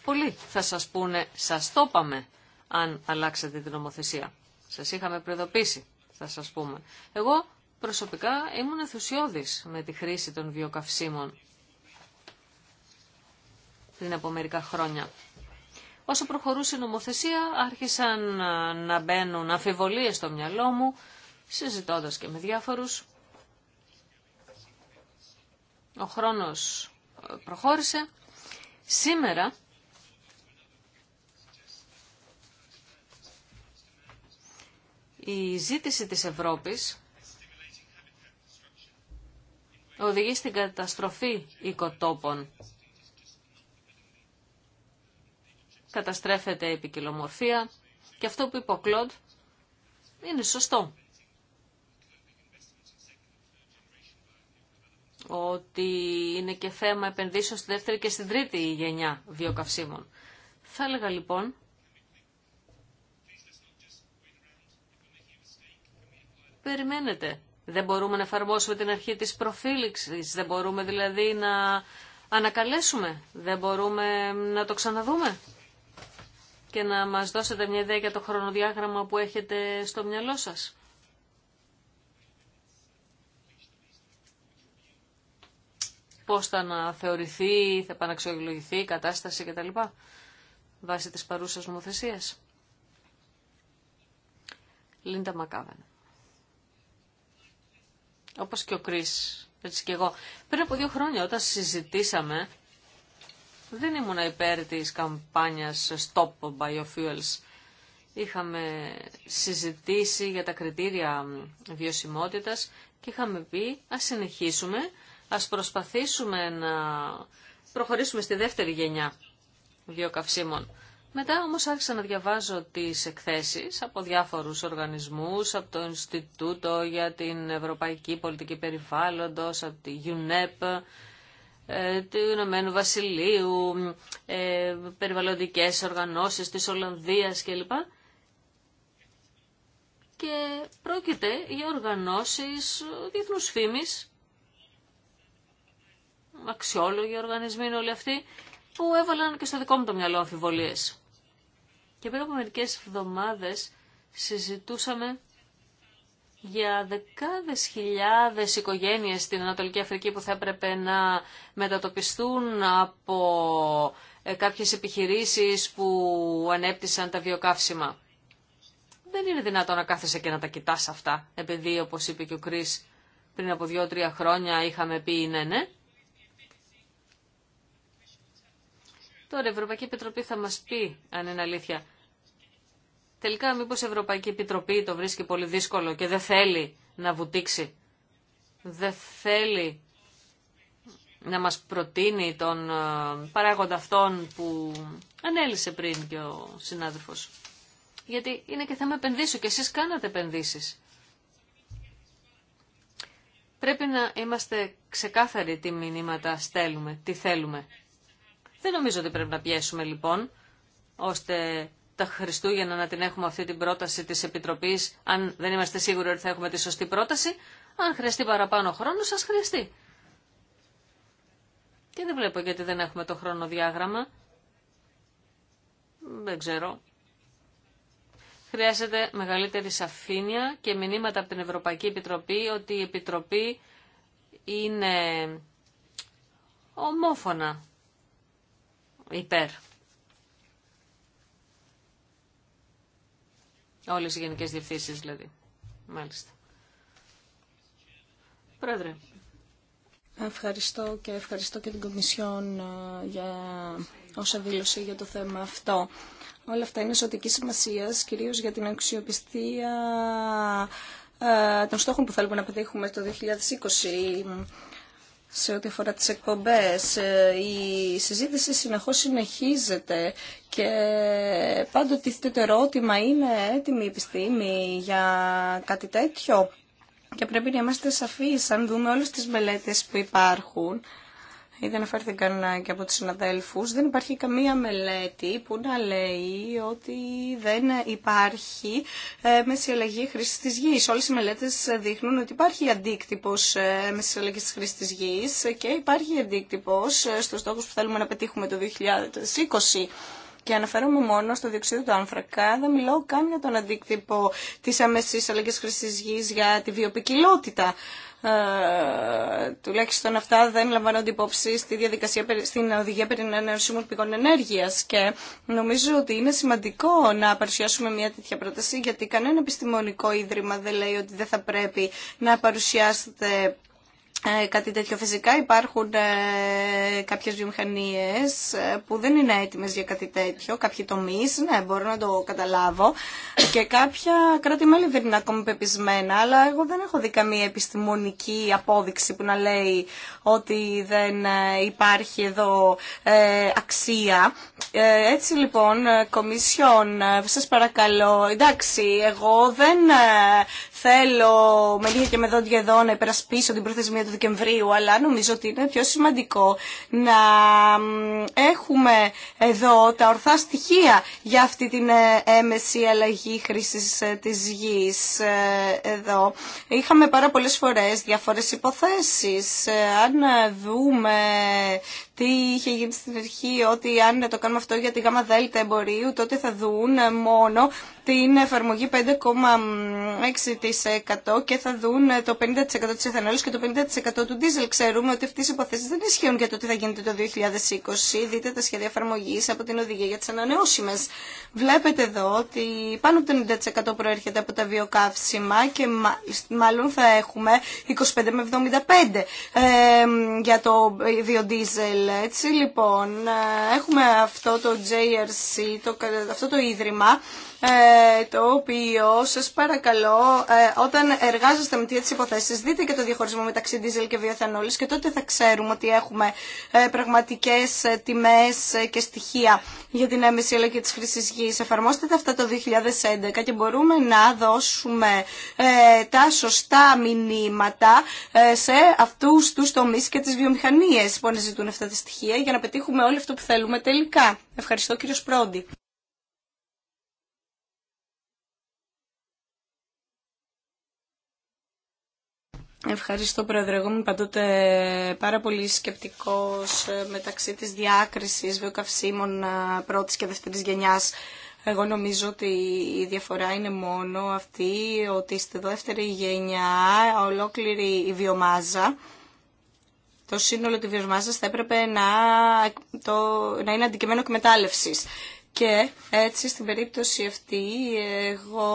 πολλοί θα σας πούνε «σας το είπαμε» αν αλλάξετε την νομοθεσία. Σας είχαμε νομοθεσια σας ειχαμε προειδοποίησει», θα σας πούμε. Εγώ Προσωπικά ήμουν ενθουσιώδης με τη χρήση των βιοκαυσίμων πριν από μερικά χρόνια. Όσο προχωρούσε η νομοθεσία άρχισαν να μπαίνουν αφιβολίες στο μυαλό μου, συζητώντας και με διάφορους. Ο χρόνος προχώρησε. Σήμερα η ζήτηση της Ευρώπης οδηγεί στην καταστροφή οικοτόπων. Καταστρέφεται η επικοινομορφία και αυτό που είπε ο Κλοντ είναι σωστό. ότι είναι και θέμα επενδύσεων στη δεύτερη και στην τρίτη γενιά βιοκαυσίμων. Θα έλεγα λοιπόν περιμένετε δεν μπορούμε να εφαρμόσουμε την αρχή της προφύληξης, δεν μπορούμε δηλαδή να ανακαλέσουμε, δεν μπορούμε να το ξαναδούμε και να μας δώσετε μια ιδέα για το χρονοδιάγραμμα που έχετε στο μυαλό σας. Πώς θα θεωρηθεί, θα επαναξιολογηθεί η κατάσταση κτλ. βάσει της παρούσας νομοθεσίας. Λίντα Μακάβεν όπως και ο Κρίς, έτσι και εγώ. Πριν από δύο χρόνια όταν συζητήσαμε, δεν ήμουν υπέρ της καμπάνιας Stop Biofuels. Είχαμε συζητήσει για τα κριτήρια βιωσιμότητας και είχαμε πει ας συνεχίσουμε, ας προσπαθήσουμε να προχωρήσουμε στη δεύτερη γενιά βιοκαυσίμων. Μετά όμως άρχισα να διαβάζω τις εκθέσεις από διάφορους οργανισμούς, από το Ινστιτούτο για την Ευρωπαϊκή Πολιτική Περιβάλλοντος, από τη UNEP, ε, του Ηνωμένου Βασιλείου, ε, περιβαλλοντικές οργανώσεις της Ολλανδίας κλπ. Και πρόκειται για οργανώσεις διεθνούς φήμης, αξιόλογοι οργανισμοί είναι όλοι αυτοί, που έβαλαν και στο δικό μου το μυαλό αμφιβολίες. Και πριν από μερικές εβδομάδες συζητούσαμε για δεκάδες χιλιάδες οικογένειες στην Ανατολική Αφρική που θα έπρεπε να μετατοπιστούν από ε, κάποιες επιχειρήσεις που ανέπτυσαν τα βιοκαύσιμα. Δεν είναι δυνατόν να κάθεσαι και να τα κοιτάς αυτά, επειδή όπως είπε και ο Κρίς πριν από δύο-τρία χρόνια είχαμε πει ναι, ναι, Τώρα η Ευρωπαϊκή Επιτροπή θα μας πει αν είναι αλήθεια. Τελικά μήπως η Ευρωπαϊκή Επιτροπή το βρίσκει πολύ δύσκολο και δεν θέλει να βουτήξει. Δεν θέλει να μας προτείνει τον ε, παράγοντα αυτόν που ανέλησε πριν και ο συνάδελφος. Γιατί είναι και θέμα επενδύσεων και εσείς κάνατε επενδύσεις. Πρέπει να είμαστε ξεκάθαροι τι μηνύματα στέλνουμε, τι θέλουμε. Δεν νομίζω ότι πρέπει να πιέσουμε λοιπόν, ώστε τα Χριστούγεννα να την έχουμε αυτή την πρόταση της Επιτροπής, αν δεν είμαστε σίγουροι ότι θα έχουμε τη σωστή πρόταση, αν χρειαστεί παραπάνω χρόνο, σας χρειαστεί. Και δεν βλέπω γιατί δεν έχουμε το χρονοδιάγραμμα. Δεν ξέρω. Χρειάζεται μεγαλύτερη σαφήνεια και μηνύματα από την Ευρωπαϊκή Επιτροπή ότι η Επιτροπή είναι ομόφωνα υπέρ. Όλες οι γενικές διευθύνσεις δηλαδή. Μάλιστα. Πρόεδρε. Ευχαριστώ και ευχαριστώ και την Κομισιόν ε, για όσα δήλωσε για το θέμα αυτό. Όλα αυτά είναι ζωτική σημασία, κυρίως για την αξιοπιστία ε, των στόχων που θέλουμε να πετύχουμε το 2020 σε ό,τι αφορά τις εκπομπές. Ε, η συζήτηση συνεχώς συνεχίζεται και πάντοτε το ερώτημα είναι έτοιμη η επιστήμη για κάτι τέτοιο. Και πρέπει να είμαστε σαφείς αν δούμε όλες τις μελέτες που υπάρχουν δεν αναφέρθηκαν ε, και από τους συναδέλφους, δεν υπάρχει καμία μελέτη που να λέει ότι δεν υπάρχει ε, μέση αλλαγή χρήση της γης. Όλες οι μελέτες δείχνουν ότι υπάρχει αντίκτυπος ε, μέση μεσιαλλαγής της χρήσης της γης και υπάρχει αντίκτυπος στους στόχους που θέλουμε να πετύχουμε το 2020. Και αναφέρομαι μόνο στο διοξείδιο του άνθρακα, δεν μιλάω καν για τον αντίκτυπο της αμεσής αλλαγής χρήσης γης για τη βιοπικιλότητα. Ε, τουλάχιστον αυτά δεν λαμβάνονται υπόψη στη διαδικασία, στην οδηγία περί ανανεώσιμων πηγών ενέργειας και νομίζω ότι είναι σημαντικό να παρουσιάσουμε μια τέτοια πρόταση γιατί κανένα επιστημονικό ίδρυμα δεν λέει ότι δεν θα πρέπει να παρουσιάσετε ε, κάτι τέτοιο. Φυσικά υπάρχουν ε, κάποιες βιομηχανίες ε, που δεν είναι έτοιμες για κάτι τέτοιο, κάποιοι τομείς, ναι, μπορώ να το καταλάβω και κάποια κράτη-μέλη δεν είναι ακόμη πεπισμένα, αλλά εγώ δεν έχω δει καμία επιστημονική απόδειξη που να λέει ότι δεν υπάρχει εδώ αξία. έτσι λοιπόν, Κομισιόν, σας παρακαλώ, εντάξει, εγώ δεν θέλω με λίγα και με δόντια εδώ να υπερασπίσω την προθεσμία του Δεκεμβρίου, αλλά νομίζω ότι είναι πιο σημαντικό να έχουμε εδώ τα ορθά στοιχεία για αυτή την ε, έμεση αλλαγή χρήσης ε, της γης ε, εδώ. Είχαμε πάρα πολλές φορές διάφορες υποθέσεις. Αν δούμε τι είχε γίνει στην αρχή, ότι αν το κάνουμε αυτό για τη γάμα δέλτα εμπορίου, τότε θα δουν μόνο την εφαρμογή 5,6% και θα δουν το 50% της εθανόλης και το 50% του δίζελ. Ξέρουμε ότι αυτές οι υποθέσεις δεν ισχύουν για το τι θα γίνεται το 2020. Δείτε τα σχέδια εφαρμογή από την οδηγία για τις ανανεώσιμες. Βλέπετε εδώ ότι πάνω από το 90% προέρχεται από τα βιοκαύσιμα και μάλλον θα έχουμε 25 με 75% ε, για το βιοδίζελ ε, έτσι λοιπόν ε, έχουμε αυτό το JRC, το, αυτό το ίδρυμα ε, το οποίο σας παρακαλώ ε, όταν εργάζεστε με τέτοιες υποθέσεις δείτε και το διαχωρισμό μεταξύ diesel και βιοθανόλης και τότε θα ξέρουμε ότι έχουμε ε, πραγματικές τιμές και στοιχεία για την έμεση αλλά και της χρήσης γης. Εφαρμόστε τα αυτά το 2011 και μπορούμε να δώσουμε τα σωστά μηνύματα σε αυτούς τους τομείς και τις βιομηχανίες που αναζητούν αυτά τα στοιχεία για να πετύχουμε όλο αυτό που θέλουμε τελικά. Ευχαριστώ κύριο Πρόντι. Ευχαριστώ Πρόεδρε. Εγώ είμαι παντότε πάρα πολύ σκεπτικός ε, μεταξύ της διάκρισης βιοκαυσίμων ε, πρώτης και δεύτερης γενιάς. Εγώ νομίζω ότι η διαφορά είναι μόνο αυτή ότι στη δεύτερη γενιά ολόκληρη η βιομάζα το σύνολο της βιομάζας θα έπρεπε να, το, να είναι αντικείμενο εκμετάλλευση. Και έτσι στην περίπτωση αυτή εγώ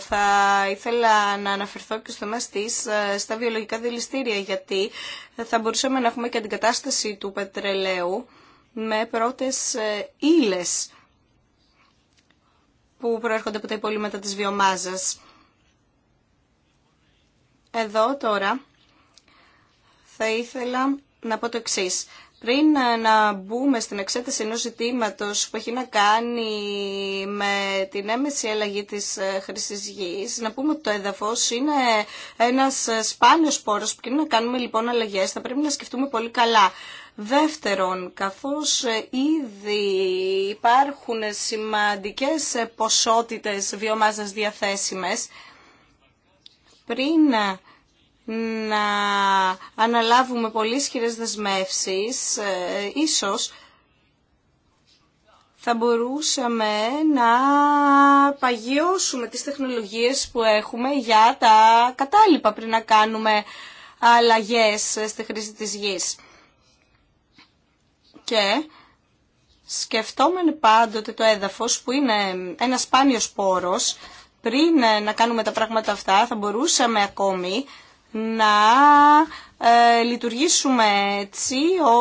θα ήθελα να αναφερθώ και στο μας της ε, στα βιολογικά δηληστήρια γιατί θα μπορούσαμε να έχουμε και την κατάσταση του πετρελαίου με πρώτες ε, ύλες που προέρχονται από τα υπολείμματα της βιομάζας. Εδώ τώρα θα ήθελα να πω το εξής πριν ε, να μπούμε στην εξέταση ενός ζητήματο που έχει να κάνει με την έμεση αλλαγή της ε, χρήση να πούμε ότι το έδαφος είναι ένας ε, σπάνιος πόρος που πριν να κάνουμε λοιπόν αλλαγές θα πρέπει να σκεφτούμε πολύ καλά. Δεύτερον, καθώς ήδη υπάρχουν σημαντικές ποσότητες βιομάζας διαθέσιμες, πριν να αναλάβουμε πολύ ισχυρέ δεσμεύσεις, ε, ίσως θα μπορούσαμε να παγιώσουμε τις τεχνολογίες που έχουμε για τα κατάλοιπα πριν να κάνουμε αλλαγές στη χρήση της γης. Και σκεφτόμενοι πάντοτε το έδαφος που είναι ένα σπάνιος πόρος, πριν να κάνουμε τα πράγματα αυτά θα μπορούσαμε ακόμη να ε, λειτουργήσουμε έτσι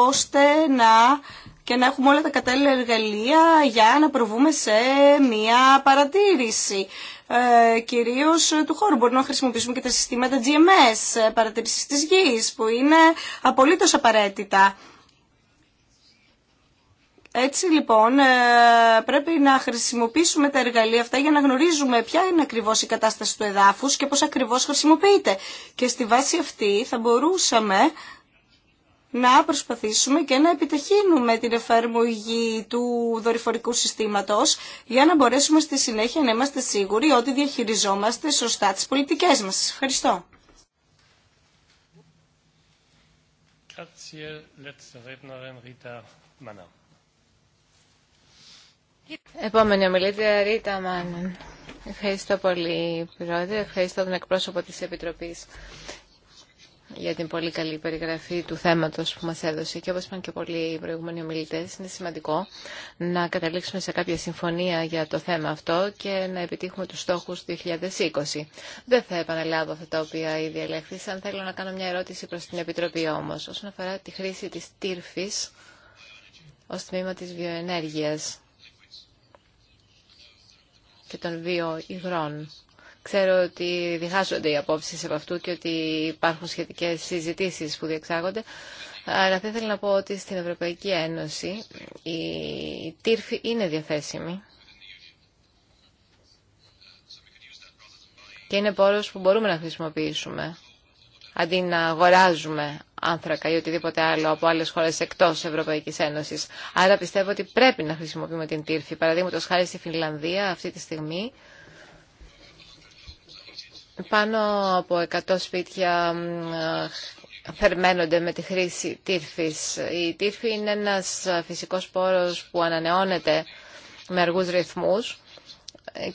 ώστε να και να έχουμε όλα τα κατάλληλα εργαλεία για να προβούμε σε μια παρατήρηση. Ε, κυρίως του χώρου μπορούμε να χρησιμοποιήσουμε και τα συστήματα GMS, ε, παρατήρησης της γης, που είναι απολύτως απαραίτητα. Έτσι λοιπόν ε, πρέπει να χρησιμοποιήσουμε τα εργαλεία αυτά για να γνωρίζουμε ποια είναι ακριβώς η κατάσταση του εδάφους και πώς ακριβώς χρησιμοποιείται. Και στη βάση αυτή θα μπορούσαμε να προσπαθήσουμε και να επιταχύνουμε την εφαρμογή του δορυφορικού συστήματος για να μπορέσουμε στη συνέχεια να είμαστε σίγουροι ότι διαχειριζόμαστε σωστά τις πολιτικές μας. Ευχαριστώ. Grazie, Επόμενη ομιλήτρια, Ρίτα Μάνεν. Ευχαριστώ πολύ, Πρόεδρε. Ευχαριστώ τον εκπρόσωπο της Επιτροπής για την πολύ καλή περιγραφή του θέματος που μας έδωσε και όπως είπαν και πολλοί οι προηγούμενοι ομιλητές είναι σημαντικό να καταλήξουμε σε κάποια συμφωνία για το θέμα αυτό και να επιτύχουμε τους στόχους του 2020. Δεν θα επαναλάβω αυτά τα οποία ήδη ελέγχθησαν. Θέλω να κάνω μια ερώτηση προς την Επιτροπή όμως όσον αφορά τη χρήση της τύρφης ως τμήμα της βιοενέργειας και των δύο Ξέρω ότι διχάζονται οι απόψει από αυτού και ότι υπάρχουν σχετικέ συζητήσει που διεξάγονται. Αλλά θα ήθελα να πω ότι στην Ευρωπαϊκή Ένωση η τύρφη είναι διαθέσιμη. Και είναι πόρος που μπορούμε να χρησιμοποιήσουμε αντί να αγοράζουμε άνθρακα ή οτιδήποτε άλλο από άλλες χώρες εκτός Ευρωπαϊκής Ένωσης. Άρα πιστεύω ότι πρέπει να χρησιμοποιούμε την τύρφη. Παραδείγματο χάρη στη Φινλανδία αυτή τη στιγμή πάνω από 100 σπίτια ε, θερμαίνονται με τη χρήση τύρφης. Η τύρφη είναι ένας φυσικός πόρος που ανανεώνεται με αργούς ρυθμούς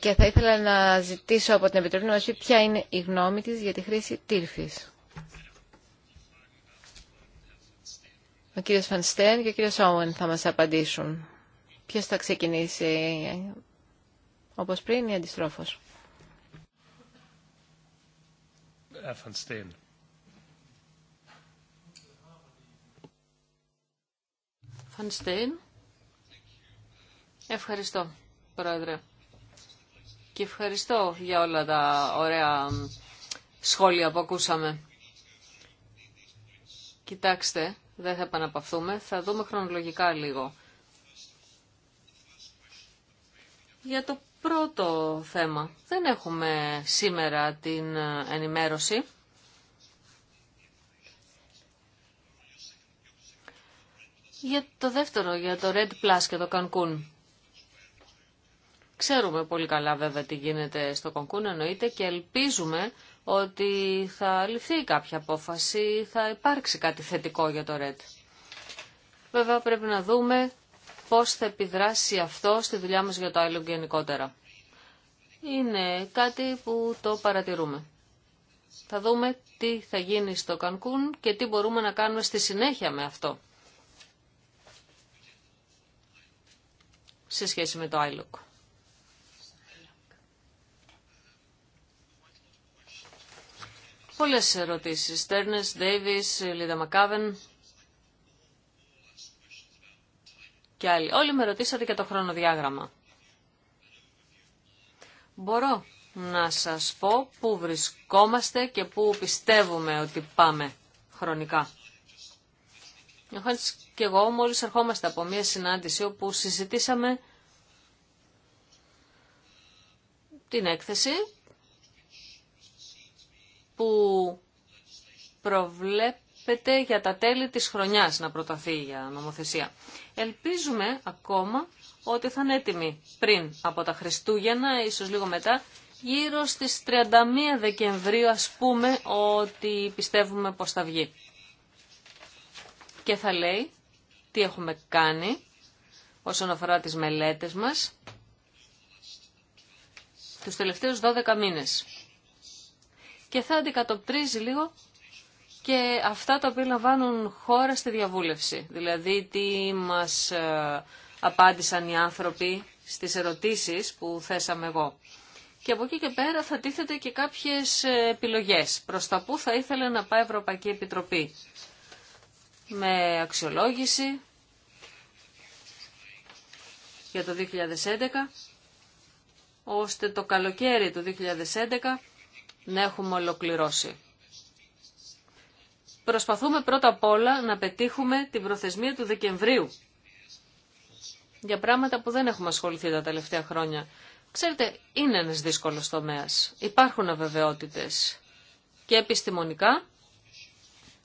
και θα ήθελα να ζητήσω από την Επιτροπή να μας πει ποια είναι η γνώμη της για τη χρήση τύρφης. Ο κύριος Φανστέν και ο κύριος Όουεν θα μας απαντήσουν. Ποιος θα ξεκινήσει, όπως πριν ή αντιστρόφως. Ε, Φανστέν. Ευχαριστώ, Πρόεδρε. Και ευχαριστώ για όλα τα ωραία σχόλια που ακούσαμε. Κοιτάξτε, δεν θα επαναπαυθούμε, θα δούμε χρονολογικά λίγο. Για το πρώτο θέμα, δεν έχουμε σήμερα την ενημέρωση. Για το δεύτερο, για το Red Plus και το Cancun. Ξέρουμε πολύ καλά βέβαια τι γίνεται στο Cancun, εννοείται, και ελπίζουμε ότι θα ληφθεί κάποια απόφαση, θα υπάρξει κάτι θετικό για το ΡΕΤ. Βέβαια πρέπει να δούμε πώς θα επιδράσει αυτό στη δουλειά μας για το άλλο γενικότερα. Είναι κάτι που το παρατηρούμε. Θα δούμε τι θα γίνει στο Κανκούν και τι μπορούμε να κάνουμε στη συνέχεια με αυτό. Σε σχέση με το άλλο. Πολλές ερωτήσεις. Στέρνες, Ντέιβις, Λίδα Μακάβεν και άλλοι. Όλοι με ρωτήσατε για το χρονοδιάγραμμα. Μπορώ να σας πω πού βρισκόμαστε και πού πιστεύουμε ότι πάμε χρονικά. Ο και εγώ μόλις ερχόμαστε από μια συνάντηση όπου συζητήσαμε την έκθεση που προβλέπεται για τα τέλη της χρονιάς να προταθεί για νομοθεσία. Ελπίζουμε ακόμα ότι θα είναι έτοιμη πριν από τα Χριστούγεννα, ίσως λίγο μετά, γύρω στις 31 Δεκεμβρίου ας πούμε ότι πιστεύουμε πως θα βγει. Και θα λέει τι έχουμε κάνει όσον αφορά τις μελέτες μας τους τελευταίους 12 μήνες και θα αντικατοπτρίζει λίγο και αυτά τα οποία λαμβάνουν χώρα στη διαβούλευση. Δηλαδή τι μας ε, απάντησαν οι άνθρωποι στις ερωτήσεις που θέσαμε εγώ. Και από εκεί και πέρα θα τίθεται και κάποιες ε, επιλογές προς τα που θα ήθελε να πάει η Ευρωπαϊκή Επιτροπή. Με αξιολόγηση για το 2011, ώστε το καλοκαίρι του 2011 να έχουμε ολοκληρώσει. Προσπαθούμε πρώτα απ' όλα να πετύχουμε την προθεσμία του Δεκεμβρίου για πράγματα που δεν έχουμε ασχοληθεί τα τελευταία χρόνια. Ξέρετε, είναι ένας δύσκολος τομέας. Υπάρχουν αβεβαιότητες και επιστημονικά,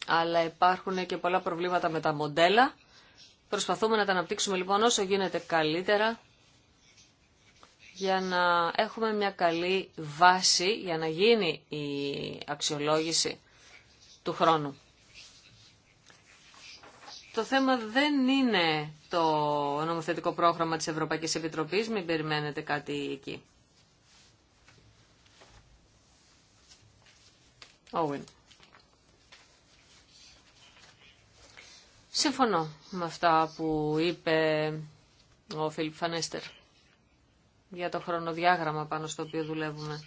αλλά υπάρχουν και πολλά προβλήματα με τα μοντέλα. Προσπαθούμε να τα αναπτύξουμε λοιπόν όσο γίνεται καλύτερα για να έχουμε μια καλή βάση για να γίνει η αξιολόγηση του χρόνου. Το θέμα δεν είναι το νομοθετικό πρόγραμμα της Ευρωπαϊκής Επιτροπής, μην περιμένετε κάτι εκεί. Owen. Συμφωνώ με αυτά που είπε ο Φίλιπ Φανέστερ για το χρονοδιάγραμμα πάνω στο οποίο δουλεύουμε.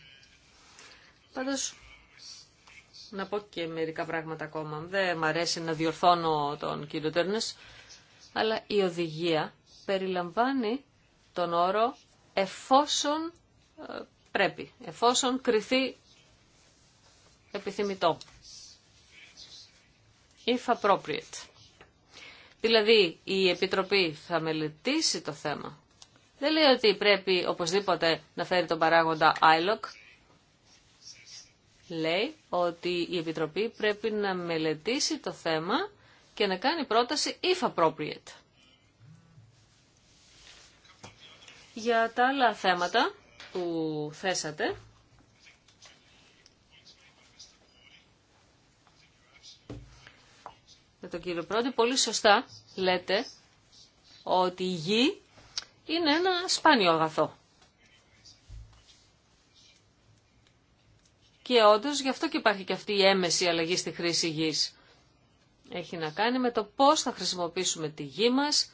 Πάντως, να πω και μερικά πράγματα ακόμα. Δεν μ' αρέσει να διορθώνω τον κύριο Τέρνες, αλλά η οδηγία περιλαμβάνει τον όρο εφόσον ε, πρέπει, εφόσον κριθεί επιθυμητό. If appropriate. Δηλαδή, η Επιτροπή θα μελετήσει το θέμα δεν λέει ότι πρέπει οπωσδήποτε να φέρει τον παράγοντα ILOC. Λέει ότι η Επιτροπή πρέπει να μελετήσει το θέμα και να κάνει πρόταση if appropriate. Για τα άλλα θέματα που θέσατε, με τον κύριο πρώτη πολύ σωστά λέτε ότι η γη είναι ένα σπάνιο αγαθό. Και όντω γι' αυτό και υπάρχει και αυτή η έμεση αλλαγή στη χρήση γης. Έχει να κάνει με το πώς θα χρησιμοποιήσουμε τη γη μας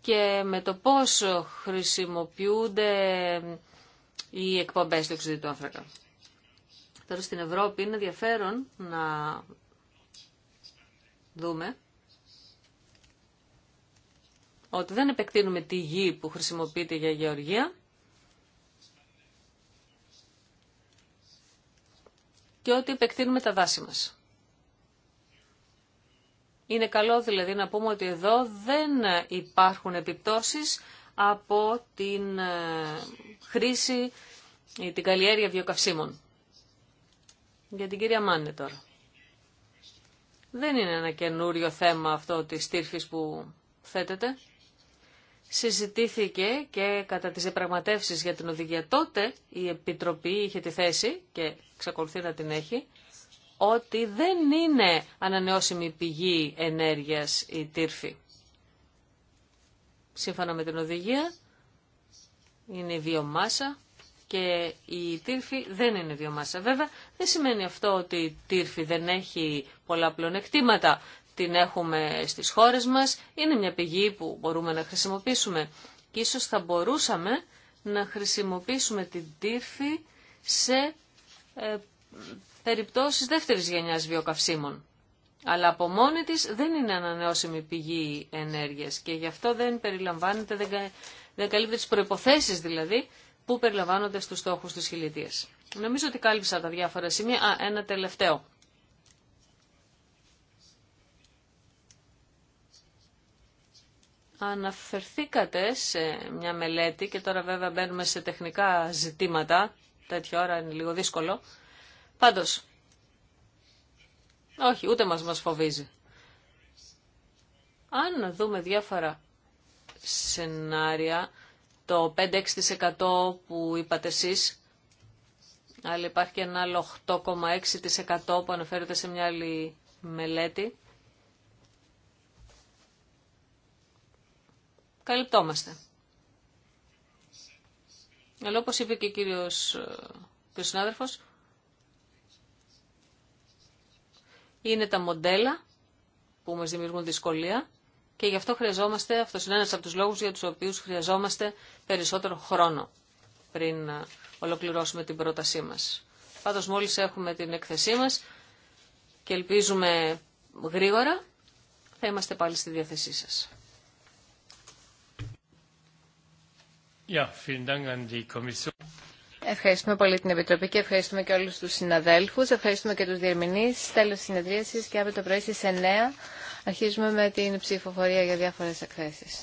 και με το πώς χρησιμοποιούνται οι εκπομπές του εξωτερικού του Τώρα στην Ευρώπη είναι ενδιαφέρον να δούμε ότι δεν επεκτείνουμε τη γη που χρησιμοποιείται για γεωργία και ότι επεκτείνουμε τα δάση μας. Είναι καλό δηλαδή να πούμε ότι εδώ δεν υπάρχουν επιπτώσεις από την ε, χρήση ή την καλλιέργεια βιοκαυσίμων. Για την κυρία Μάνε τώρα. Δεν είναι ένα καινούριο θέμα αυτό της στήρφης που θέτεται συζητήθηκε και κατά τις διαπραγματεύσεις για την οδηγία τότε η Επιτροπή είχε τη θέση και ξεκολουθεί να την έχει ότι δεν είναι ανανεώσιμη πηγή ενέργειας η τύρφη. Σύμφωνα με την οδηγία είναι η βιομάσα και η τύρφη δεν είναι βιομάσα. Βέβαια δεν σημαίνει αυτό ότι η τύρφη δεν έχει πολλά πλονεκτήματα την έχουμε στις χώρες μας, είναι μια πηγή που μπορούμε να χρησιμοποιήσουμε. Και ίσως θα μπορούσαμε να χρησιμοποιήσουμε την τύφη σε ε, περιπτώσεις δεύτερης γενιάς βιοκαυσίμων. Αλλά από μόνη της δεν είναι ανανεώσιμη πηγή ενέργειας και γι' αυτό δεν περιλαμβάνεται, δεν, δεν καλύπτει τις προϋποθέσεις δηλαδή που περιλαμβάνονται στους στόχους της χιλιτίας. Νομίζω ότι κάλυψα τα διάφορα σημεία. Α, ένα τελευταίο. Αναφερθήκατε σε μια μελέτη και τώρα βέβαια μπαίνουμε σε τεχνικά ζητήματα. Τέτοια ώρα είναι λίγο δύσκολο. Πάντως, όχι, ούτε μας μας φοβίζει. Αν δούμε διάφορα σενάρια, το 5-6% που είπατε εσείς, αλλά υπάρχει και ένα άλλο 8,6% που αναφέρεται σε μια άλλη μελέτη. καλυπτόμαστε. Αλλά όπως είπε και ο κύριος ε, και συνάδελφος, είναι τα μοντέλα που μας δημιουργούν δυσκολία και γι' αυτό χρειαζόμαστε, αυτός είναι ένας από τους λόγους για τους οποίους χρειαζόμαστε περισσότερο χρόνο πριν ε, ολοκληρώσουμε την πρότασή μας. Πάντως μόλις έχουμε την έκθεσή μας και ελπίζουμε γρήγορα, θα είμαστε πάλι στη διάθεσή σας. Ευχαριστούμε πολύ την Επιτροπή και ευχαριστούμε και όλους τους συναδέλφους. Ευχαριστούμε και τους διερμηνείς. Τέλος συνεδρίασης και από το πρωί στις 9 αρχίζουμε με την ψηφοφορία για διάφορες εκθέσεις.